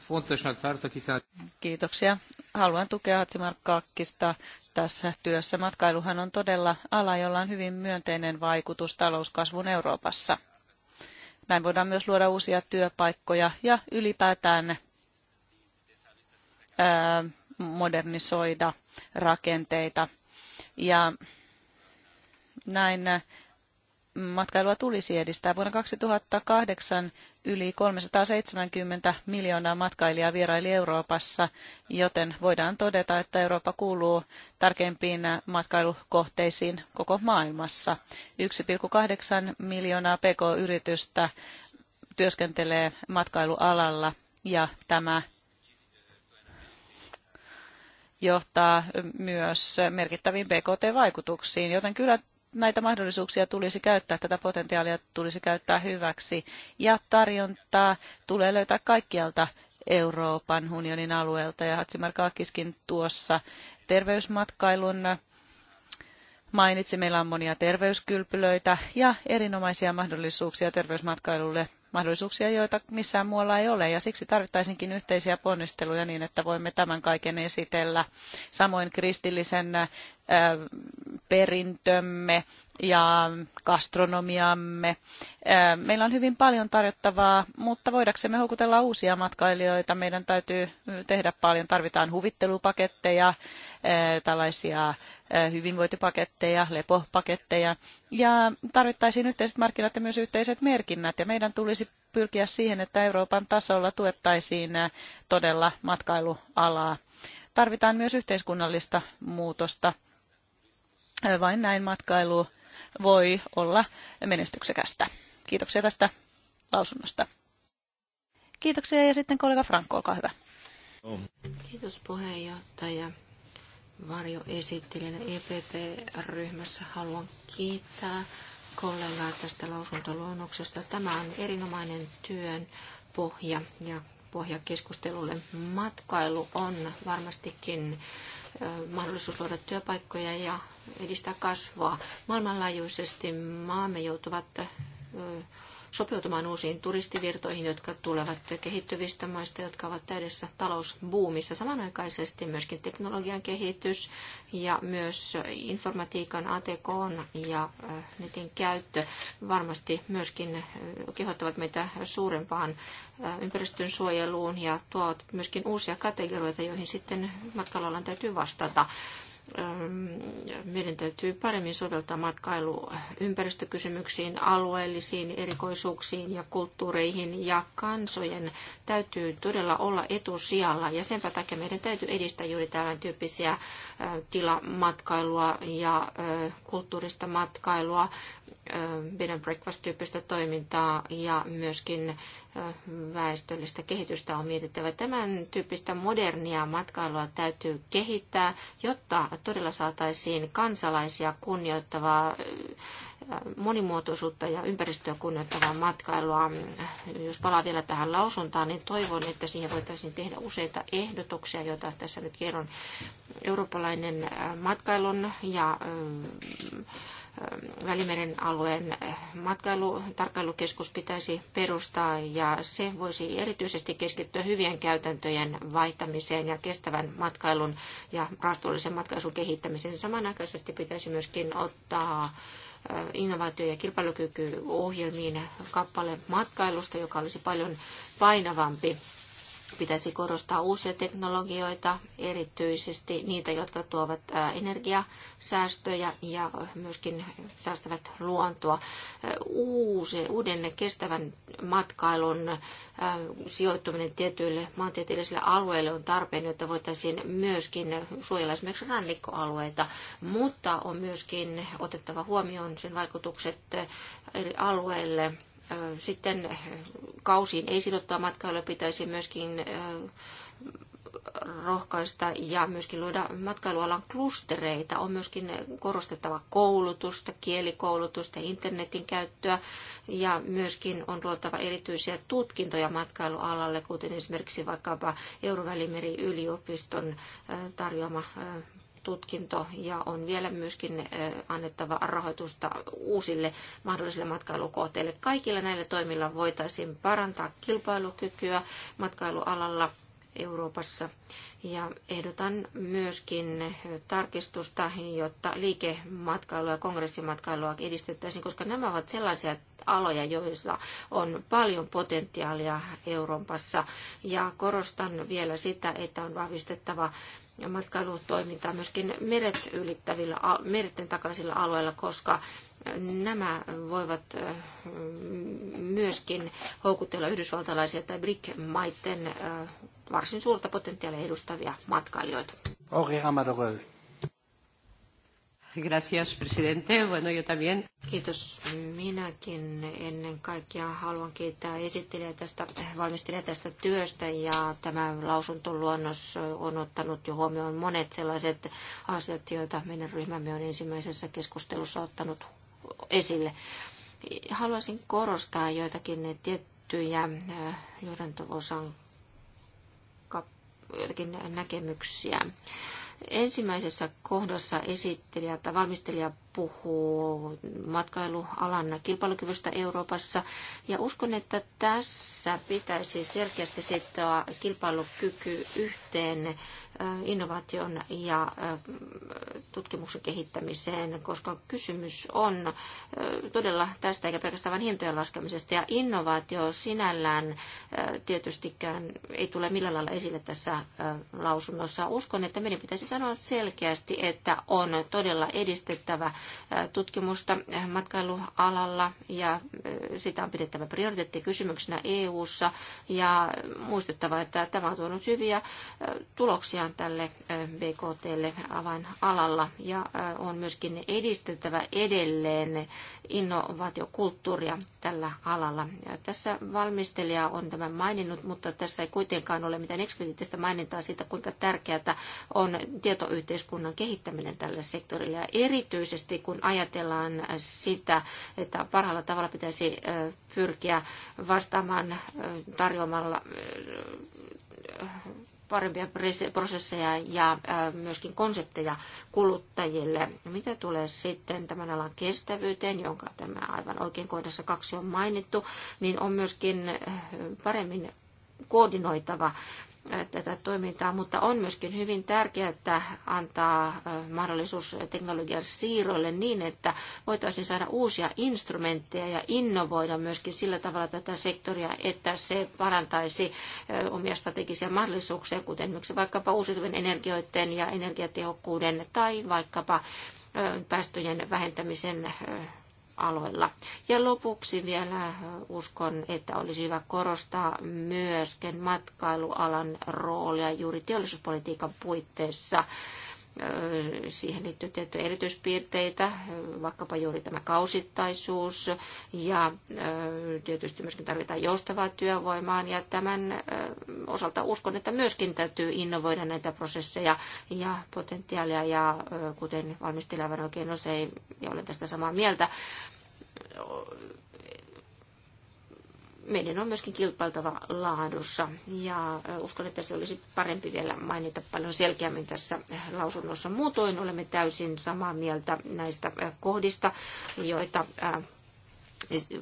fontosnak tartok, hiszen... Kiitoksia. Haluan tukea Hatsimarkkaakkista tässä työssä. Matkailuhan on todella ala, jolla on hyvin myönteinen vaikutus talouskasvun Euroopassa. Näin voidaan myös luoda uusia työpaikkoja ja ylipäätään modernisoida rakenteita. Ja näin matkailua tulisi edistää. Vuonna 2008 yli 370 miljoonaa matkailijaa vieraili Euroopassa, joten voidaan todeta, että Eurooppa kuuluu tärkeimpiin matkailukohteisiin koko maailmassa. 1,8 miljoonaa pk-yritystä työskentelee matkailualalla ja tämä johtaa myös merkittäviin BKT-vaikutuksiin, joten kyllä näitä mahdollisuuksia tulisi käyttää, tätä potentiaalia tulisi käyttää hyväksi ja tarjontaa tulee löytää kaikkialta Euroopan unionin alueelta ja Hatsimarkaakiskin tuossa terveysmatkailun mainitsi, meillä on monia terveyskylpylöitä ja erinomaisia mahdollisuuksia terveysmatkailulle, mahdollisuuksia, joita missään muualla ei ole. Ja siksi tarvittaisinkin yhteisiä ponnisteluja niin, että voimme tämän kaiken esitellä. Samoin kristillisen äh, perintömme ja gastronomiamme. Meillä on hyvin paljon tarjottavaa, mutta voidaksemme houkutella uusia matkailijoita, meidän täytyy tehdä paljon. Tarvitaan huvittelupaketteja, tällaisia hyvinvointipaketteja, lepopaketteja ja tarvittaisiin yhteiset markkinat ja myös yhteiset merkinnät ja meidän tulisi pyrkiä siihen, että Euroopan tasolla tuettaisiin todella matkailualaa. Tarvitaan myös yhteiskunnallista muutosta. Vain näin matkailu voi olla menestyksekästä. Kiitoksia tästä lausunnosta. Kiitoksia ja sitten kollega Frank, olkaa hyvä. Kiitos puheenjohtaja. Varjo esittelijänä EPP-ryhmässä haluan kiittää kollegaa tästä lausuntoluonnoksesta. Tämä on erinomainen työn pohja ja pohja keskustelulle. Matkailu on varmastikin mahdollisuus luoda työpaikkoja ja edistää kasvua. Maailmanlaajuisesti maamme joutuvat sopeutumaan uusiin turistivirtoihin, jotka tulevat kehittyvistä maista, jotka ovat täydessä talousbuumissa. Samanaikaisesti myöskin teknologian kehitys ja myös informatiikan, ATK ja netin käyttö varmasti myöskin kehottavat meitä suurempaan ympäristön suojeluun ja tuovat myöskin uusia kategorioita, joihin sitten matkalla täytyy vastata meidän täytyy paremmin soveltaa matkailu ympäristökysymyksiin, alueellisiin erikoisuuksiin ja kulttuureihin ja kansojen täytyy todella olla etusijalla ja sen takia meidän täytyy edistää juuri tämän tyyppisiä tilamatkailua ja kulttuurista matkailua bed and breakfast-tyyppistä toimintaa ja myöskin väestöllistä kehitystä on mietittävä. Tämän tyyppistä modernia matkailua täytyy kehittää, jotta todella saataisiin kansalaisia kunnioittavaa monimuotoisuutta ja ympäristöä kunnioittavaa matkailua. Jos palaan vielä tähän lausuntaan, niin toivon, että siihen voitaisiin tehdä useita ehdotuksia, joita tässä nyt kerron. Eurooppalainen matkailun ja Välimeren alueen matkailutarkkailukeskus pitäisi perustaa ja se voisi erityisesti keskittyä hyvien käytäntöjen vaihtamiseen ja kestävän matkailun ja vastuullisen matkailun kehittämiseen. Samanaikaisesti pitäisi myöskin ottaa innovaatio- ja kilpailukykyohjelmiin kappale matkailusta, joka olisi paljon painavampi Pitäisi korostaa uusia teknologioita, erityisesti niitä, jotka tuovat energiasäästöjä ja myöskin säästävät luontoa. Uusi, uuden kestävän matkailun sijoittuminen tietyille maantieteellisille alueille on tarpeen, jotta voitaisiin myöskin suojella esimerkiksi rannikkoalueita, mutta on myöskin otettava huomioon sen vaikutukset eri alueille sitten kausiin ei sidottua matkailua pitäisi myöskin rohkaista ja myöskin luoda matkailualan klustereita. On myöskin korostettava koulutusta, kielikoulutusta, internetin käyttöä ja myöskin on luotava erityisiä tutkintoja matkailualalle, kuten esimerkiksi vaikkapa Eurovälimeri-yliopiston tarjoama tutkinto ja on vielä myöskin annettava rahoitusta uusille mahdollisille matkailukohteille. Kaikilla näillä toimilla voitaisiin parantaa kilpailukykyä matkailualalla Euroopassa. Ja ehdotan myöskin tarkistusta, jotta liikematkailua ja kongressimatkailua edistettäisiin, koska nämä ovat sellaisia aloja, joissa on paljon potentiaalia Euroopassa. Ja korostan vielä sitä, että on vahvistettava ja matkailutoimintaa myöskin meret ylittävillä, merten takaisilla alueilla, koska nämä voivat myöskin houkutella yhdysvaltalaisia tai BRIC-maiden varsin suurta potentiaalia edustavia matkailijoita. Okay, Gracias, presidente. Bueno, yo también. Kiitos. Minäkin ennen kaikkea haluan kiittää esittelijä tästä, valmistelija tästä työstä ja tämä lausuntoluonnos on ottanut jo huomioon monet sellaiset asiat, joita meidän ryhmämme on ensimmäisessä keskustelussa ottanut esille. Haluaisin korostaa joitakin tiettyjä äh, johdantoosan osan näkemyksiä. Ensimmäisessä kohdassa esittelijä tai valmistelija puhuu matkailualan kilpailukyvystä Euroopassa. Ja uskon, että tässä pitäisi selkeästi sitoa kilpailukyky yhteen innovaation ja tutkimuksen kehittämiseen, koska kysymys on todella tästä eikä pelkästään vain hintojen laskemisesta. Ja innovaatio sinällään tietystikään ei tule millään lailla esille tässä lausunnossa. Uskon, että meidän pitäisi sanoa selkeästi, että on todella edistettävä tutkimusta matkailualalla ja sitä on pidettävä prioriteettikysymyksenä EU-ssa ja muistettava, että tämä on tuonut hyviä tuloksia tarvitaan tälle BKTlle avainalalla ja on myöskin edistettävä edelleen innovaatiokulttuuria tällä alalla. ja Tässä valmistelija on tämän maininnut, mutta tässä ei kuitenkaan ole mitään eksplitiittistä mainintaa siitä, kuinka tärkeää on tietoyhteiskunnan kehittäminen tällä sektorilla. Ja erityisesti kun ajatellaan sitä, että parhaalla tavalla pitäisi pyrkiä vastaamaan tarjoamalla parempia prosesseja ja myöskin konsepteja kuluttajille. Mitä tulee sitten tämän alan kestävyyteen, jonka tämä aivan oikein kohdassa kaksi on mainittu, niin on myöskin paremmin koordinoitava tätä toimintaa, mutta on myöskin hyvin tärkeää, että antaa mahdollisuus teknologian siirroille niin, että voitaisiin saada uusia instrumentteja ja innovoida myöskin sillä tavalla tätä sektoria, että se parantaisi omia strategisia mahdollisuuksia, kuten esimerkiksi vaikkapa uusiutuvien energioiden ja energiatehokkuuden tai vaikkapa päästöjen vähentämisen aloilla. Ja lopuksi vielä uskon, että olisi hyvä korostaa myöskin matkailualan roolia juuri teollisuuspolitiikan puitteissa siihen liittyy tiettyjä erityispiirteitä, vaikkapa juuri tämä kausittaisuus ja tietysti myöskin tarvitaan joustavaa työvoimaa ja tämän osalta uskon, että myöskin täytyy innovoida näitä prosesseja ja potentiaalia ja kuten valmistelevan oikein usein ja olen tästä samaa mieltä, meidän on myöskin kilpailtava laadussa. Ja uskon, että se olisi parempi vielä mainita paljon selkeämmin tässä lausunnossa. Muutoin olemme täysin samaa mieltä näistä kohdista, joita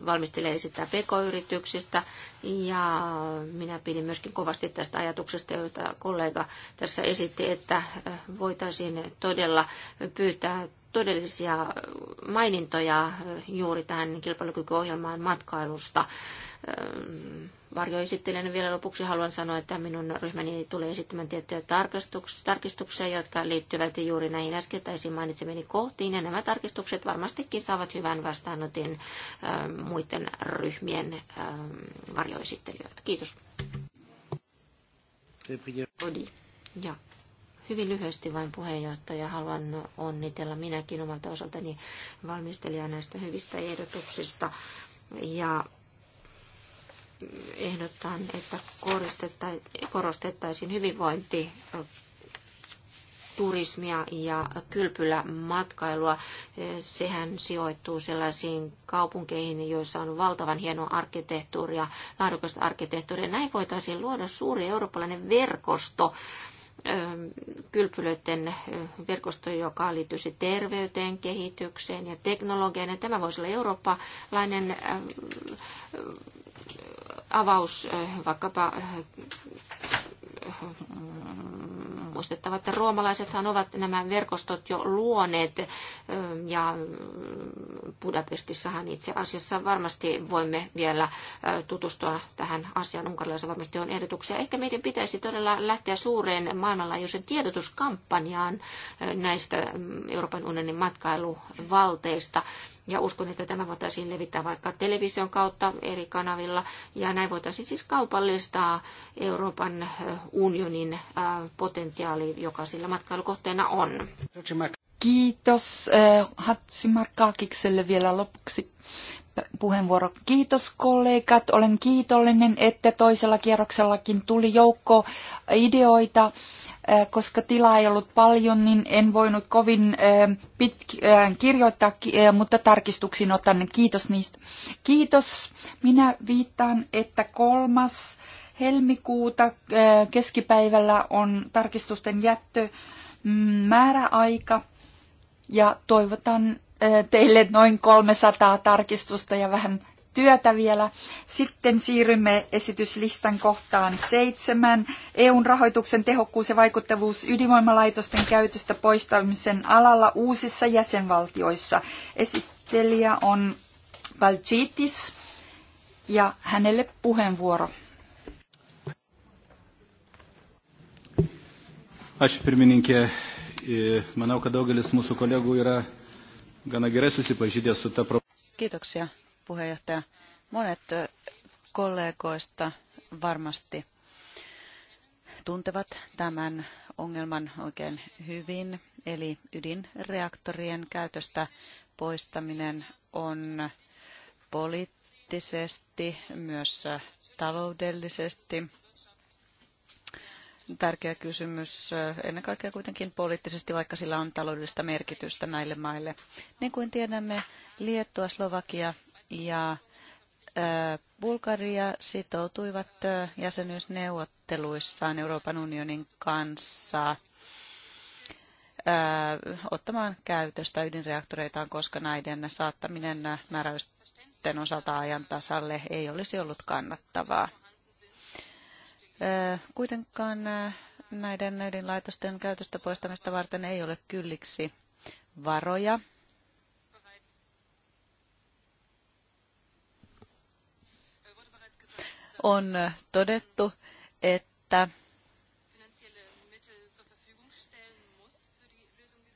valmistelee sitä pk-yrityksistä. Ja minä pidin myöskin kovasti tästä ajatuksesta, jota kollega tässä esitti, että voitaisiin todella pyytää todellisia mainintoja juuri tähän kilpailukykyohjelmaan matkailusta. esittelen vielä lopuksi haluan sanoa, että minun ryhmäni tulee esittämään tiettyjä tarkistuksia, jotka liittyvät juuri näihin äskettäisiin mainitsemiini kohtiin. Ja nämä tarkistukset varmastikin saavat hyvän vastaanotin muiden ryhmien varjoesittelijöiltä. Kiitos. Odi. Ja Hyvin lyhyesti vain puheenjohtaja, haluan onnitella minäkin omalta osaltani valmistelijaa näistä hyvistä ehdotuksista. Ja ehdotan, että korostettaisiin hyvinvointi turismia ja kylpylämatkailua. Sehän sijoittuu sellaisiin kaupunkeihin, joissa on valtavan hieno arkkitehtuuria, laadukasta arkkitehtuuria. Näin voitaisiin luoda suuri eurooppalainen verkosto Ähm, kylpylöiden äh, verkosto, joka liittyisi terveyteen, kehitykseen ja teknologiaan. Ja tämä voisi olla eurooppalainen äh, äh, avaus vaikkapa muistettava, että roomalaisethan ovat nämä verkostot jo luoneet ja Budapestissahan itse asiassa varmasti voimme vielä tutustua tähän asiaan. Unkarilaisilla varmasti on ehdotuksia. Ehkä meidän pitäisi todella lähteä suureen maailmanlaajuisen tiedotuskampanjaan näistä mm, Euroopan unionin matkailuvalteista. Ja uskon, että tämä voitaisiin levittää vaikka television kautta eri kanavilla. Ja näin voitaisiin siis kaupallistaa Euroopan unionin potentiaalia potentiaali, joka sillä matkailukohteena on. Kiitos eh, Kaakikselle vielä lopuksi puheenvuoro. Kiitos kollegat, olen kiitollinen, että toisella kierroksellakin tuli joukko ideoita, eh, koska tilaa ei ollut paljon, niin en voinut kovin eh, pitkään kirjoittaa, mutta tarkistuksiin otan. Kiitos niistä. Kiitos. Minä viittaan, että kolmas helmikuuta äh, keskipäivällä on tarkistusten jättö mm, määräaika ja toivotan äh, teille noin 300 tarkistusta ja vähän työtä vielä. Sitten siirrymme esityslistan kohtaan seitsemän. EUn rahoituksen tehokkuus ja vaikuttavuus ydinvoimalaitosten käytöstä poistamisen alalla uusissa jäsenvaltioissa. Esittelijä on Valcitis ja hänelle puheenvuoro. Aš pirmininkė, manau, kad daugelis mūsų kolegų yra gana gerai susipažydę su ta problema. Kiitoksia puheenjohtaja. Monet kollegoista varmasti tuntevat tämän ongelman oikein hyvin, eli ydinreaktorien käytöstä poistaminen on poliittisesti, myös taloudellisesti tärkeä kysymys, eh, ennen kaikkea kuitenkin poliittisesti, vaikka sillä on taloudellista merkitystä näille maille. Niin kuin tiedämme, Liettua, Slovakia ja eh, Bulgaria sitoutuivat eh, jäsenyysneuvotteluissaan Euroopan unionin kanssa ottamaan käytöstä ydinreaktoreitaan, koska näiden saattaminen määräysten osalta ajan tasalle ei olisi ollut kannattavaa. Kuitenkaan näiden ydinlaitosten käytöstä poistamista varten ei ole kylliksi varoja. On todettu, että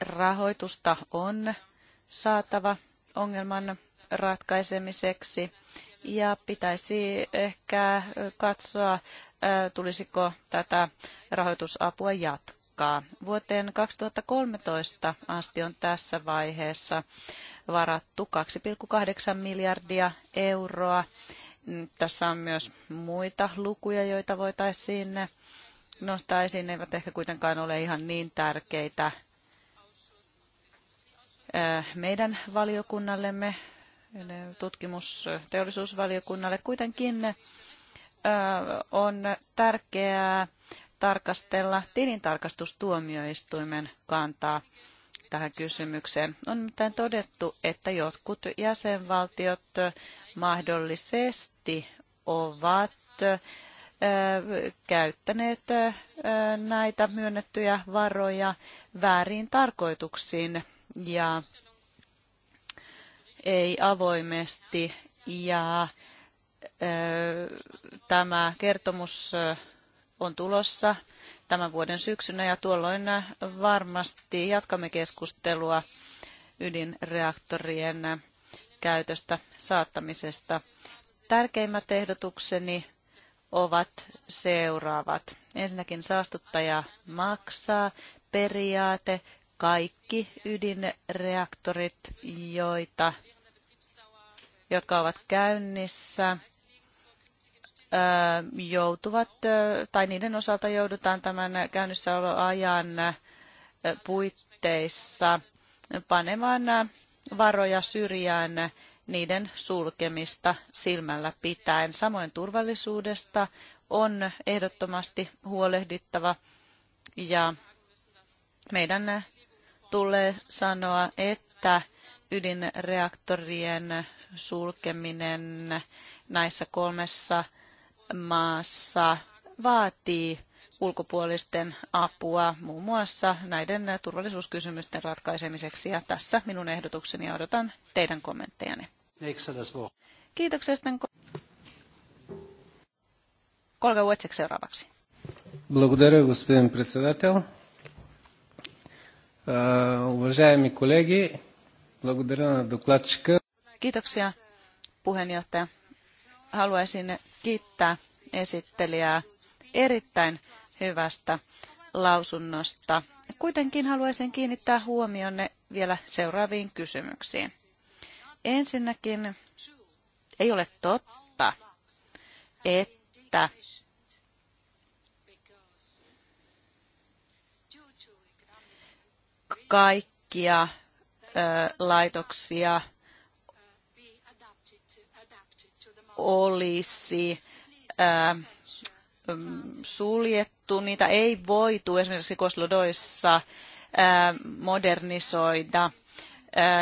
rahoitusta on saatava ongelman ratkaisemiseksi ja pitäisi ehkä katsoa tulisiko tätä rahoitusapua jatkaa. Vuoteen 2013 asti on tässä vaiheessa varattu 2,8 miljardia euroa. Mm, tässä on myös muita lukuja, joita voitaisiin nostaa esiin. Ne eivät ehkä kuitenkaan ole ihan niin tärkeitä meidän valiokunnallemme, tutkimusteollisuusvaliokunnalle. Kuitenkin on tärkeää tarkastella tilintarkastustuomioistuimen kantaa tähän kysymykseen. On nimittäin todettu, että jotkut jäsenvaltiot mahdollisesti ovat käyttäneet näitä myönnettyjä varoja väärin tarkoituksiin ja ei avoimesti ja tämä kertomus on tulossa tämän vuoden syksynä ja tuolloin varmasti jatkamme keskustelua ydinreaktorien käytöstä saattamisesta. Tärkeimmät ehdotukseni ovat seuraavat. Ensinnäkin saastuttaja maksaa periaate. Kaikki ydinreaktorit, joita jotka ovat käynnissä, joutuvat tai niiden osalta joudutaan tämän käynnissäoloajan puitteissa panemaan varoja syrjään niiden sulkemista silmällä pitäen. Samoin turvallisuudesta on ehdottomasti huolehdittava ja meidän tulee sanoa, että ydinreaktorien sulkeminen näissä kolmessa maassa vaatii ulkopuolisten apua muun muassa näiden turvallisuuskysymysten ratkaisemiseksi. Ja tässä minun ehdotukseni ja odotan teidän kommenttejanne. Kiitoksesta. Kolga Uetsek seuraavaksi. Благодаря, господин председател. Уважаеми колеги, благодаря на докладчика. Kiitoksia puheenjohtaja. Haluaisin kiittää esittelijää erittäin hyvästä lausunnosta. Kuitenkin haluaisin kiinnittää huomionne vielä seuraaviin kysymyksiin. Ensinnäkin ei ole totta, että kaikkia ö, laitoksia olisi mm, suljettu, niitä ei voitu esimerkiksi Koslodoissa modernisoida.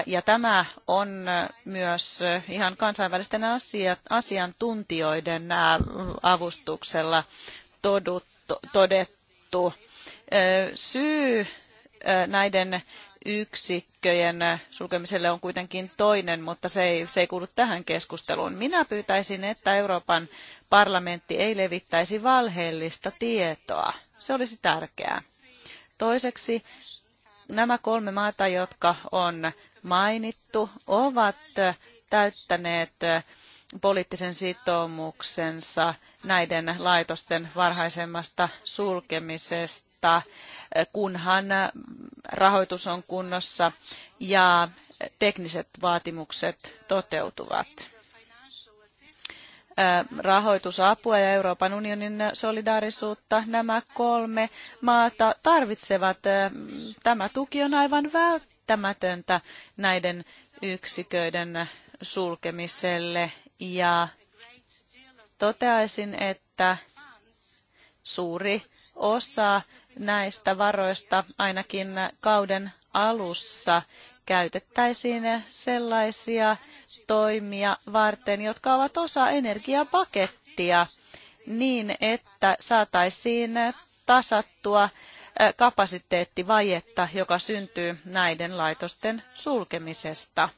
Ja tämä on myös ihan kansainvälisten asiantuntijoiden avustuksella todettu. Syy näiden yksikköjen sulkemiselle on kuitenkin toinen, mutta se ei, se ei kuulu tähän keskusteluun. Minä pyytäisin, että Euroopan parlamentti ei levittäisi valheellista tietoa. Se olisi tärkeää. Toiseksi nämä kolme maata, jotka on mainittu, ovat täyttäneet poliittisen sitoumuksensa näiden laitosten varhaisemmasta sulkemisesta rahoittaa, eh, kunhan eh, rahoitus on kunnossa ja tekniset vaatimukset toteutuvat. Eh, rahoitusapua ja Euroopan unionin solidaarisuutta nämä kolme maata tarvitsevat. Tämä tuki on aivan välttämätöntä näiden yksiköiden sulkemiselle ja toteaisin, että suuri osa näistä varoista ainakin kauden alussa käytettäisiin sellaisia toimia varten, jotka ovat osa energiapakettia niin, että saataisiin tasattua kapasiteettivajetta, joka syntyy näiden laitosten sulkemisesta.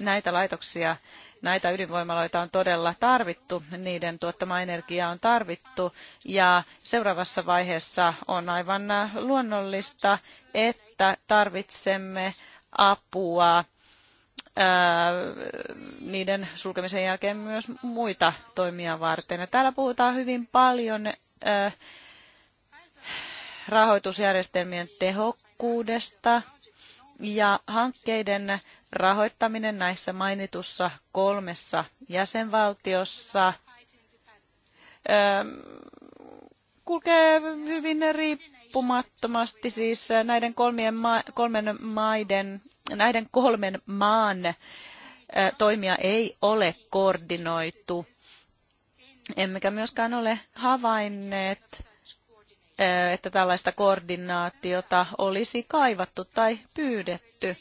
Näitä laitoksia Näitä ydinvoimaloita on todella tarvittu, niiden tuottama energia on tarvittu ja seuraavassa vaiheessa on aivan luonnollista, että tarvitsemme apua niiden sulkemisen jälkeen myös muita toimia varten. Ja täällä puhutaan hyvin paljon rahoitusjärjestelmien tehokkuudesta ja hankkeiden rahoittaminen näissä mainitussa kolmessa jäsenvaltiossa ähm, kulkee hyvin riippumattomasti siis näiden kolmien ma- kolmen maiden, näiden kolmen maan äh, toimia ei ole koordinoitu. Emmekä myöskään ole havainneet, äh, että tällaista koordinaatiota olisi kaivattu tai pyydetty.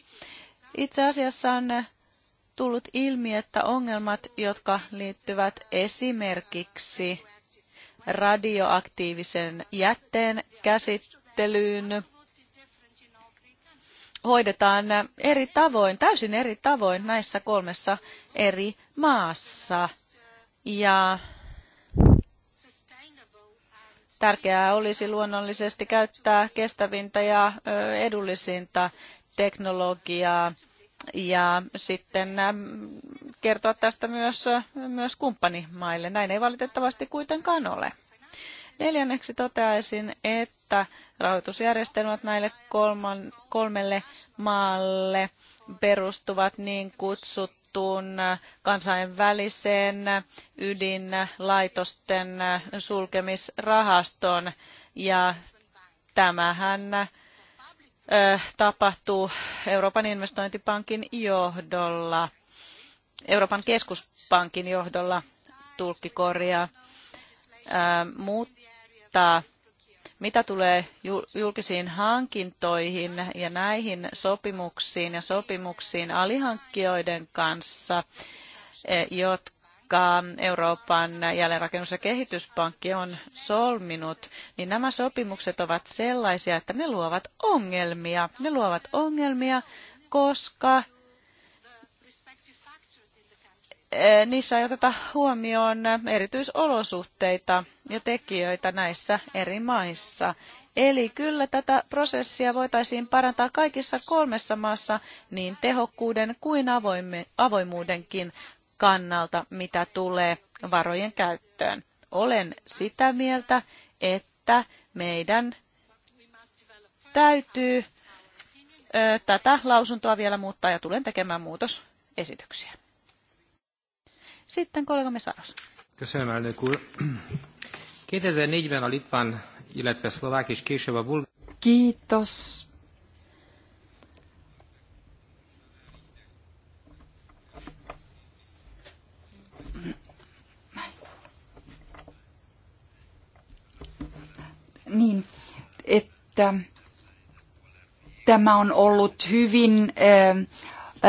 Itse asiassa on eh, tullut ilmi, että ongelmat, jotka liittyvät esimerkiksi radioaktiivisen jätteen käsittelyyn, hoidetaan eh, eri tavoin, täysin eri tavoin näissä kolmessa eri maassa. Ja tärkeää olisi luonnollisesti käyttää kestävintä ja edullisinta teknologiaa ja sitten ähm, kertoa tästä myös, äh, myös kumppanimaille. Näin ei valitettavasti kuitenkaan ole. Neljänneksi toteaisin, että rahoitusjärjestelmät näille kolman, kolmelle maalle perustuvat niin kutsuttuun äh, kansainväliseen ydinlaitosten äh, sulkemisrahaston. Ja tämähän tapahtuu Euroopan investointipankin johdolla, Euroopan keskuspankin johdolla tulkkikorjaa, mutta mitä tulee julkisiin hankintoihin ja näihin sopimuksiin ja sopimuksiin alihankkijoiden kanssa, e, jotka jonka Euroopan jälleenrakennus- ja kehityspankki on solminut, niin nämä sopimukset ovat sellaisia, että ne luovat ongelmia. Ne luovat ongelmia, koska e, niissä ei oteta huomioon erityisolosuhteita ja tekijöitä näissä eri maissa. Eli kyllä tätä prosessia voitaisiin parantaa kaikissa kolmessa maassa niin tehokkuuden kuin avoimuudenkin kannalta, mitä tulee varojen käyttöön. Olen sitä mieltä, että meidän täytyy tätä lausuntoa vielä muuttaa ja tulen tekemään muutosesityksiä. Sitten kollegamme Saros. Köszönöm, elnök úr. 2004-ben a Litván, illetve szlovák és később a bulgár... Kiitos, niin, että tämä on ollut hyvin ähm,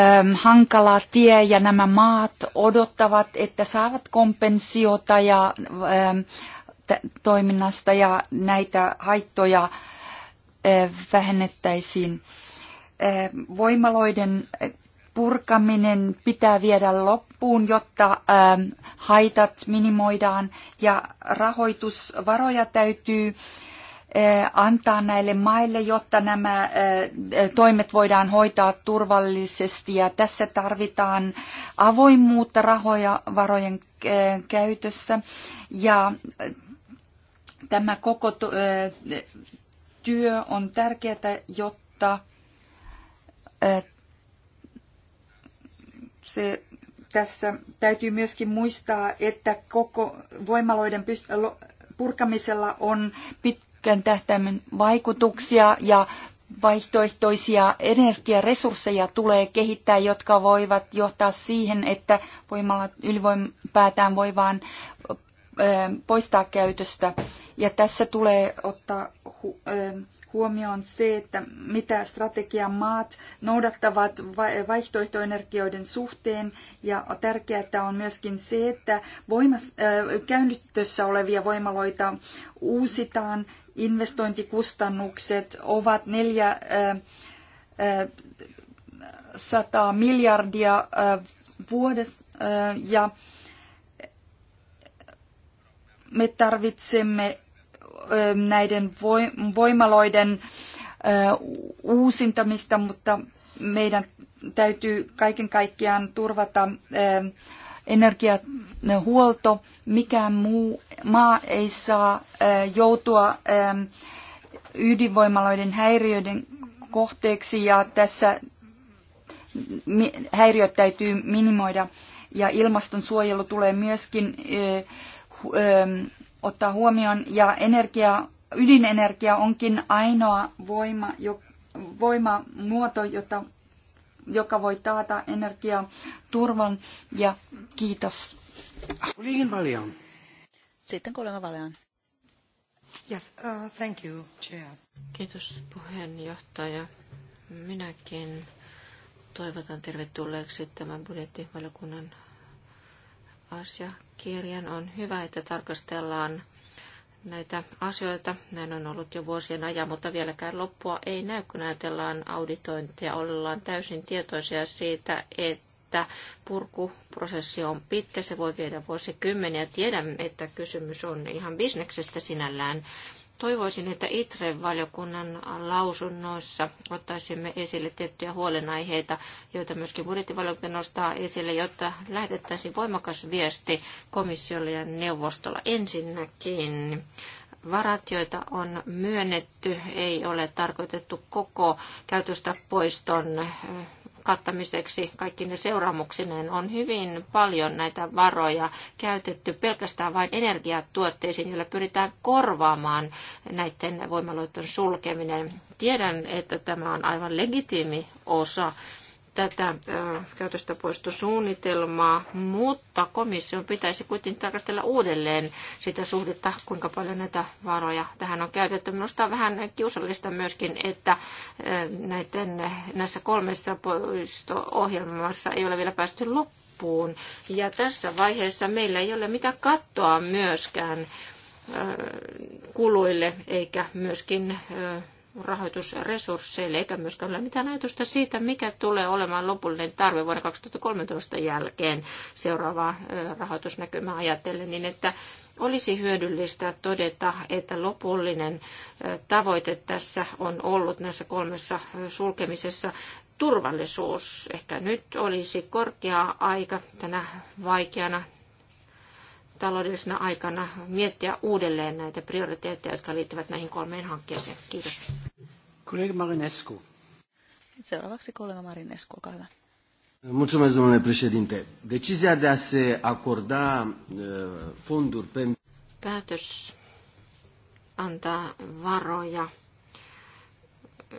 ähm, hankala tie ja nämä maat odottavat, että saavat kompensiota ja ähm, toiminnasta ja näitä haittoja äh, vähennettäisiin. Äh, voimaloiden purkaminen pitää viedä loppuun, jotta haitat minimoidaan ja rahoitusvaroja täytyy äh, antaa näille maille, jotta nämä toimet voidaan hoitaa turvallisesti. Ja tässä tarvitaan avoimuutta rahoja varojen käytössä. Ja tämä koko työ on tärkeää, jotta se tässä täytyy myöskin muistaa, että koko voimaloiden purkamisella on pit, pitkän tähtäimen vaikutuksia ja vaihtoehtoisia energiaresursseja tulee kehittää, jotka voivat johtaa siihen, että voimalla ylivoimapäätään voi vain poistaa käytöstä. Ja tässä tulee ottaa huomioon se, että mitä strategia maat noudattavat vaihtoehtoenergioiden suhteen. Ja tärkeää on myöskin se, että voimas, äh, käynnistössä olevia voimaloita uusitaan investointikustannukset ovat 400 miljardia vuodessa ja me tarvitsemme näiden voimaloiden uusintamista, mutta meidän täytyy kaiken kaikkiaan turvata energiahuolto. Mikään muu maa ei saa joutua ydinvoimaloiden häiriöiden kohteeksi ja tässä häiriöt täytyy minimoida ja ilmaston suojelu tulee myöskin ottaa huomioon ja energia, ydinenergia onkin ainoa voima, jo, voimamuoto, jota joka voi taata energiaturvan ja kiitos. Kollegin valjaan. Sitten kuulemme valjaan. Yes, uh, thank you, Chair. Kiitos puheenjohtaja. Minäkin toivotan tervetulleeksi tämän budjettivaliokunnan asiakirjan. On hyvä, että tarkastellaan näitä asioita. Näin on ollut jo vuosien ajan, mutta vieläkään loppua ei näy, kun ajatellaan auditointia. Ollaan täysin tietoisia siitä, että purkuprosessi on pitkä, se voi viedä vuosikymmeniä. Tiedämme, että kysymys on ihan bisneksestä sinällään Toivoisin, että ITRE-valiokunnan lausunnoissa ottaisimme esille tiettyjä huolenaiheita, joita myöskin budjettivaliokunta nostaa esille, jotta lähetettäisiin voimakas viesti komissiolle ja neuvostolla. Ensinnäkin varat, joita on myönnetty, ei ole tarkoitettu koko käytöstä poiston kattamiseksi kaikki ne seuraamuksineen on hyvin paljon näitä varoja käytetty pelkästään vain energiatuotteisiin, joilla pyritään korvaamaan näiden voimaloiden sulkeminen. Tiedän, että tämä on aivan legitiimi osa tätä käytöstä poistosuunnitelmaa, mutta komission pitäisi kuitenkin tarkastella uudelleen sitä suhdetta, kuinka paljon näitä varoja tähän on käytetty. Minusta on vähän kiusallista myöskin, että näiden, näissä kolmessa poisto-ohjelmassa ei ole vielä päästy loppuun. Ja tässä vaiheessa meillä ei ole mitään kattoa myöskään kuluille eikä myöskin rahoitusresursseille, eikä myöskään ole mitään ajatusta siitä, mikä tulee olemaan lopullinen tarve vuoden 2013 jälkeen seuraavaa rahoitusnäkymää ajatellen, niin että olisi hyödyllistä todeta, että lopullinen tavoite tässä on ollut näissä kolmessa sulkemisessa turvallisuus. Ehkä nyt olisi korkea aika tänä vaikeana taloudellisena aikana miettiä uudelleen näitä prioriteetteja, jotka liittyvät näihin kolmeen hankkeeseen. Kiitos. Kollega Marinescu. Seuraavaksi kollega Marinescu, olkaa hyvä. Mulțumesc, domnule președinte. Decizia de a se acorda uh, fonduri pentru... Päätös antaa varoja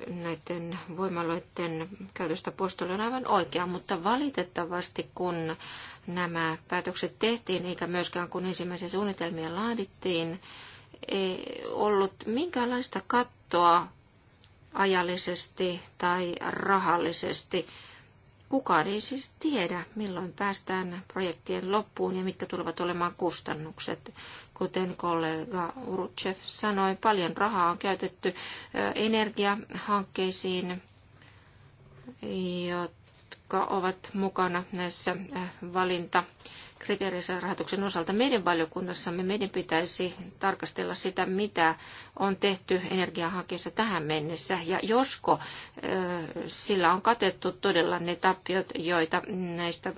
näiden voimaloiden käytöstä postolle on aivan oikea, mutta valitettavasti kun nämä päätökset tehtiin, eikä myöskään kun ensimmäisiä suunnitelmia laadittiin, ei ollut minkäänlaista kattoa ajallisesti tai rahallisesti. Kukaan ei siis tiedä, milloin päästään projektien loppuun ja mitkä tulevat olemaan kustannukset. Kuten kollega Urutsev sanoi, paljon rahaa on käytetty e, energiahankkeisiin, jotka ovat mukana näissä äh, valinta kriteerinsä rahoituksen osalta meidän valiokunnassamme meidän pitäisi tarkastella sitä, mitä on tehty energiahankkeessa tähän mennessä ja josko äh, sillä on katettu todella ne tappiot, joita näistä äh,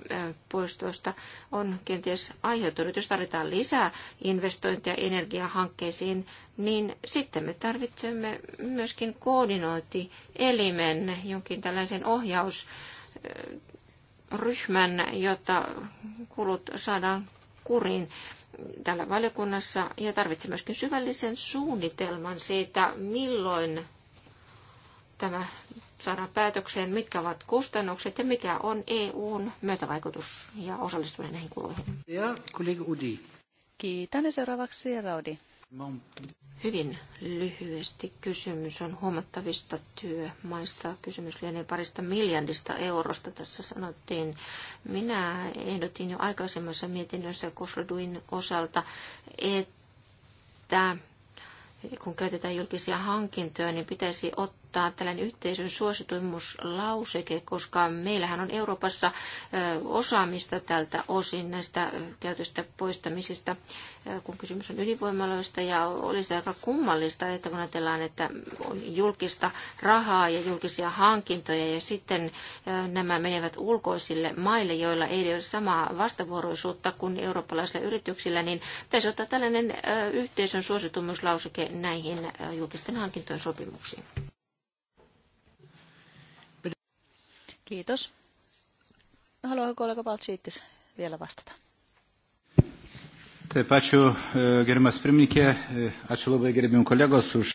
poistoista on kenties aiheutunut. Jos tarvitaan lisää investointia energiahankkeisiin, niin sitten me tarvitsemme myöskin koordinointielimen, jonkin tällaisen ohjaus ryhmän, jotta kulut saadaan kuriin tällä valiokunnassa ja tarvitse myöskin syvällisen suunnitelman siitä, milloin tämä saadaan päätökseen, mitkä ovat kustannukset ja mikä on EUn myötävaikutus ja osallistuminen näihin kuluihin. Ja kollega Udi. Kiitän ja seuraavaksi Raudi. Hyvin lyhyesti kysymys on huomattavista työmaista. Kysymys lienee parista miljardista eurosta, tässä sanottiin. Minä ehdotin jo aikaisemmassa mietinnössä Kosloduin osalta, että kun käytetään julkisia hankintoja, niin pitäisi ottaa ottaa tällainen yhteisön suosituimmuuslauseke, koska meillähän on Euroopassa osaamista tältä osin näistä käytöstä poistamisista, kun kysymys on ydinvoimaloista. Ja olisi aika kummallista, että kun ajatellaan, että on julkista rahaa ja julkisia hankintoja ja sitten nämä menevät ulkoisille maille, joilla ei ole samaa vastavuoroisuutta kuin eurooppalaisilla yrityksillä, niin pitäisi ottaa tällainen yhteisön suosituimmuuslauseke näihin julkisten hankintojen sopimuksiin. Kiitos. Haluaako kollega Baltsiittis vielä vastata? Taip, ačiū, e, gerimas pirmininkė, e, ačiū labai gerbiam už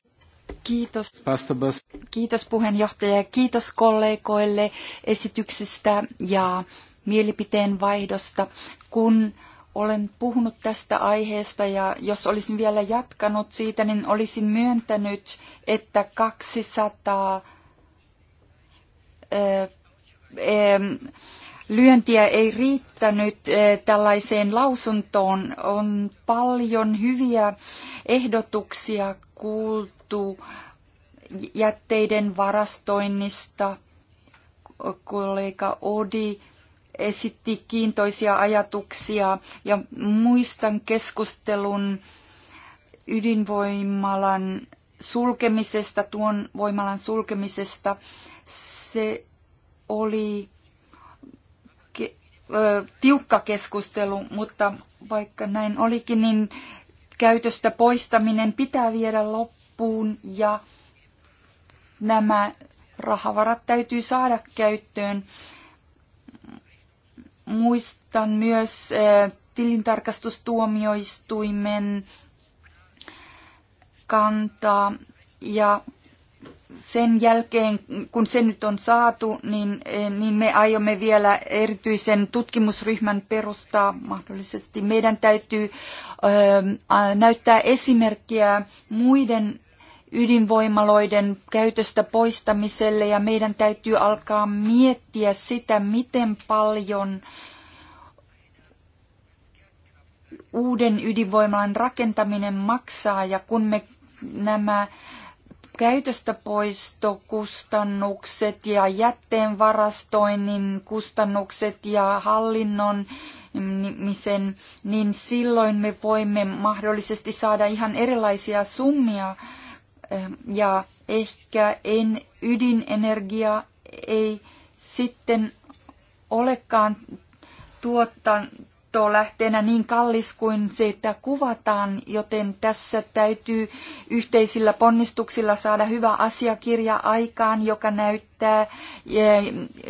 Kiitos. Pastabas. Kiitos puheenjohtaja ja kiitos kollegoille esityksistä ja mielipiteen vaihdosta. Kun olen puhunut tästä aiheesta ja jos olisin vielä jatkanut siitä, niin olisin myöntänyt, että 200 lyöntiä ei riittänyt eh, tällaiseen lausuntoon. On paljon hyviä ehdotuksia kuultu jätteiden varastoinnista. Kollega Odi esitti kiintoisia ajatuksia ja muistan keskustelun ydinvoimalan sulkemisesta, tuon voimalan sulkemisesta. Se oli tiukka keskustelu, mutta vaikka näin olikin, niin käytöstä poistaminen pitää viedä loppuun ja nämä rahavarat täytyy saada käyttöön. Muistan myös tilintarkastustuomioistuimen kantaa ja sen jälkeen, kun se nyt on saatu, niin, eh, niin me aiomme vielä erityisen tutkimusryhmän perustaa mahdollisesti. Meidän täytyy ö, eh, näyttää esimerkkiä muiden ydinvoimaloiden käytöstä poistamiselle ja meidän täytyy alkaa miettiä sitä, miten paljon uuden ydinvoimalan rakentaminen maksaa ja kun me nämä käytöstä poistokustannukset ja jätteen varastoinnin kustannukset ja hallinnon niin silloin me voimme mahdollisesti saada ihan erilaisia summia ehm, ja ehkä en, ydinenergia ei sitten olekaan tuottanut lähteenä niin kallis kuin että kuvataan, joten tässä täytyy yhteisillä ponnistuksilla saada hyvä asiakirja aikaan, joka näyttää e,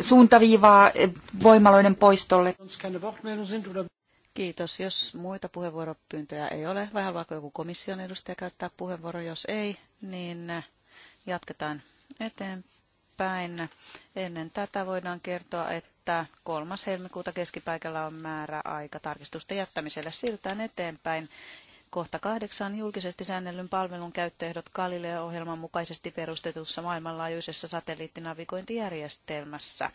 suuntaviivaa e, voimaloiden poistolle. Kiitos. Jos muita puheenvuoropyyntöjä ei ole, vai haluaako joku komission edustaja käyttää puheenvuoro? Jos ei, niin jatketaan eteenpäin. Ennen tätä voidaan kertoa, että että 3. helmikuuta keskipaikalla on määrä aika tarkistusten jättämiselle siirrytään eteenpäin. Kohta kahdeksan julkisesti säännellyn palvelun käyttöehdot Galileo-ohjelman mukaisesti perustetussa maailmanlaajuisessa satelliittinavigointijärjestelmässä.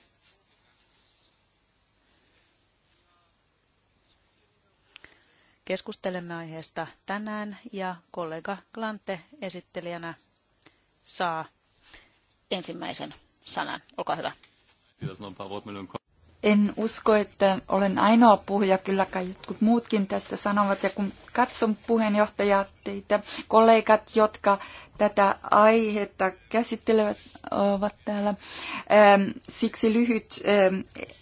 Keskustelemme aiheesta tänään ja kollega Glante esittelijänä saa ensimmäisen sanan. Olkaa hyvä. En usko, että olen ainoa puhuja, kyllä kai jotkut muutkin tästä sanovat. Ja kun katson puheenjohtajaa, teitä kollegat, jotka tätä aihetta käsittelevät, ovat täällä. Ähm, siksi lyhyt ähm,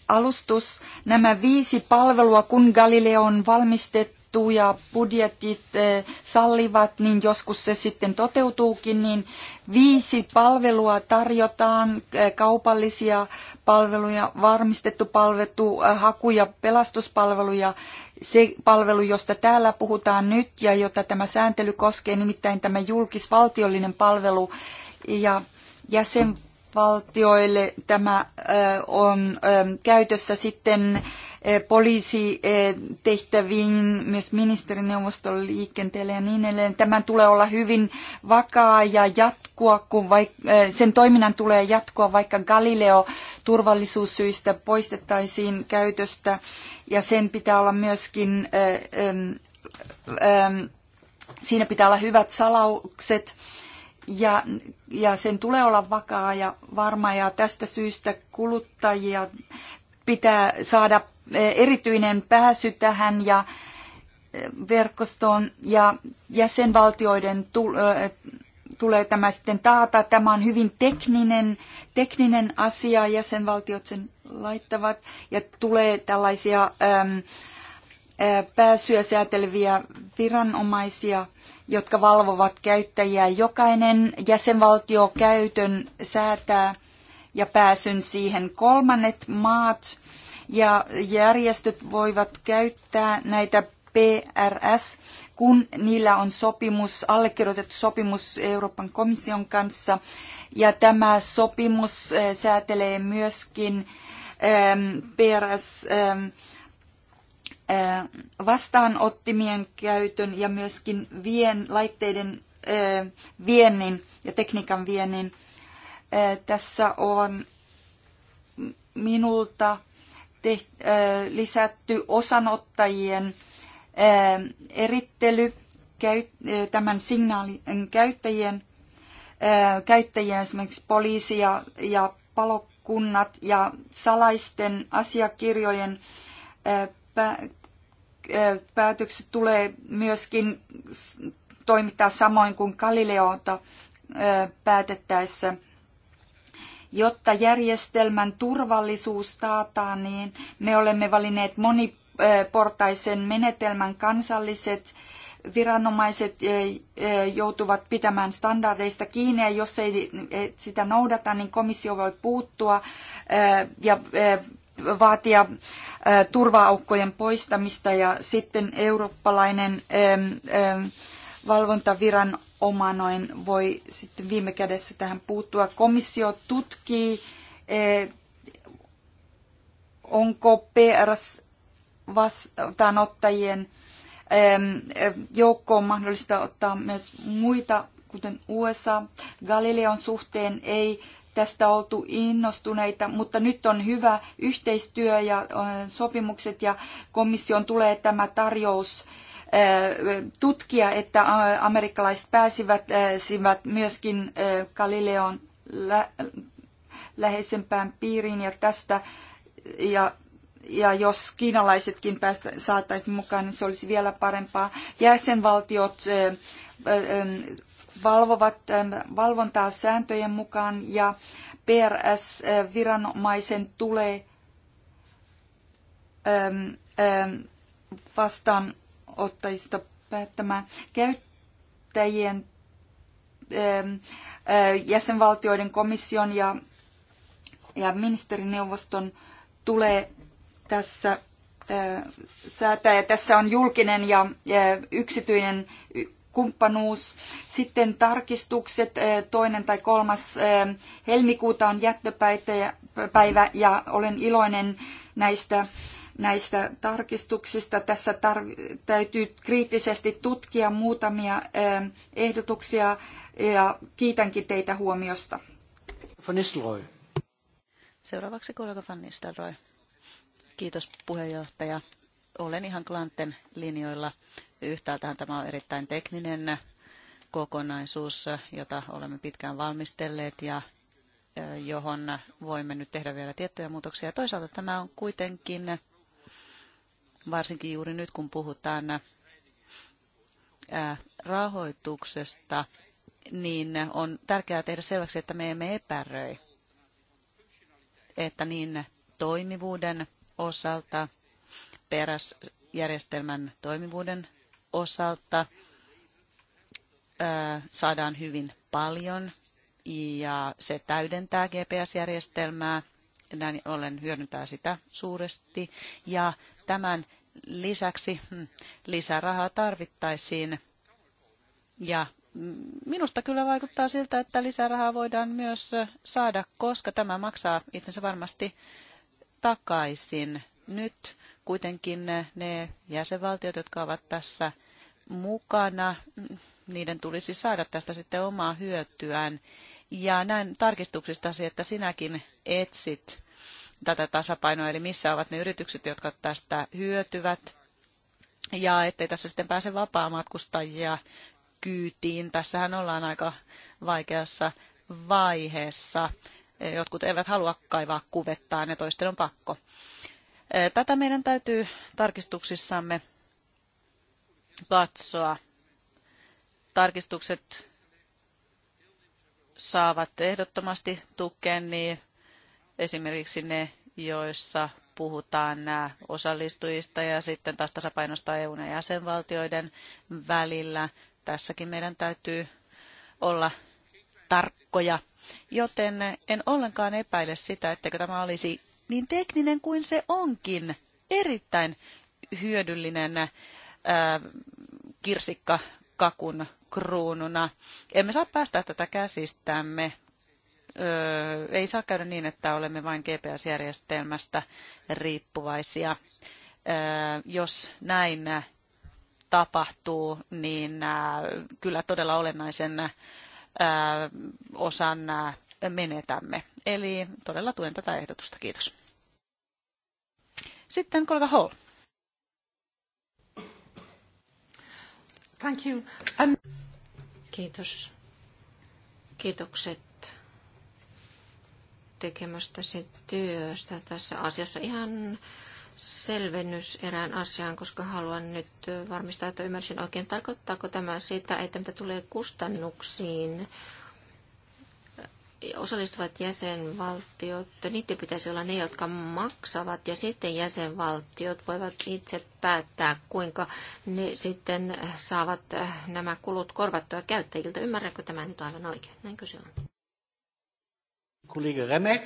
alustus. Nämä viisi palvelua, kun Galileo on valmistettu sovittuu ja budjetit eh, sallivat, niin joskus se sitten toteutuukin, niin viisi palvelua tarjotaan, eh, kaupallisia palveluja, varmistettu palvelu, eh, haku- ja pelastuspalveluja, se palvelu, josta täällä puhutaan nyt ja jota tämä sääntely koskee, nimittäin tämä julkisvaltiollinen palvelu ja jäsen valtioille tämä on käytössä sitten poliisitehtäviin, myös ministerineuvoston liikenteelle ja niin edelleen. Tämän tulee olla hyvin vakaa ja jatkua, kun vaik- sen toiminnan tulee jatkua, vaikka Galileo turvallisuussyistä poistettaisiin käytöstä. Ja sen pitää olla myöskin, siinä pitää olla hyvät salaukset ja, ja sen tulee olla vakaa ja varma ja tästä syystä kuluttajia pitää saada e, erityinen pääsy tähän ja e, verkostoon ja jäsenvaltioiden e, tulee tämä sitten taata. Tämä on hyvin tekninen, tekninen asia, jäsenvaltiot sen laittavat ja tulee tällaisia äm, ä, pääsyä sääteleviä viranomaisia jotka valvovat käyttäjiä. Jokainen jäsenvaltio käytön säätää ja pääsyn siihen kolmannet maat ja järjestöt voivat käyttää näitä PRS, kun niillä on sopimus, allekirjoitettu sopimus Euroopan komission kanssa. Ja tämä sopimus eh, säätelee myöskin PRS vastaanottimien käytön ja myöskin vien, laitteiden viennin ja tekniikan viennin. Tässä on minulta teht, lisätty osanottajien erittely tämän signaalin käyttäjien, käyttäjien esimerkiksi poliisia ja palokunnat ja salaisten asiakirjojen päätökset tulee myöskin toimittaa samoin kuin Galileota päätettäessä. Jotta järjestelmän turvallisuus taataan, niin me olemme valinneet moniportaisen menetelmän kansalliset viranomaiset joutuvat pitämään standardeista kiinni ja jos ei sitä noudata, niin komissio voi puuttua ja vaatia turvaaukkojen poistamista ja sitten eurooppalainen valvontaviranomainen voi sitten viime kädessä tähän puuttua. Komissio tutkii, onko PRS vastaanottajien joukkoon mahdollista ottaa myös muita, kuten USA. Galileon suhteen ei tästä oltu innostuneita, mutta nyt on hyvä yhteistyö ja sopimukset ja komission tulee tämä tarjous tutkia, että amerikkalaiset pääsivät myöskin Galileon läheisempään piiriin ja tästä ja ja jos kiinalaisetkin saataisiin mukaan, niin se olisi vielä parempaa. Jäsenvaltiot valvovat ähm, valvontaa sääntöjen mukaan ja PRS-viranomaisen tulee ähm, ähm, vastaanottajista päättämään käyttäjien äh, jäsenvaltioiden komission ja, ja ministerineuvoston tulee tässä äh, säätää. Ja tässä on julkinen ja äh, yksityinen kumppanuus. Sitten tarkistukset, eh, toinen tai kolmas eh, helmikuuta on jättöpäivä ja olen iloinen näistä näistä tarkistuksista. Tässä tar- täytyy kriittisesti tutkia muutamia eh, ehdotuksia ja kiitänkin teitä huomiosta. Seuraavaksi kollega Van Nistelrooy. Kiitos puheenjohtaja. Olen ihan Klanten linjoilla. Yhtäältähän tämä on erittäin tekninen kokonaisuus, jota olemme pitkään valmistelleet ja johon voimme nyt tehdä vielä tiettyjä muutoksia. Toisaalta tämä on kuitenkin, varsinkin juuri nyt kun puhutaan rahoituksesta, niin on tärkeää tehdä selväksi, että me emme epäröi, että niin toimivuuden osalta, peräsjärjestelmän toimivuuden osalta saadaan hyvin paljon ja se täydentää GPS-järjestelmää. Näin ollen hyödyntää sitä suuresti. Ja tämän lisäksi hmm, lisärahaa tarvittaisiin. Ja mm, minusta kyllä vaikuttaa siltä, että lisärahaa voidaan myös saada, koska tämä maksaa itsensä varmasti takaisin. Nyt kuitenkin ne jäsenvaltiot, jotka ovat tässä mukana, niiden tulisi saada tästä sitten omaa hyötyään. Ja näin tarkistuksistasi, että sinäkin etsit tätä tasapainoa, eli missä ovat ne yritykset, jotka tästä hyötyvät, ja ettei tässä sitten pääse vapaamatkustajia kyytiin. Tässähän ollaan aika vaikeassa vaiheessa. Jotkut eivät halua kaivaa kuvettaan ja toisten on pakko. Tätä meidän täytyy tarkistuksissamme katsoa. Tarkistukset saavat ehdottomasti tukeni esimerkiksi ne, joissa puhutaan nämä osallistujista ja sitten taas tasapainosta EUn ja jäsenvaltioiden välillä. Tässäkin meidän täytyy olla tarkkoja, joten en ollenkaan epäile sitä, etteikö tämä olisi niin tekninen kuin se onkin, erittäin hyödyllinen ää, äh, kirsikka kakun kruununa. Emme saa päästä tätä käsistämme. Öö, ei saa käydä niin, että olemme vain GPS-järjestelmästä riippuvaisia. Öö, jos näin tapahtuu, niin öö, kyllä todella olennaisen öö, osan menetämme. Eli todella tuen tätä ehdotusta. Kiitos. Sitten kollega Hall. Thank you. Um... Kiitos. Kiitokset tekemästäsi työstä tässä asiassa. Ihan selvennys erään asiaan, koska haluan nyt varmistaa, että ymmärsin oikein. Tarkoittaako tämä sitä, että mitä tulee kustannuksiin, osallistuvat jäsenvaltiot, niiden pitäisi olla ne, jotka maksavat, ja sitten jäsenvaltiot voivat itse päättää, kuinka ne sitten saavat äh, nämä kulut korvattua käyttäjiltä. Ymmärränkö tämä nyt aivan oikein? Näinkö se on? Kollega Remek.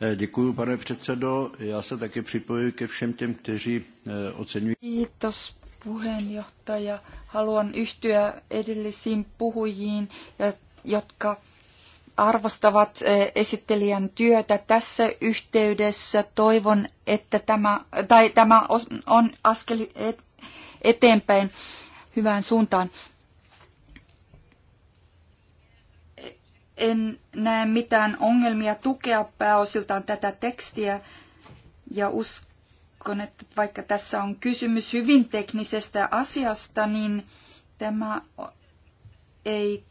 Eh, Děkuji, pane předsedo. Já se také připojuji ke všem těm, kteří eh, oceňují. Kiitos, puheenjohtaja. Haluan yhtyä edellisiin puhujiin, jotka arvostavat e, esittelijän työtä tässä yhteydessä. Toivon, että tämä, tai tämä on askel eteenpäin hyvään suuntaan. En näe mitään ongelmia tukea pääosiltaan tätä tekstiä ja uskon, uskon, että vaikka tässä on kysymys hyvin teknisestä asiasta, niin tämä ei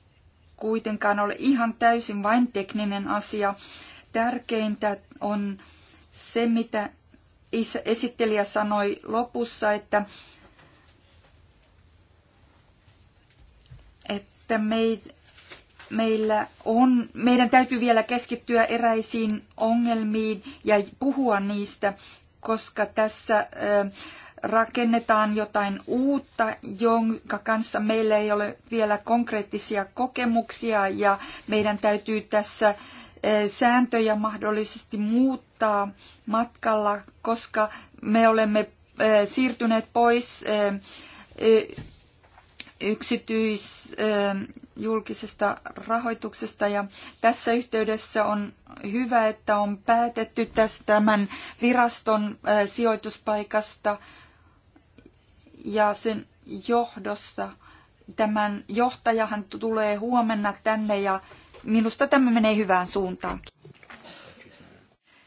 kuitenkaan ole ihan täysin vain tekninen asia. Tärkeintä on se, mitä esittelijä sanoi lopussa, että, että me, meillä on, meidän täytyy vielä keskittyä eräisiin ongelmiin ja puhua niistä koska tässä rakennetaan jotain uutta, jonka kanssa meillä ei ole vielä konkreettisia kokemuksia ja meidän täytyy tässä sääntöjä mahdollisesti muuttaa matkalla, koska me olemme siirtyneet pois Yksityisjulkisesta rahoituksesta ja tässä yhteydessä on hyvä, että on päätetty tästä tämän viraston sijoituspaikasta ja sen johdossa. Tämän johtajahan tulee huomenna tänne ja minusta tämä menee hyvään suuntaan.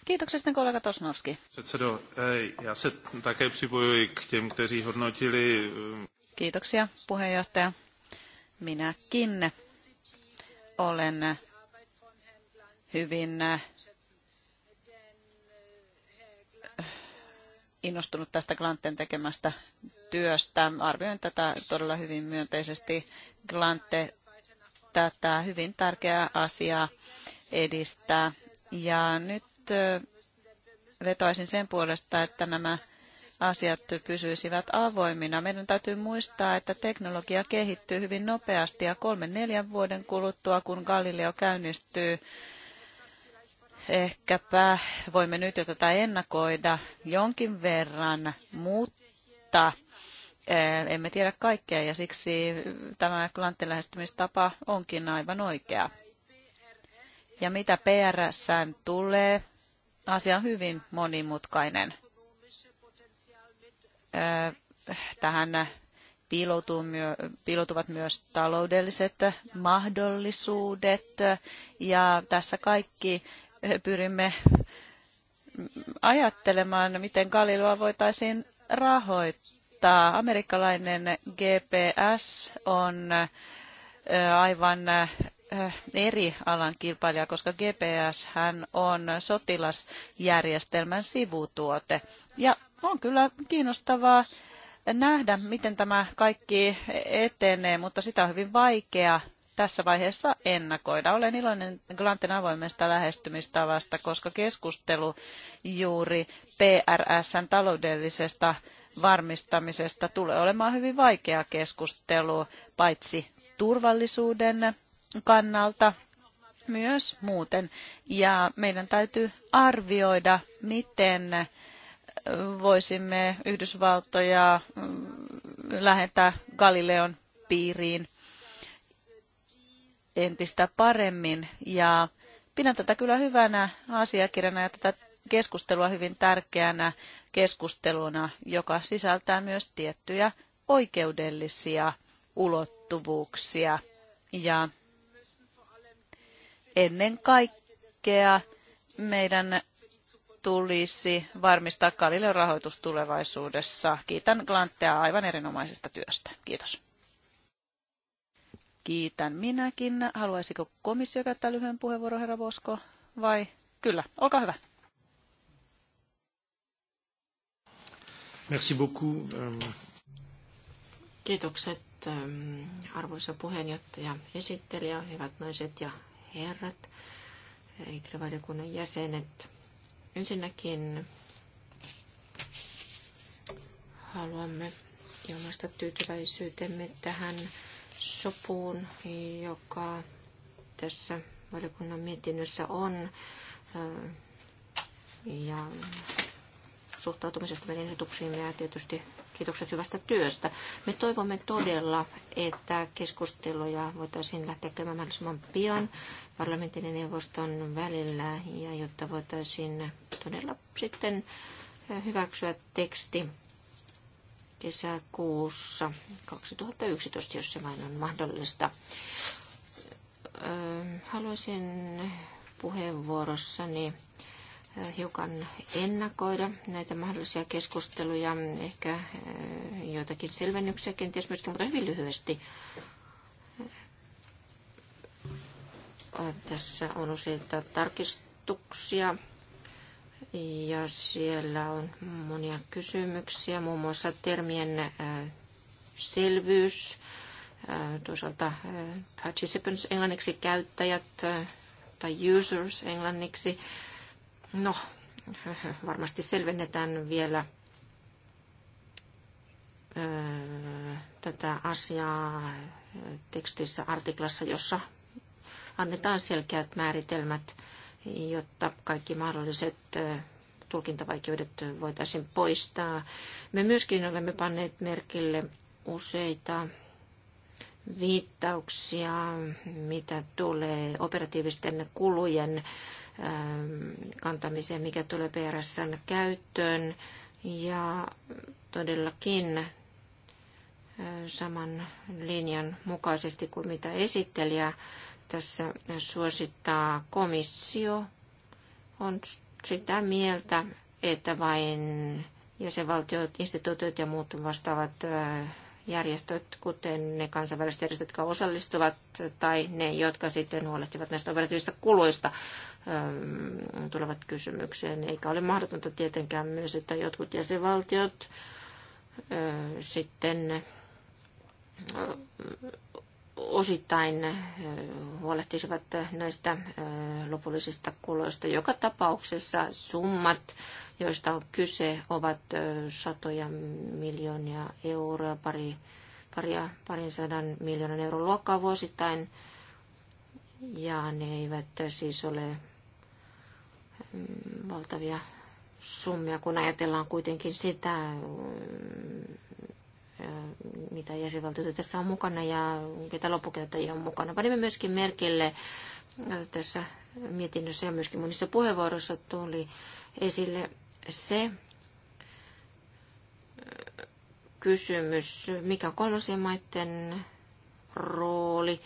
Kiitoksesta kollega Tosnovski. Předsedo, já se také připojuji k těm, kteří hodnotili Kiitoksia puheenjohtaja. Minäkin olen hyvin äh, innostunut tästä Glanten tekemästä työstä. Arvioin tätä todella hyvin myönteisesti. Glante tätä hyvin tärkeää asiaa edistää. Ja nyt äh, vetoaisin sen puolesta, että nämä asiat pysyisivät avoimina. Meidän täytyy muistaa, että teknologia kehittyy hyvin nopeasti ja kolmen neljän vuoden kuluttua, kun Galileo käynnistyy, ehkäpä voimme nyt jo tätä ennakoida jonkin verran, mutta eh, emme tiedä kaikkea ja siksi tämä klanttilähestymistapa onkin aivan oikea. Ja mitä PRSään tulee, asia on hyvin monimutkainen tähän piiloutuvat myös taloudelliset mahdollisuudet ja tässä kaikki pyrimme ajattelemaan, miten Galiloa voitaisiin rahoittaa. Amerikkalainen GPS on aivan eri alan kilpailija, koska GPS hän on sotilasjärjestelmän sivutuote. Ja on kyllä kiinnostavaa nähdä, miten tämä kaikki etenee, mutta sitä on hyvin vaikea tässä vaiheessa ennakoida. Olen iloinen Glanten avoimesta lähestymistavasta, koska keskustelu juuri PRSn taloudellisesta varmistamisesta tulee olemaan hyvin vaikea keskustelu, paitsi turvallisuuden kannalta, myös muuten. Ja meidän täytyy arvioida, miten voisimme Yhdysvaltoja mm, lähentää Galileon piiriin entistä paremmin. Ja pidän tätä kyllä hyvänä asiakirjana ja tätä keskustelua hyvin tärkeänä keskusteluna, joka sisältää myös tiettyjä oikeudellisia ulottuvuuksia. Ja ennen kaikkea meidän tulisi varmistaa Galileon rahoitus tulevaisuudessa. Kiitän glantea aivan erinomaisesta työstä. Kiitos. Kiitän minäkin. Haluaisiko komissio käyttää lyhyen puheenvuoron, herra Vosko? Vai? Kyllä, olkaa hyvä. Merci beaucoup. Euh, Kiitokset ähm, arvoisa puheenjohtaja, esittelijä, hyvät naiset ja herrat, Itre-valiokunnan äh, jäsenet. Ensinnäkin haluamme ilmaista tyytyväisyytemme tähän sopuun, joka tässä valiokunnan mietinnössä on. Äh, ja suhtautumisesta meidän ehdotuksiin ja tietysti Kiitokset hyvästä työstä. Me toivomme todella, että keskusteluja voitaisiin lähteä käymään mahdollisimman pian parlamentin ja neuvoston välillä, ja jotta voitaisiin todella sitten eh, hyväksyä teksti kesäkuussa 2011, jos se vain on mahdollista. Eh, haluaisin puheenvuorossani hiukan ennakoida näitä mahdollisia keskusteluja, ehkä joitakin selvennyksiä kenties myöskin, mutta hyvin lyhyesti. Tässä on useita tarkistuksia ja siellä on monia kysymyksiä, muun muassa termien selvyys, toisaalta participants englanniksi käyttäjät tai users englanniksi No, varmasti selvennetään vielä tätä asiaa tekstissä, artiklassa, jossa annetaan selkeät määritelmät, jotta kaikki mahdolliset tulkintavaikeudet voitaisiin poistaa. Me myöskin olemme panneet merkille useita viittauksia, mitä tulee operatiivisten kulujen ähm, kantamiseen, mikä tulee PRSn käyttöön. Ja todellakin äh, saman linjan mukaisesti kuin mitä esittelijä tässä suosittaa komissio, on sitä mieltä, että vain jäsenvaltiot, instituutiot ja muut vastaavat äh, järjestöt, kuten ne kansainväliset järjestöt, jotka osallistuvat, tai ne, jotka sitten huolehtivat näistä operatiivisista kuluista, tulevat kysymykseen. Eikä ole mahdotonta tietenkään myös, että jotkut jäsenvaltiot sitten osittain huolehtisivat näistä lopullisista kuluista. Joka tapauksessa summat, joista on kyse, ovat satoja miljoonia euroa, pari, paria, parin sadan miljoonan euron luokkaa vuosittain. Ja ne eivät siis ole mm, valtavia summia, kun ajatellaan kuitenkin sitä mm, mitä jäsenvaltioita tässä on mukana ja ketä loppukäyttäjiä on mukana. Panimme myöskin merkille tässä mietinnössä ja myöskin monissa puheenvuoroissa tuli esille se kysymys, mikä on kolmansien maiden rooli,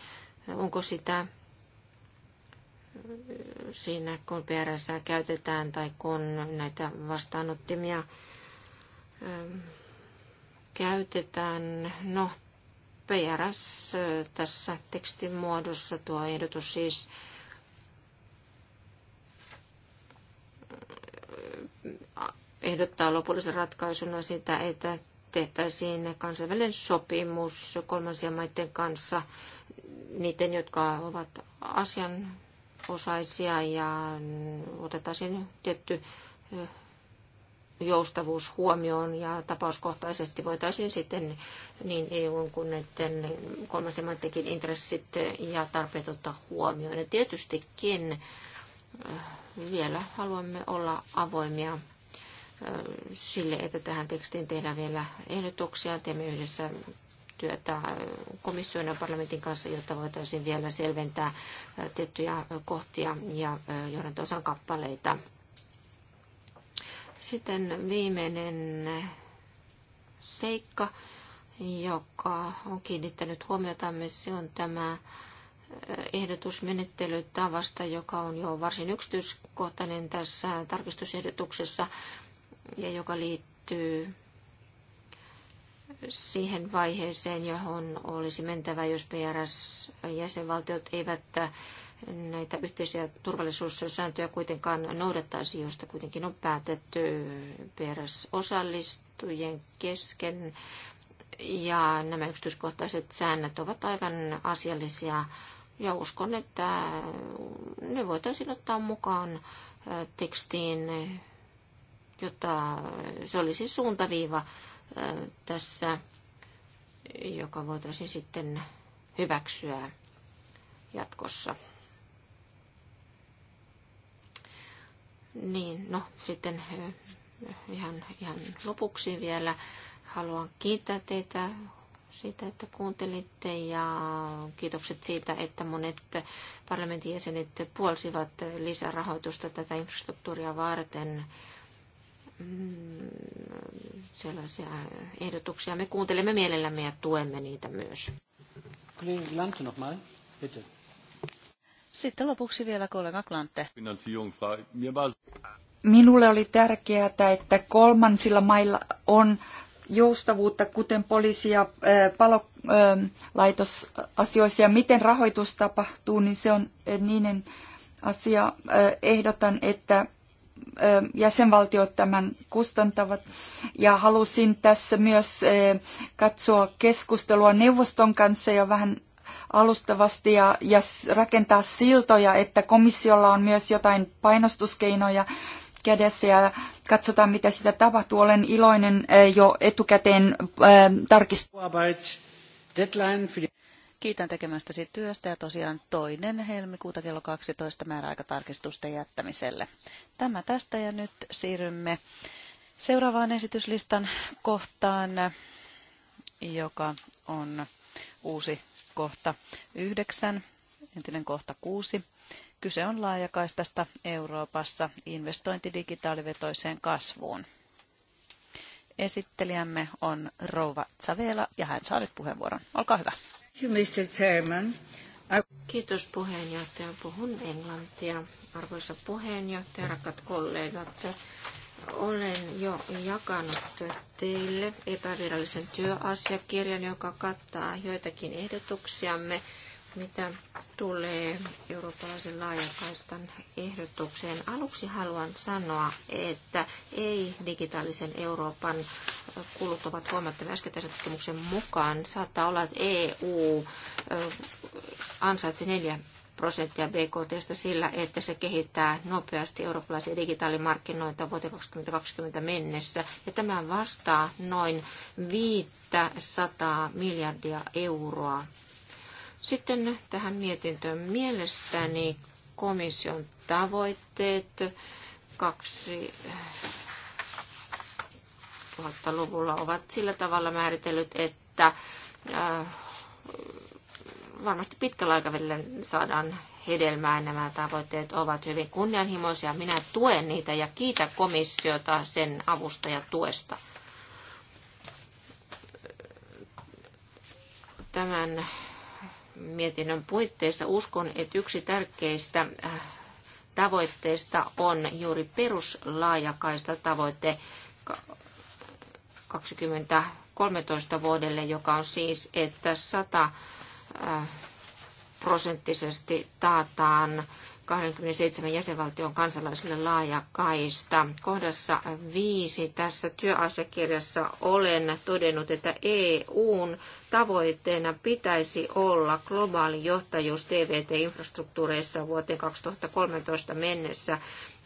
onko sitä siinä, kun PRS käytetään tai kun näitä vastaanottimia käytetään. No, PRS tässä tekstin muodossa tuo ehdotus siis ehdottaa lopullisen ratkaisuna sitä, että tehtäisiin kansainvälinen sopimus kolmansien maiden kanssa, niiden, jotka ovat asianosaisia ja otetaan tietty joustavuus huomioon ja tapauskohtaisesti voitaisiin sitten niin EU kuin näiden kolmasemantekin intressit ja tarpeet ottaa huomioon. Ja tietystikin äh, vielä haluamme olla avoimia äh, sille, että tähän tekstiin tehdään vielä ehdotuksia. Teemme yhdessä työtä äh, komission ja parlamentin kanssa, jotta voitaisiin vielä selventää tiettyjä kohtia ja johdantosan kappaleita. Sitten viimeinen seikka, joka on kiinnittänyt huomiotamme, se on tämä ehdotusmenettelytavasta, joka on jo varsin yksityiskohtainen tässä tarkistusehdotuksessa ja joka liittyy siihen vaiheeseen, johon olisi mentävä, jos PRS-jäsenvaltiot eivät näitä yhteisiä turvallisuussääntöjä kuitenkaan noudattaisi, joista kuitenkin on päätetty PRS-osallistujien kesken. Ja nämä yksityiskohtaiset säännöt ovat aivan asiallisia ja uskon, että ne voitaisiin ottaa mukaan äh, tekstiin, jotta se olisi suuntaviiva tässä, joka voitaisiin sitten hyväksyä jatkossa. Niin, no sitten ihan, ihan lopuksi vielä haluan kiittää teitä siitä, että kuuntelitte ja kiitokset siitä, että monet parlamentin jäsenet puolsivat lisärahoitusta tätä infrastruktuuria varten. Mm, sellaisia ehdotuksia. Me kuuntelemme mielellämme ja tuemme niitä myös. Sitten lopuksi vielä kollega Klante. Minulle oli tärkeää, että kolmansilla mailla on joustavuutta, kuten poliisi- ja palolaitosasioissa, ja miten rahoitus tapahtuu, niin se on niiden asia. Ehdotan, että jäsenvaltiot tämän kustantavat. Ja halusin tässä myös katsoa keskustelua neuvoston kanssa ja vähän alustavasti ja, ja rakentaa siltoja, että komissiolla on myös jotain painostuskeinoja kädessä ja katsotaan, mitä sitä tapahtuu. Olen iloinen jo etukäteen tarkistua. Kiitän tekemästäsi työstä ja tosiaan toinen helmikuuta kello 12 määräaikatarkistusten jättämiselle. Tämä tästä ja nyt siirrymme seuraavaan esityslistan kohtaan, joka on uusi kohta 9, entinen kohta 6. Kyse on laajakaistasta Euroopassa investointi digitaalivetoiseen kasvuun. Esittelijämme on Rouva Zavela ja hän saa nyt puheenvuoron. Olkaa hyvä. Kiitos puheenjohtaja. Puhun englantia. Arvoisa puheenjohtaja, rakkaat kollegat. Olen jo jakanut teille epävirallisen työasiakirjan, joka kattaa joitakin ehdotuksiamme mitä tulee eurooppalaisen laajakaistan ehdotukseen. Aluksi haluan sanoa, että ei digitaalisen Euroopan kulut ovat huomattavia äskeisen tutkimuksen mukaan. Saattaa olla, että EU ansaitsi neljä prosenttia BKTstä sillä, että se kehittää nopeasti eurooppalaisia digitaalimarkkinoita vuoteen 2020 mennessä. Ja tämä vastaa noin 500 miljardia euroa sitten tähän mietintöön mielestäni komission tavoitteet 2000-luvulla eh, ovat sillä tavalla määritellyt, että eh, varmasti pitkällä aikavälillä saadaan hedelmää. Nämä tavoitteet ovat hyvin kunnianhimoisia. Minä tuen niitä ja kiitän komissiota sen avusta ja tuesta. Tämän mietinnön puitteissa uskon, että yksi tärkeistä äh, tavoitteista on juuri peruslaajakaista tavoite 2013 vuodelle, joka on siis, että 100 äh, prosenttisesti taataan 27 jäsenvaltion kansalaisille laaja kaista. Kohdassa viisi tässä työasiakirjassa olen todennut, että EUn tavoitteena pitäisi olla globaali johtajuus TVT-infrastruktuureissa vuoteen 2013 mennessä,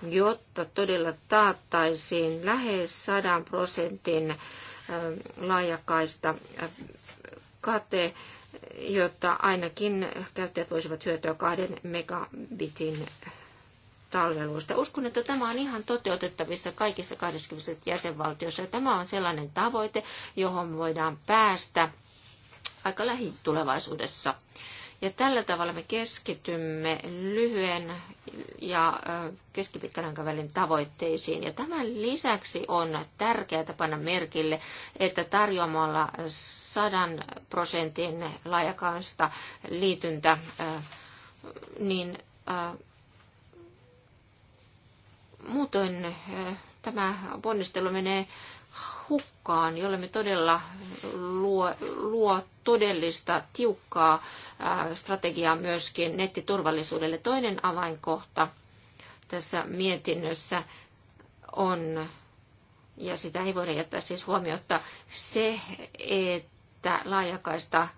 jotta todella taattaisiin lähes 100 prosentin laajakaista kate jotta ainakin käyttäjät voisivat hyötyä kahden megabitin talveluista. Uskon, että tämä on ihan toteutettavissa kaikissa 20 jäsenvaltiossa. Ja tämä on sellainen tavoite, johon voidaan päästä aika lähitulevaisuudessa. tulevaisuudessa ja tällä tavalla me keskitymme lyhyen ja keskipitkän aikavälin tavoitteisiin. Ja tämän lisäksi on tärkeää panna merkille, että tarjoamalla sadan prosentin laajakaista liityntä, niin muutoin tämä ponnistelu menee hukkaan, jolle me todella luo, luo todellista tiukkaa strategiaa myöskin nettiturvallisuudelle. Toinen avainkohta tässä mietinnössä on, ja sitä ei voida jättää siis huomiota, se, että laajakaista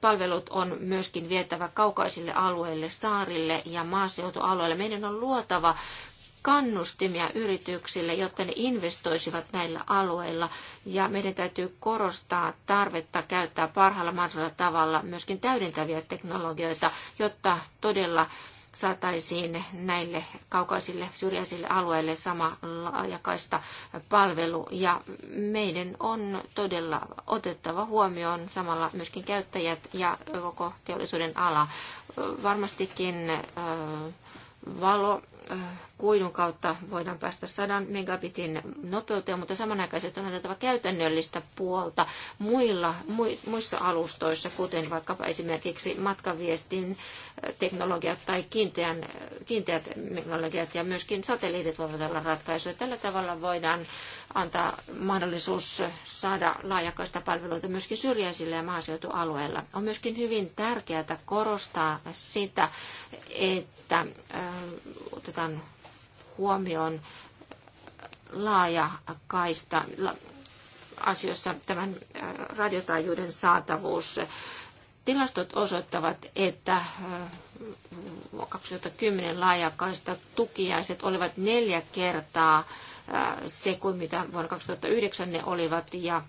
palvelut on myöskin vietävä kaukaisille alueille, saarille ja maaseutualueille. Meidän on luotava kannustimia yrityksille, jotta ne investoisivat näillä alueilla. Ja meidän täytyy korostaa tarvetta käyttää parhaalla mahdollisella tavalla myöskin täydentäviä teknologioita, jotta todella saataisiin näille kaukaisille syrjäisille alueille sama laajakaista palvelu. Ja meidän on todella otettava huomioon samalla myöskin käyttäjät ja koko teollisuuden ala. Varmastikin valo kuidun kautta voidaan päästä 100 megabitin nopeuteen, mutta samanaikaisesti on otettava käytännöllistä puolta muilla, muissa alustoissa, kuten vaikkapa esimerkiksi matkaviestin äh, teknologiat tai kiinteän, kiinteät teknologiat ja myöskin satelliitit voivat olla ratkaisuja. Tällä tavalla voidaan antaa mahdollisuus saada laajakaista palveluita myöskin syrjäisillä ja maaseutualueilla. On myöskin hyvin tärkeää korostaa sitä, että äh, otan huomioon laaja kaista asioissa tämän äh, radiotaajuuden saatavuus. Tilastot osoittavat, että 2010 äh, laajakaista tukiaiset olivat neljä kertaa äh, se kuin mitä vuonna 2009 ne olivat ja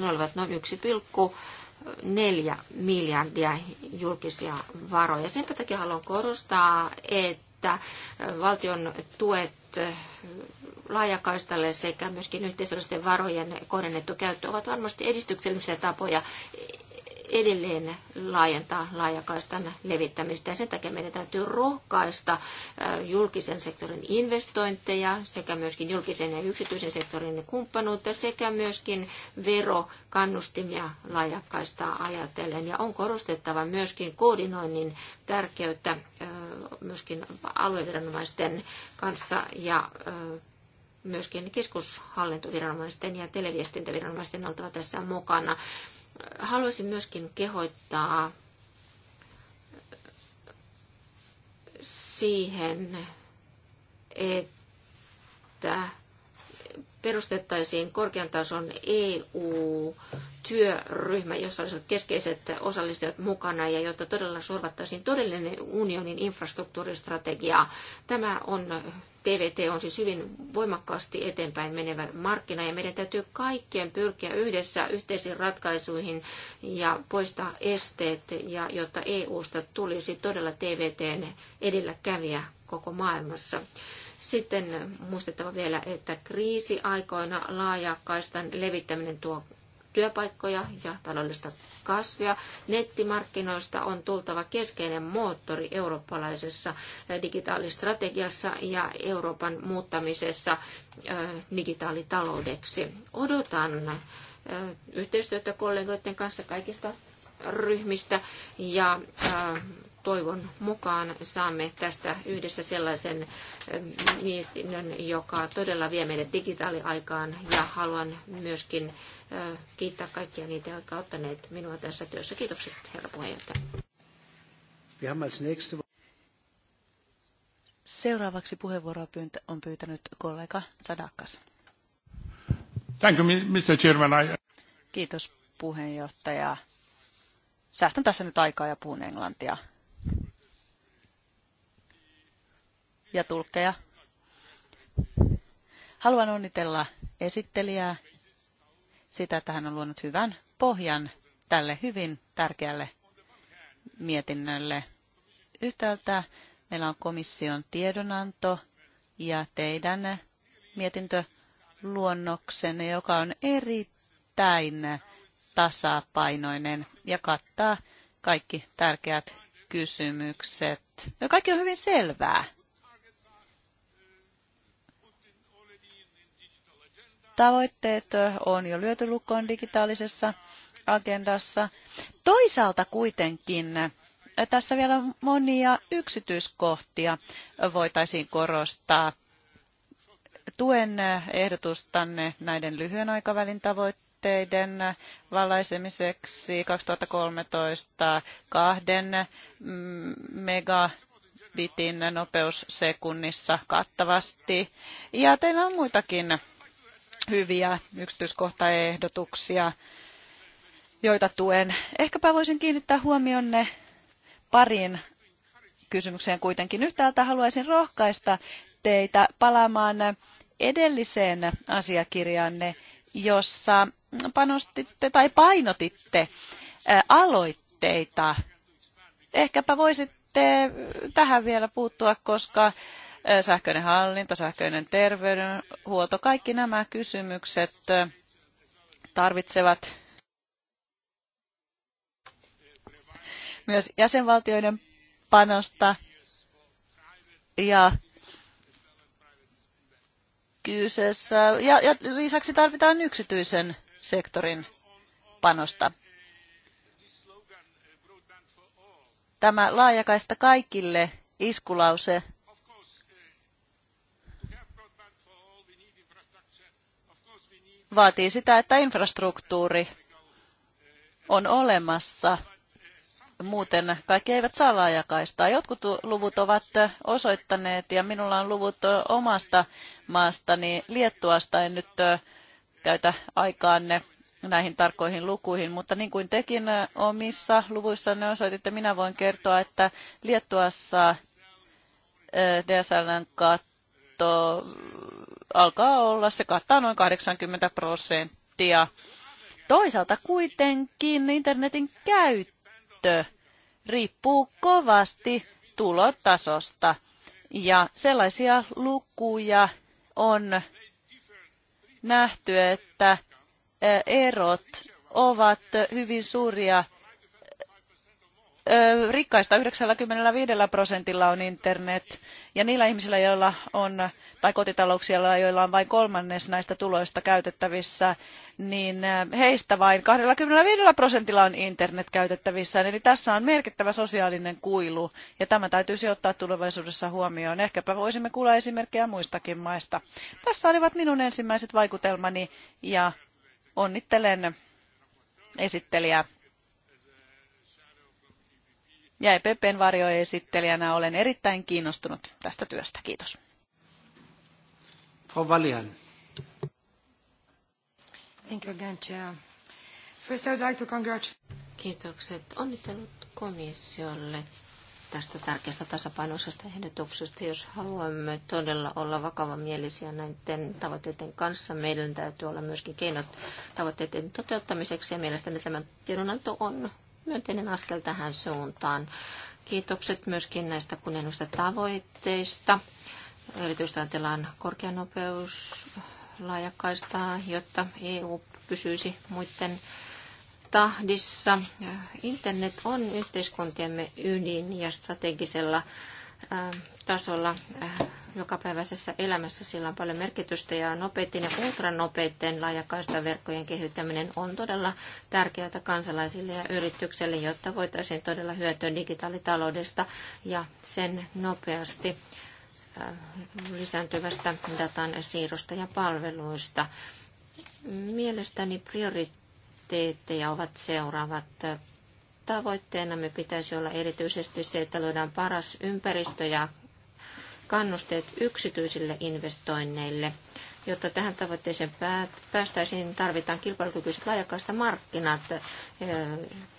ne olivat noin 1,4 miljardia julkisia varoja. Sen takia haluan korostaa, että että äh, valtion tuet äh, laajakaistalle sekä myöskin yhteisöllisten varojen kohdennettu käyttö ovat varmasti edistyksellisiä tapoja edelleen laajentaa laajakaistan levittämistä. Ja sen takia meidän täytyy rohkaista julkisen sektorin investointeja sekä myöskin julkisen ja yksityisen sektorin kumppanuutta sekä myöskin verokannustimia laajakaistaa ajatellen. Ja on korostettava myöskin koordinoinnin tärkeyttä myöskin alueviranomaisten kanssa ja myöskin keskushallintoviranomaisten ja televiestintäviranomaisten oltava tässä mukana. Haluaisin myöskin kehoittaa siihen, että perustettaisiin korkean tason EU-työryhmä, jossa olisivat keskeiset osallistujat mukana ja jotta todella sorvattaisiin todellinen unionin infrastruktuuristrategia. Tämä on TVT on siis hyvin voimakkaasti eteenpäin menevä markkina ja meidän täytyy kaikkien pyrkiä yhdessä yhteisiin ratkaisuihin ja poistaa esteet, ja jotta EUsta tulisi todella TVTn edelläkävijä koko maailmassa. Sitten muistettava vielä, että kriisiaikoina laajakaistan levittäminen tuo työpaikkoja ja taloudellista kasvia. Nettimarkkinoista on tultava keskeinen moottori eurooppalaisessa eh, digitaalistrategiassa ja Euroopan muuttamisessa eh, digitaalitaloudeksi. Odotan eh, yhteistyötä kollegoiden kanssa kaikista ryhmistä ja toivon mukaan saamme tästä yhdessä sellaisen eh, mietinnön, joka todella vie meidät digitaaliaikaan ja haluan myöskin eh, kiittää kaikkia niitä, jotka ovat ottaneet minua tässä työssä. Kiitokset, herra puheenjohtaja. Seuraavaksi puheenvuoroa on pyytänyt kollega Sadakas. Thank you, Mr. Chairman. I... Kiitos puheenjohtaja. Säästän tässä nyt aikaa ja puhun englantia. ja tulkkeja. Haluan onnitella esittelijää sitä, että hän on luonut hyvän pohjan tälle hyvin tärkeälle mietinnölle. Yhtäältä meillä on komission tiedonanto ja teidän mietintöluonnoksenne, joka on erittäin tasapainoinen ja kattaa kaikki tärkeät kysymykset. No, kaikki on hyvin selvää. tavoitteet on jo lyöty lukkoon digitaalisessa agendassa. Toisaalta kuitenkin tässä vielä monia yksityiskohtia voitaisiin korostaa. Tuen ehdotustanne näiden lyhyen aikavälin tavoitteiden valaisemiseksi 2013 kahden mega bitin nopeussekunnissa kattavasti. Ja teillä on muitakin hyviä yksityiskohtaehdotuksia, joita tuen. Ehkäpä voisin kiinnittää huomionne pariin kysymykseen kuitenkin. Yhtäältä haluaisin rohkaista teitä palaamaan edelliseen asiakirjanne, jossa panostitte tai painotitte aloitteita. Ehkäpä voisitte tähän vielä puuttua, koska sähköinen hallinto, sähköinen terveydenhuolto, kaikki nämä kysymykset tarvitsevat myös jäsenvaltioiden panosta ja kyseessä. Ja, ja lisäksi tarvitaan yksityisen sektorin panosta. Tämä laajakaista kaikille iskulause vaatii sitä, että infrastruktuuri on olemassa. Muuten kaikki eivät saa laajakaistaa. Jotkut luvut ovat osoittaneet, ja minulla on luvut omasta maastani Liettuasta. En nyt käytä aikaanne näihin tarkkoihin lukuihin, mutta niin kuin tekin omissa luvuissanne osoititte, minä voin kertoa, että Liettuassa DSLn katto alkaa olla, se kattaa noin 80 prosenttia. Toisaalta kuitenkin internetin käyttö riippuu kovasti tulotasosta. Ja sellaisia lukuja on nähty, että erot ovat hyvin suuria rikkaista 95 prosentilla on internet ja niillä ihmisillä, joilla on, tai kotitalouksilla, joilla on vain kolmannes näistä tuloista käytettävissä, niin heistä vain 25 prosentilla on internet käytettävissä. Eli tässä on merkittävä sosiaalinen kuilu ja tämä täytyisi ottaa tulevaisuudessa huomioon. Ehkäpä voisimme kuulla esimerkkejä muistakin maista. Tässä olivat minun ensimmäiset vaikutelmani ja onnittelen esittelijää ja EPPn varjoesittelijänä olen erittäin kiinnostunut tästä työstä. Kiitos. Frau Thank you again, Chair. First I would like to congratulate... Kiitokset. Onnittelut komissiolle tästä tärkeästä tasapainoisesta ehdotuksesta. Jos haluamme todella olla vakavamielisiä näiden tavoitteiden kanssa, meidän täytyy olla myöskin keinot tavoitteiden toteuttamiseksi. Ja mielestäni tämä tiedonanto on myönteinen askel tähän suuntaan. Kiitokset myöskin näistä kunnianhimoisista tavoitteista. Erityisesti ajatellaan korkeanopeus jotta EU pysyisi muiden tahdissa. Internet on yhteiskuntiemme ydin ja strategisella tasolla äh, jokapäiväisessä elämässä sillä on paljon merkitystä ja nopeiden ja ultranopeiden laajakaistaverkkojen kehittäminen on todella tärkeää kansalaisille ja yrityksille, jotta voitaisiin todella hyötyä digitaalitaloudesta ja sen nopeasti äh, lisääntyvästä datan siirrosta ja palveluista. Mielestäni prioriteetteja ovat seuraavat Tavoitteenamme pitäisi olla erityisesti se, että luodaan paras ympäristö ja kannusteet yksityisille investoinneille. Jotta tähän tavoitteeseen päästäisiin, tarvitaan kilpailukykyiset laajakaista markkinat,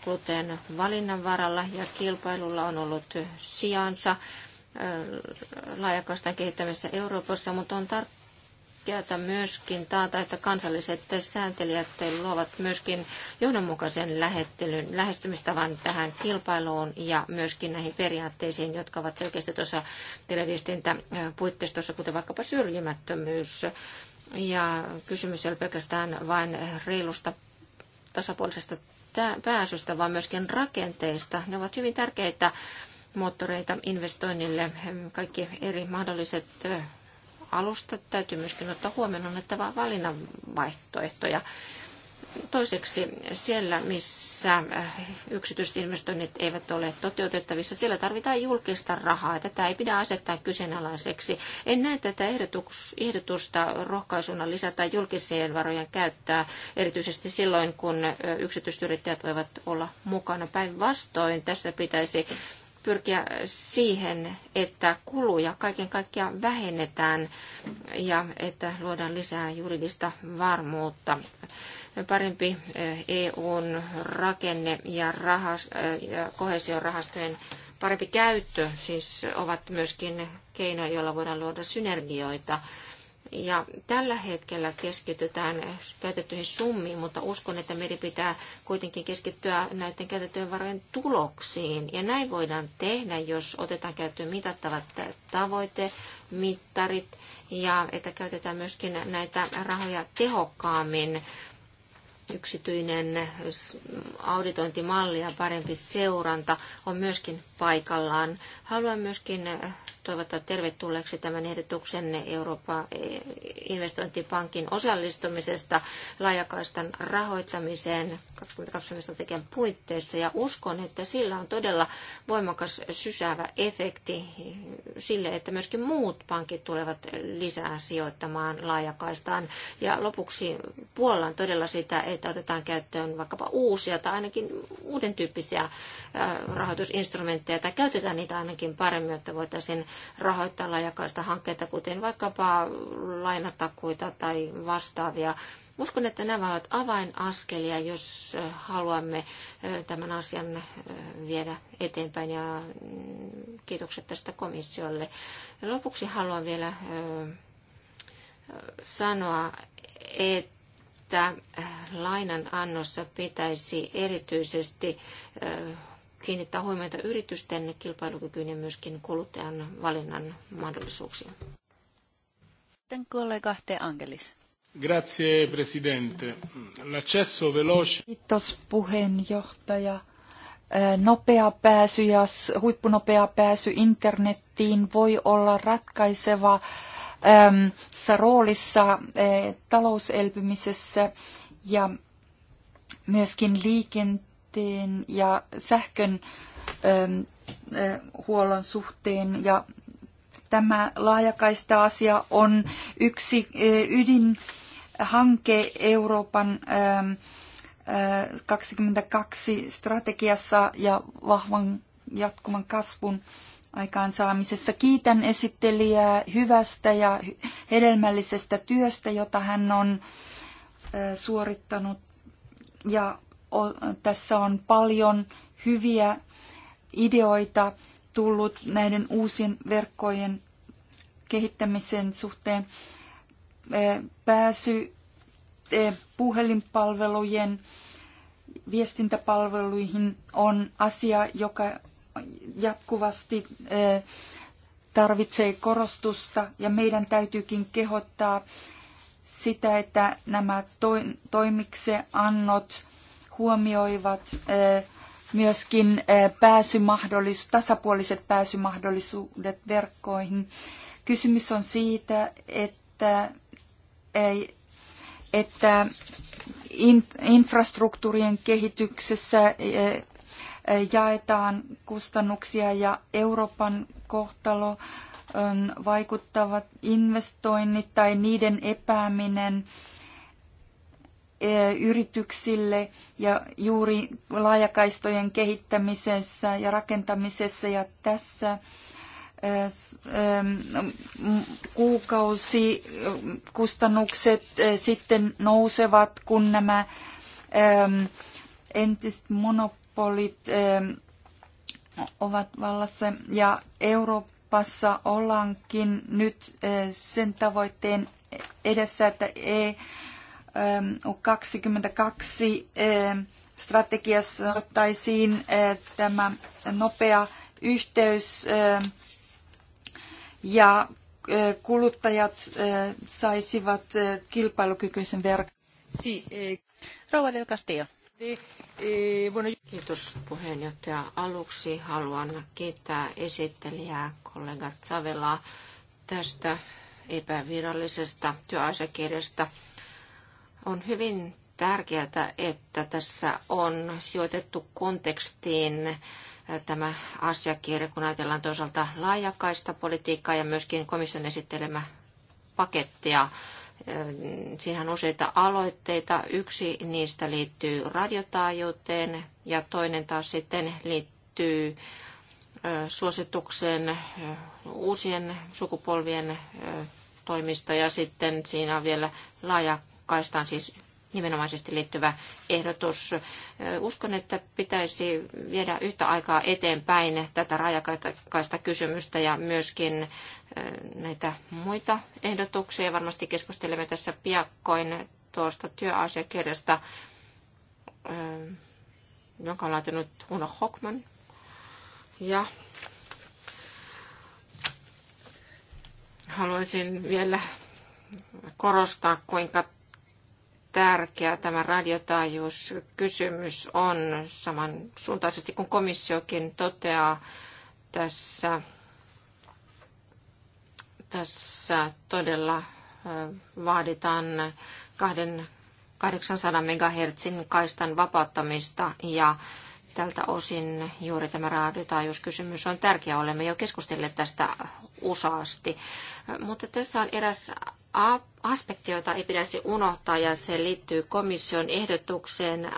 kuten valinnanvaralla ja kilpailulla on ollut sijansa laajakaistan kehittämisessä Euroopassa, mutta on tar- tärkeää myöskin taata, että kansalliset sääntelijät luovat myöskin johdonmukaisen lähettelyn, lähestymistavan tähän kilpailuun ja myöskin näihin periaatteisiin, jotka ovat selkeästi tuossa televiestintäpuitteistossa, kuten vaikkapa syrjimättömyys. Ja kysymys ei ole pelkästään vain reilusta tasapuolisesta pääsystä, vaan myöskin rakenteista. Ne ovat hyvin tärkeitä moottoreita investoinnille. Kaikki eri mahdolliset alusta täytyy myöskin ottaa huomioon annettavaa valinnanvaihtoehtoja. vaihtoehtoja. Toiseksi siellä, missä eh, yksityiset investoinnit eivät ole toteutettavissa, siellä tarvitaan julkista rahaa. Tätä ei pidä asettaa kyseenalaiseksi. En näe tätä ehdotusta rohkaisuna lisätä julkisien varojen käyttöä, erityisesti silloin, kun eh, yksityiset yrittäjät voivat olla mukana. Päinvastoin tässä pitäisi pyrkiä siihen, että kuluja kaiken kaikkiaan vähennetään ja että luodaan lisää juridista varmuutta. Parempi eh, EUn rakenne ja, rahas, eh, ja kohesiorahastojen parempi käyttö siis ovat myöskin keinoja, joilla voidaan luoda synergioita ja tällä hetkellä keskitytään käytettyihin summiin, mutta uskon, että meidän pitää kuitenkin keskittyä näiden käytettyjen varojen tuloksiin. Ja näin voidaan tehdä, jos otetaan käyttöön mitattavat tavoitemittarit ja että käytetään myöskin näitä rahoja tehokkaammin yksityinen auditointimalli ja parempi seuranta on myöskin paikallaan. Haluan myöskin toivottaa tervetulleeksi tämän ehdotuksen Euroopan investointipankin osallistumisesta laajakaistan rahoittamiseen 2020 strategian puitteissa ja uskon, että sillä on todella voimakas sysäävä efekti sille, että myöskin muut pankit tulevat lisää sijoittamaan laajakaistaan. Ja lopuksi puollan todella sitä, että otetaan käyttöön vaikkapa uusia tai ainakin uuden tyyppisiä rahoitusinstrumentteja instrumentteja tai käytetään niitä ainakin paremmin, jotta voitaisiin rahoittaa laajakaista hankkeita, kuten vaikkapa lainatakuita tai vastaavia. Uskon, että nämä ovat avainaskelia, jos haluamme tämän asian viedä eteenpäin ja mm, kiitokset tästä komissiolle. Lopuksi haluan vielä sanoa, että että äh, lainan annossa pitäisi erityisesti kiinnittää huomiota yritysten kilpailukykyyn ja myöskin kuluttajan valinnan mahdollisuuksiin. Sitten kollega De Angelis. Grazie, presidente. L'accesso veloce... Kiitos puheenjohtaja nopea pääsy ja huippunopea pääsy internettiin voi olla ratkaiseva äm, roolissa talouselpymisessä ja myöskin liikenteessä suhteen ja sähkön ähm, äh, huollon suhteen ja tämä laajakaista-asia on yksi äh, ydinhanke Euroopan 22 ähm, äh, strategiassa ja vahvan jatkuvan kasvun aikaansaamisessa. Kiitän esittelijää hyvästä ja hedelmällisestä työstä, jota hän on suorittanut. Ja tässä on paljon hyviä ideoita tullut näiden uusien verkkojen kehittämisen suhteen. E, pääsy e, puhelinpalvelujen viestintäpalveluihin on asia, joka jatkuvasti e, tarvitsee korostusta ja meidän täytyykin kehottaa sitä, että nämä toimikseannot annot huomioivat eh, myöskin eh, pääsymahdollisuus, tasapuoliset pääsymahdollisuudet verkkoihin. Kysymys on siitä, että, että infrastruktuurien kehityksessä eh, jaetaan kustannuksia ja Euroopan kohtalo vaikuttavat investoinnit tai niiden epääminen Eh, yrityksille ja juuri laajakaistojen kehittämisessä ja rakentamisessa ja tässä eh, eh, kuukausikustannukset sitten nousevat, kun nämä entiset monopolit ovat vallassa ja Euroopassa ollaankin nyt sen tavoitteen edessä, että e- 22 strategiassa ottaisiin tämä nopea yhteys ja kuluttajat saisivat kilpailukykyisen verkon. Si, e, Rouva del Castillo. E, Kiitos puheenjohtaja. Aluksi haluan kiittää esittelijää kollega Savela tästä epävirallisesta työasiakirjasta on hyvin tärkeää, että tässä on sijoitettu kontekstiin äh, tämä asiakirja, kun ajatellaan toisaalta laajakaista politiikkaa ja myöskin komission esittelemä pakettia. Äh, siinä on useita aloitteita. Yksi niistä liittyy radiotaajuuteen ja toinen taas sitten liittyy äh, suosituksen uusien sukupolvien toimista ja sitten siinä on vielä laaja kaistaan siis nimenomaisesti liittyvä ehdotus. Uskon, että pitäisi viedä yhtä aikaa eteenpäin tätä rajakaista kysymystä ja myöskin näitä muita ehdotuksia. Varmasti keskustelemme tässä piakkoin tuosta työasiakirjasta, jonka on laatinut Uno Hockman. Ja haluaisin vielä korostaa, kuinka tärkeä tämä radiotaajuuskysymys on samansuuntaisesti kuin komissiokin toteaa tässä, tässä todella vaaditaan 800 megahertsin kaistan vapauttamista ja tältä osin juuri tämä radiotaajuuskysymys on tärkeä. Olemme jo keskustelleet tästä useasti. Mutta tässä on eräs aspekti, jota ei pitäisi unohtaa, ja se liittyy komission ehdotukseen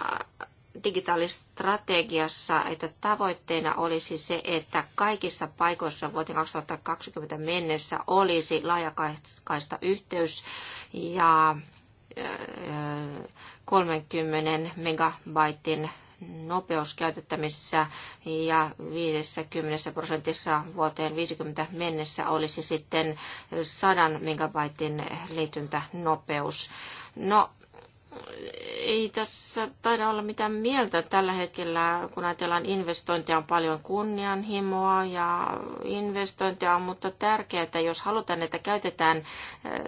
digitaalistrategiassa, että tavoitteena olisi se, että kaikissa paikoissa vuoteen 2020 mennessä olisi laajakaista yhteys ja 30 megabaitin nopeus käytettävissä ja 50 prosentissa vuoteen 50 mennessä olisi sitten 100 megabaitin liityntänopeus. No, ei tässä taida olla mitään mieltä tällä hetkellä, kun ajatellaan investointia on paljon kunnianhimoa ja investointia mutta tärkeää, että jos halutaan, että käytetään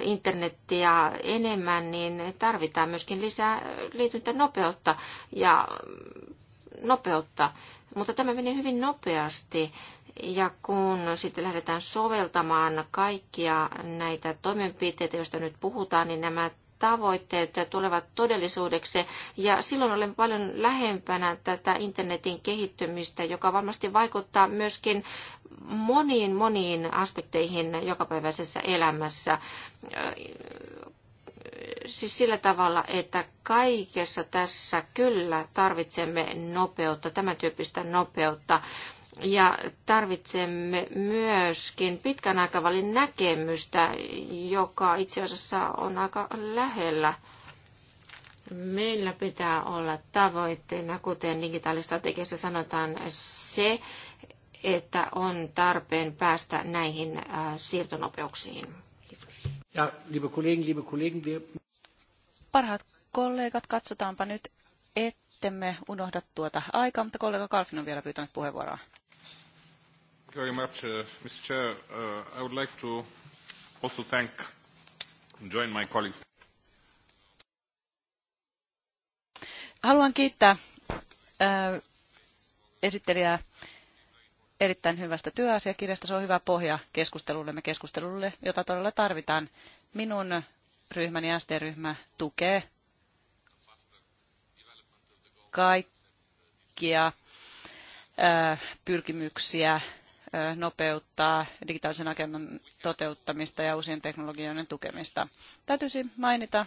internettiä enemmän, niin tarvitaan myöskin lisää liityntänopeutta ja mm, nopeutta. Mutta tämä menee hyvin nopeasti. Ja kun sitten lähdetään soveltamaan kaikkia näitä toimenpiteitä, joista nyt puhutaan, niin nämä tavoitteet tulevat todellisuudeksi. Ja silloin olen paljon lähempänä tätä internetin kehittymistä, joka varmasti vaikuttaa myöskin moniin moniin aspekteihin jokapäiväisessä elämässä siis sillä tavalla, että kaikessa tässä kyllä tarvitsemme nopeutta, tämän tyyppistä nopeutta. Ja tarvitsemme myöskin pitkän aikavälin näkemystä, joka itse asiassa on aika lähellä. Meillä pitää olla tavoitteena, kuten digitaalistrategiassa sanotaan, se, että on tarpeen päästä näihin äh, siirtonopeuksiin. Kiitos. Ja, liebe Kollegen, liebe Kollegen, wir... Parhaat kollegat, katsotaanpa nyt, ettemme unohda tuota aikaa, mutta kollega Kalfin on vielä pyytänyt puheenvuoroa. Thank you very much, uh, Mr. Chair. Uh, I would like to also thank and join my colleagues. Haluan kiittää äh, esittelijää erittäin hyvästä työasiakirjasta. Se on hyvä pohja keskustelullemme, keskustelulle, jota todella tarvitaan. Minun ryhmäni ST-ryhmä tukee kaikkia äh, pyrkimyksiä nopeuttaa digitaalisen agendan toteuttamista ja uusien teknologioiden tukemista. Täytyisi mainita,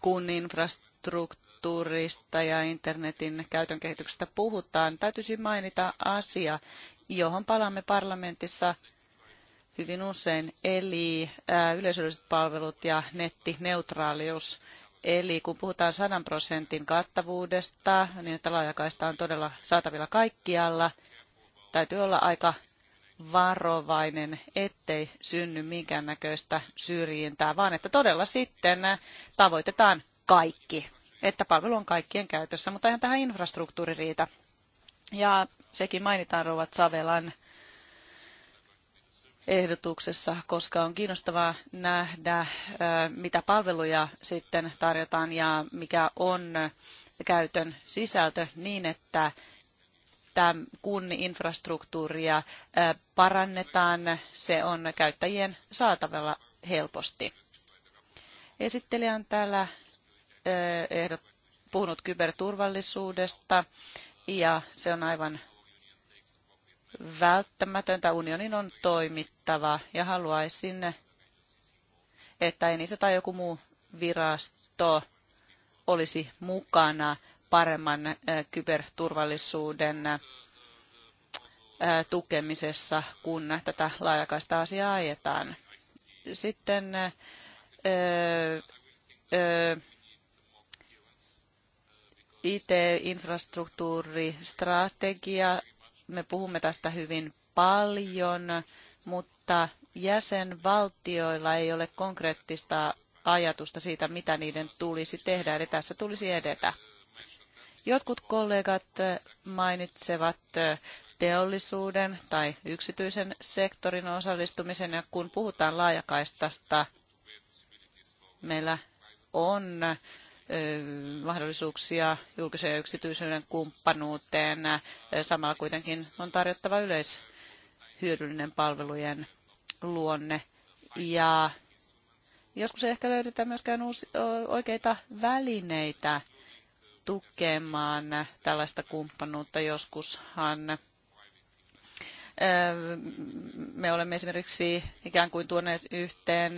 kun infrastruktuurista ja internetin käytön kehityksestä puhutaan, täytyisi mainita asia, johon palaamme parlamentissa hyvin usein, eli yleisölliset palvelut ja nettineutraalius. Eli kun puhutaan 100 prosentin kattavuudesta, niin että laajakaista on todella saatavilla kaikkialla, täytyy olla aika varovainen, ettei synny minkäännäköistä syrjintää, vaan että todella sitten tavoitetaan kaikki, että palvelu on kaikkien käytössä, mutta eihän tähän infrastruktuuri riitä. Ja sekin mainitaan Rovat Savelan ehdotuksessa, koska on kiinnostavaa nähdä, mitä palveluja sitten tarjotaan ja mikä on käytön sisältö niin, että kun infrastruktuuria parannetaan, se on käyttäjien saatavilla helposti. Esittelijä on täällä ehdot, puhunut kyberturvallisuudesta ja se on aivan välttämätöntä. Unionin on toimittava ja haluaisin, että Enisa tai joku muu virasto olisi mukana paremman kyberturvallisuuden tukemisessa, kun tätä laajakaista asiaa ajetaan. Sitten öö, öö, IT-infrastruktuuristrategia me puhumme tästä hyvin paljon, mutta jäsenvaltioilla ei ole konkreettista ajatusta siitä, mitä niiden tulisi tehdä, eli tässä tulisi edetä. Jotkut kollegat mainitsevat teollisuuden tai yksityisen sektorin osallistumisen, ja kun puhutaan laajakaistasta, meillä on mahdollisuuksia julkisen ja yksityisyyden kumppanuuteen. Samalla kuitenkin on tarjottava yleishyödyllinen palvelujen luonne. Ja joskus ei ehkä löydetä myöskään uusi, oikeita välineitä tukemaan tällaista kumppanuutta. Joskushan Öö, me olemme esimerkiksi ikään kuin tuoneet yhteen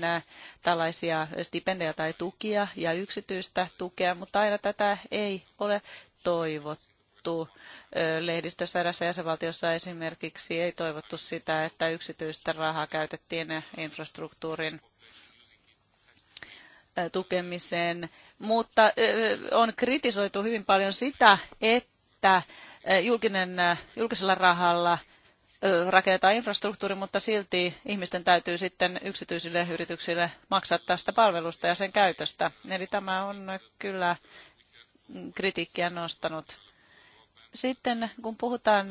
tällaisia stipendejä tai tukia ja yksityistä tukea, mutta aina tätä ei ole toivottu. Öö, lehdistössä erässä jäsenvaltiossa esimerkiksi ei toivottu sitä, että yksityistä rahaa käytettiin infrastruktuurin tukemiseen, mutta on kritisoitu hyvin paljon sitä, että julkinen, julkisella rahalla rakennetaan infrastruktuuri, mutta silti ihmisten täytyy sitten yksityisille yrityksille maksaa tästä palvelusta ja sen käytöstä. Eli tämä on kyllä kritiikkiä nostanut. Sitten kun puhutaan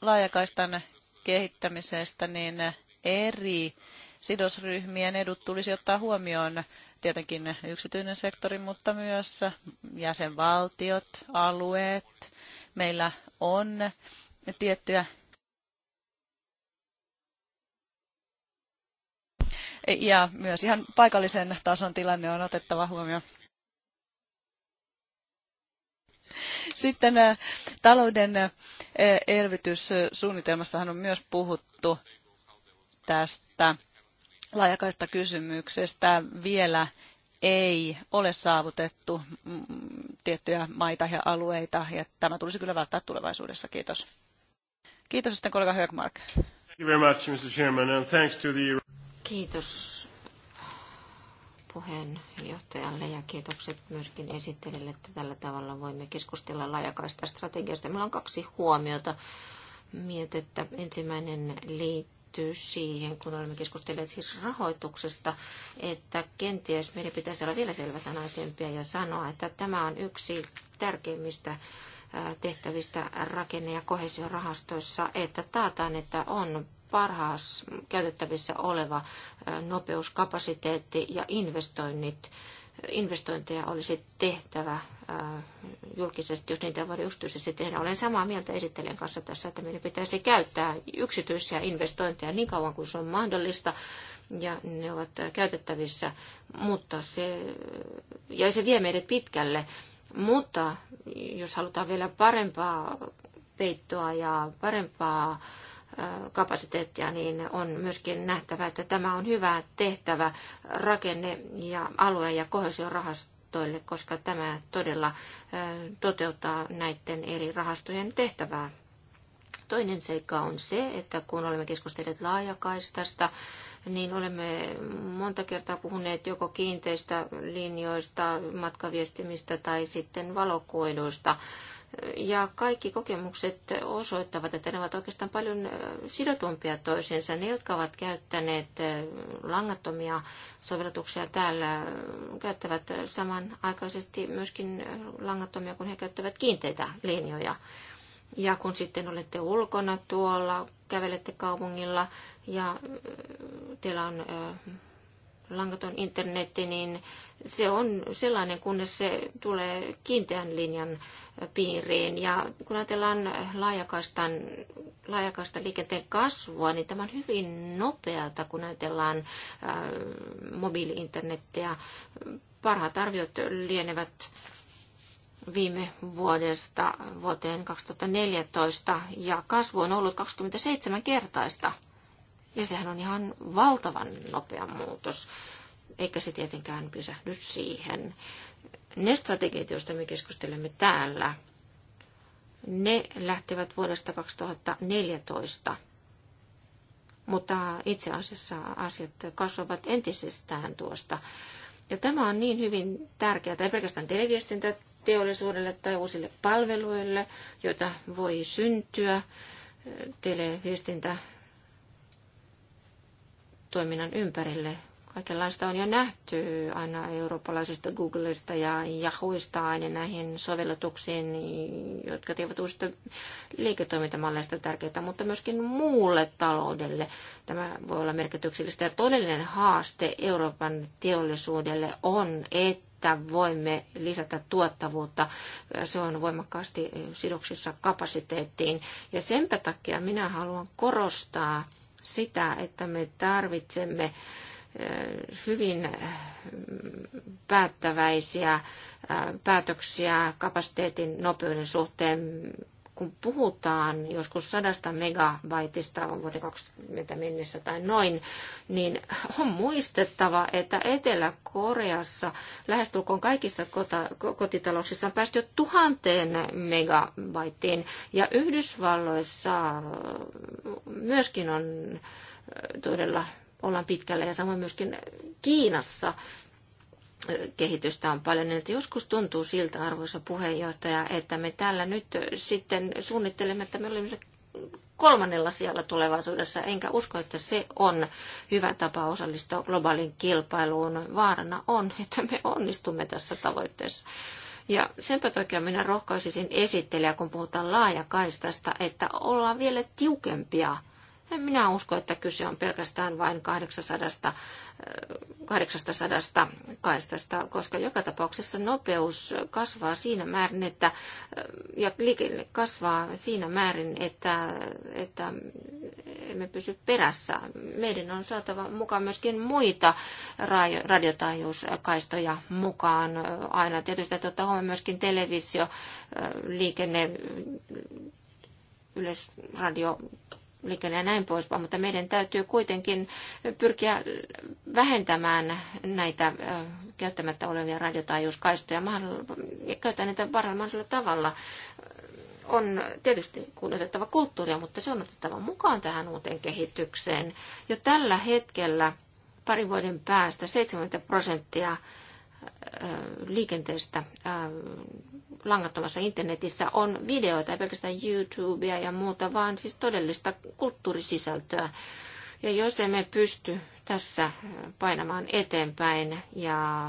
laajakaistan kehittämisestä, niin eri sidosryhmien edut tulisi ottaa huomioon tietenkin yksityinen sektori, mutta myös jäsenvaltiot, alueet. Meillä on tiettyjä ja myös ihan paikallisen tason tilanne on otettava huomioon. Sitten äh, talouden äh, elvytyssuunnitelmassahan on myös puhuttu tästä laajakaista kysymyksestä. Vielä ei ole saavutettu mm, tiettyjä maita ja alueita, ja tämä tulisi kyllä välttää tulevaisuudessa. Kiitos. Kiitos sitten kollega Högmark. Thank you very much, Mr. Chairman, and thanks to the... Kiitos puheenjohtajalle ja kiitokset myöskin esittelijälle, että tällä tavalla voimme keskustella laajakaista strategiasta. Meillä on kaksi huomiota mietettä. Ensimmäinen liittyy siihen, kun olemme keskustelleet siis rahoituksesta, että kenties meidän pitäisi olla vielä selväsanaisempia ja sanoa, että tämä on yksi tärkeimmistä äh, tehtävistä rakenne- ja kohesiorahastoissa, että taataan, että on parhaas käytettävissä oleva nopeus, kapasiteetti ja investoinnit. Investointeja olisi tehtävä julkisesti, jos niitä voidaan yksityisesti tehdä. Olen samaa mieltä esittelijän kanssa tässä, että meidän pitäisi käyttää yksityisiä investointeja niin kauan kuin se on mahdollista ja ne ovat käytettävissä, mutta se, ja se vie meidät pitkälle. Mutta jos halutaan vielä parempaa peittoa ja parempaa kapasiteettia, niin on myöskin nähtävä, että tämä on hyvä tehtävä rakenne- ja alue- ja kohesiorahastoille, koska tämä todella toteuttaa näiden eri rahastojen tehtävää. Toinen seikka on se, että kun olemme keskustelleet laajakaistasta, niin olemme monta kertaa puhuneet joko kiinteistä linjoista, matkaviestimistä tai sitten valokuiduista. Ja kaikki kokemukset osoittavat, että ne ovat oikeastaan paljon sidotumpia toisiinsa. Ne, jotka ovat käyttäneet langattomia sovellutuksia täällä, käyttävät samanaikaisesti myöskin langattomia, kun he käyttävät kiinteitä linjoja. Ja kun sitten olette ulkona tuolla, kävelette kaupungilla ja teillä on langaton internetti, niin se on sellainen, kunnes se tulee kiinteän linjan piiriin. Ja kun ajatellaan laajakaistan, laajakaistan liikenteen kasvua, niin tämä on hyvin nopeata, kun ajatellaan äh, mobiili-internettiä. Parhaat arviot lienevät viime vuodesta vuoteen 2014 ja kasvu on ollut 27 kertaista. Ja sehän on ihan valtavan nopea muutos, eikä se tietenkään pysähdy siihen. Ne strategiat, joista me keskustelemme täällä, ne lähtevät vuodesta 2014 mutta itse asiassa asiat kasvavat entisestään tuosta. Ja tämä on niin hyvin tärkeää, ei pelkästään televiestintä teollisuudelle tai uusille palveluille, joita voi syntyä. Televiestintä toiminnan ympärille. Kaikenlaista on jo nähty aina eurooppalaisista Googlesta ja Yahooista aina näihin sovellutuksiin, jotka tekevät uusista liiketoimintamalleista tärkeitä, mutta myöskin muulle taloudelle. Tämä voi olla merkityksellistä ja todellinen haaste Euroopan teollisuudelle on, että että voimme lisätä tuottavuutta. Se on voimakkaasti sidoksissa kapasiteettiin. Ja senpä takia minä haluan korostaa sitä, että me tarvitsemme hyvin päättäväisiä päätöksiä kapasiteetin nopeuden suhteen kun puhutaan joskus sadasta megabaitista vuoteen 20 mennessä tai noin, niin on muistettava, että Etelä-Koreassa lähestulkoon kaikissa kotitalouksissa on päästy jo tuhanteen megabaittiin. Ja Yhdysvalloissa myöskin on todella ollaan pitkällä ja samoin myöskin Kiinassa kehitystä on paljon, niin että joskus tuntuu siltä, arvoisa puheenjohtaja, että me täällä nyt sitten suunnittelemme, että me olemme kolmannella sijalla tulevaisuudessa, enkä usko, että se on hyvä tapa osallistua globaalin kilpailuun. Vaarana on, että me onnistumme tässä tavoitteessa. Ja senpä takia minä rohkaisisin esittelijä, kun puhutaan laajakaistasta, että ollaan vielä tiukempia. En minä usko, että kyse on pelkästään vain 800 800 kaistasta, koska joka tapauksessa nopeus kasvaa siinä määrin, että, ja liikenne kasvaa siinä määrin, että, että emme pysy perässä. Meidän on saatava mukaan myöskin muita radiotaajuuskaistoja mukaan. Aina tietysti täytyy ottaa huomioon myöskin televisio, liikenne, yleisradio, liikenne ja näin poispäin, mutta meidän täytyy kuitenkin pyrkiä vähentämään näitä käyttämättä olevia radiotaajuuskaistoja ja käyttää niitä parhaalla tavalla. On tietysti kunnioitettava kulttuuria, mutta se on otettava mukaan tähän uuteen kehitykseen. Jo tällä hetkellä parin vuoden päästä 70 prosenttia liikenteestä langattomassa internetissä on videoita, ei pelkästään YouTubea ja muuta, vaan siis todellista kulttuurisisältöä. Ja jos emme pysty tässä painamaan eteenpäin ja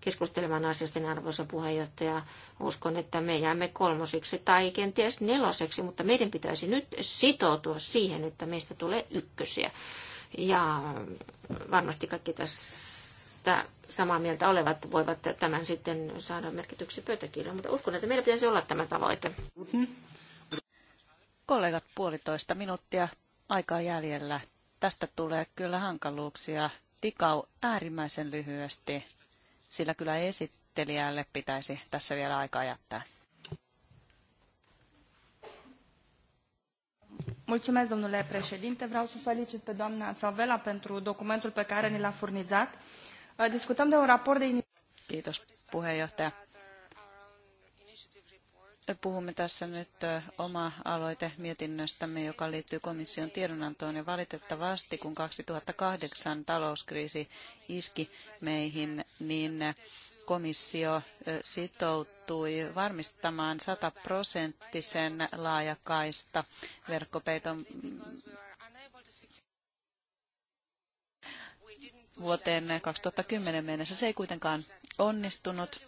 keskustelemaan asiasta, niin arvoisa puheenjohtaja, uskon, että me jäämme kolmosiksi tai kenties neloseksi, mutta meidän pitäisi nyt sitoutua siihen, että meistä tulee ykkösiä. Ja varmasti kaikki tässä että samaa mieltä olevat voivat tämän sitten saada merkityksi pöytäkirjaan, mutta uskon, että meillä pitäisi olla tämä tavoite. Kollegat, puolitoista minuuttia aikaa jäljellä. Tästä tulee kyllä hankaluuksia. Tikau äärimmäisen lyhyesti, sillä kyllä esittelijälle pitäisi tässä vielä aikaa jättää. Mulțumesc, domnule președinte. Vreau să felicit pe doamna Țavela pentru documentul pe care ni l-a furnizat. Eh, Kiitos puheenjohtaja. Puhumme tässä nyt eh, oma aloite mietinnöstämme, joka liittyy komission tiedonantoon ja valitettavasti kun 2008 talouskriisi iski meihin, niin komissio eh, sitoutui varmistamaan 100 prosenttisen laajakaista verkkopeiton vuoteen 2010 mennessä. Se ei kuitenkaan onnistunut.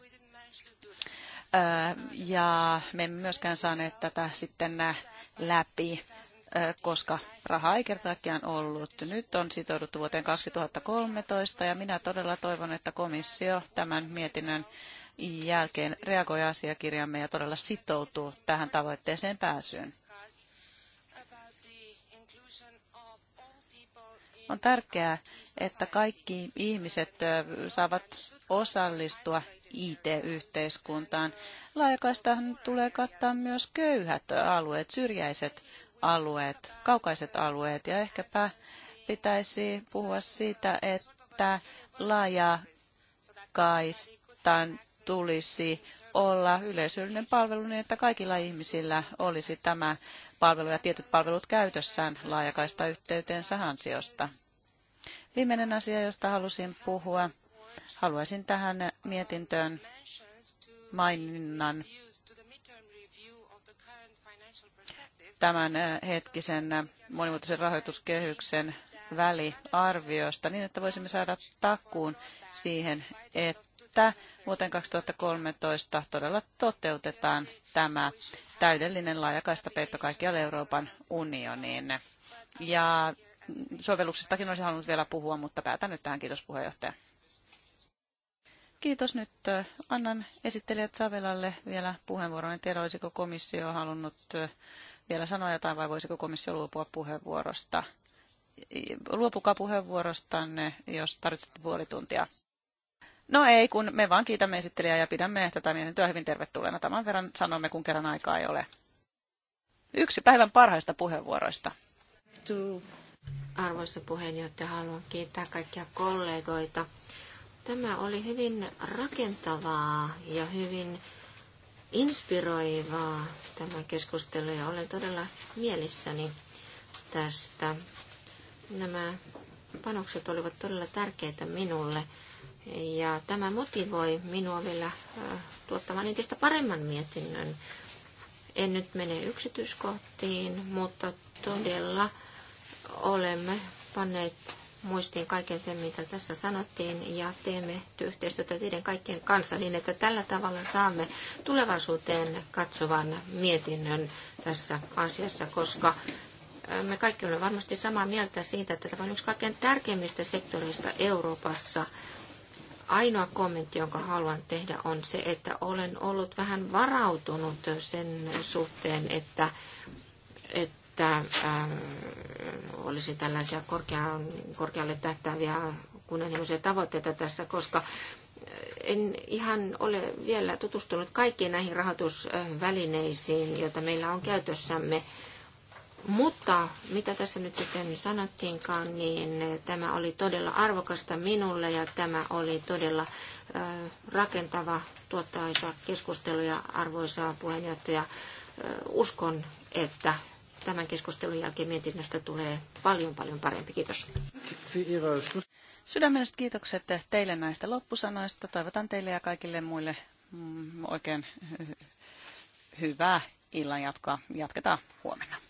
Ja me emme myöskään saaneet tätä sitten läpi, koska raha ei kertaakaan ollut. Nyt on sitouduttu vuoteen 2013 ja minä todella toivon, että komissio tämän mietinnön jälkeen reagoi asiakirjamme ja todella sitoutuu tähän tavoitteeseen pääsyyn. On tärkeää, että kaikki ihmiset saavat osallistua IT-yhteiskuntaan. Laajakaistahan tulee kattaa myös köyhät alueet, syrjäiset alueet, kaukaiset alueet ja ehkäpä pitäisi puhua siitä, että laajakaistan tulisi olla yleisöllinen palvelu niin, että kaikilla ihmisillä olisi tämä palveluja, tietyt palvelut käytössään laajakaista yhteyteensä ansiosta. Viimeinen asia, josta halusin puhua, haluaisin tähän mietintöön maininnan tämän hetkisen monimuotoisen rahoituskehyksen väliarviosta niin, että voisimme saada takuun siihen, että vuoteen 2013 todella toteutetaan tämä täydellinen peitto kaikkialle Euroopan unioniin. Ja sovelluksestakin olisin halunnut vielä puhua, mutta päätän nyt tähän. Kiitos puheenjohtaja. Kiitos. Nyt annan esittelijät Savelalle vielä puheenvuoron. En tiedä, olisiko komissio halunnut vielä sanoa jotain vai voisiko komissio luopua puheenvuorosta. Luopukaa puheenvuorostanne, jos tarvitsette puoli tuntia. No ei, kun me vaan kiitämme esittelijää ja pidämme tätä mietintöä hyvin tervetulleena. Tämän verran sanomme, kun kerran aikaa ei ole. Yksi päivän parhaista puheenvuoroista. Arvoisa puheenjohtaja, haluan kiittää kaikkia kollegoita. Tämä oli hyvin rakentavaa ja hyvin inspiroivaa tämä keskustelu ja olen todella mielissäni tästä. Nämä panokset olivat todella tärkeitä minulle ja tämä motivoi minua vielä tuottamaan entistä paremman mietinnön. En nyt mene yksityiskohtiin, mutta todella olemme panneet muistiin kaiken sen, mitä tässä sanottiin, ja teemme yhteistyötä teidän kaikkien kanssa niin, että tällä tavalla saamme tulevaisuuteen katsovan mietinnön tässä asiassa, koska me kaikki olemme varmasti samaa mieltä siitä, että tämä on yksi kaikkein tärkeimmistä sektoreista Euroopassa – Ainoa kommentti, jonka haluan tehdä, on se, että olen ollut vähän varautunut sen suhteen, että, että äh, olisi tällaisia korkea, korkealle tähtäviä kunnianhimoisia tavoitteita tässä, koska en ihan ole vielä tutustunut kaikkiin näihin rahoitusvälineisiin, joita meillä on käytössämme. Äh, mutta mitä tässä nyt sitten sanottiinkaan, niin tämä oli todella arvokasta minulle ja tämä oli todella rakentava, tuottaisa keskustelu ja arvoisa puheenjohtaja. Uskon, että tämän keskustelun jälkeen mietinnöstä tulee paljon paljon parempi. Kiitos. Sydämelliset kiitokset teille näistä loppusanoista. Toivotan teille ja kaikille muille mm, oikein hyvää illanjatkoa. Jatketaan huomenna.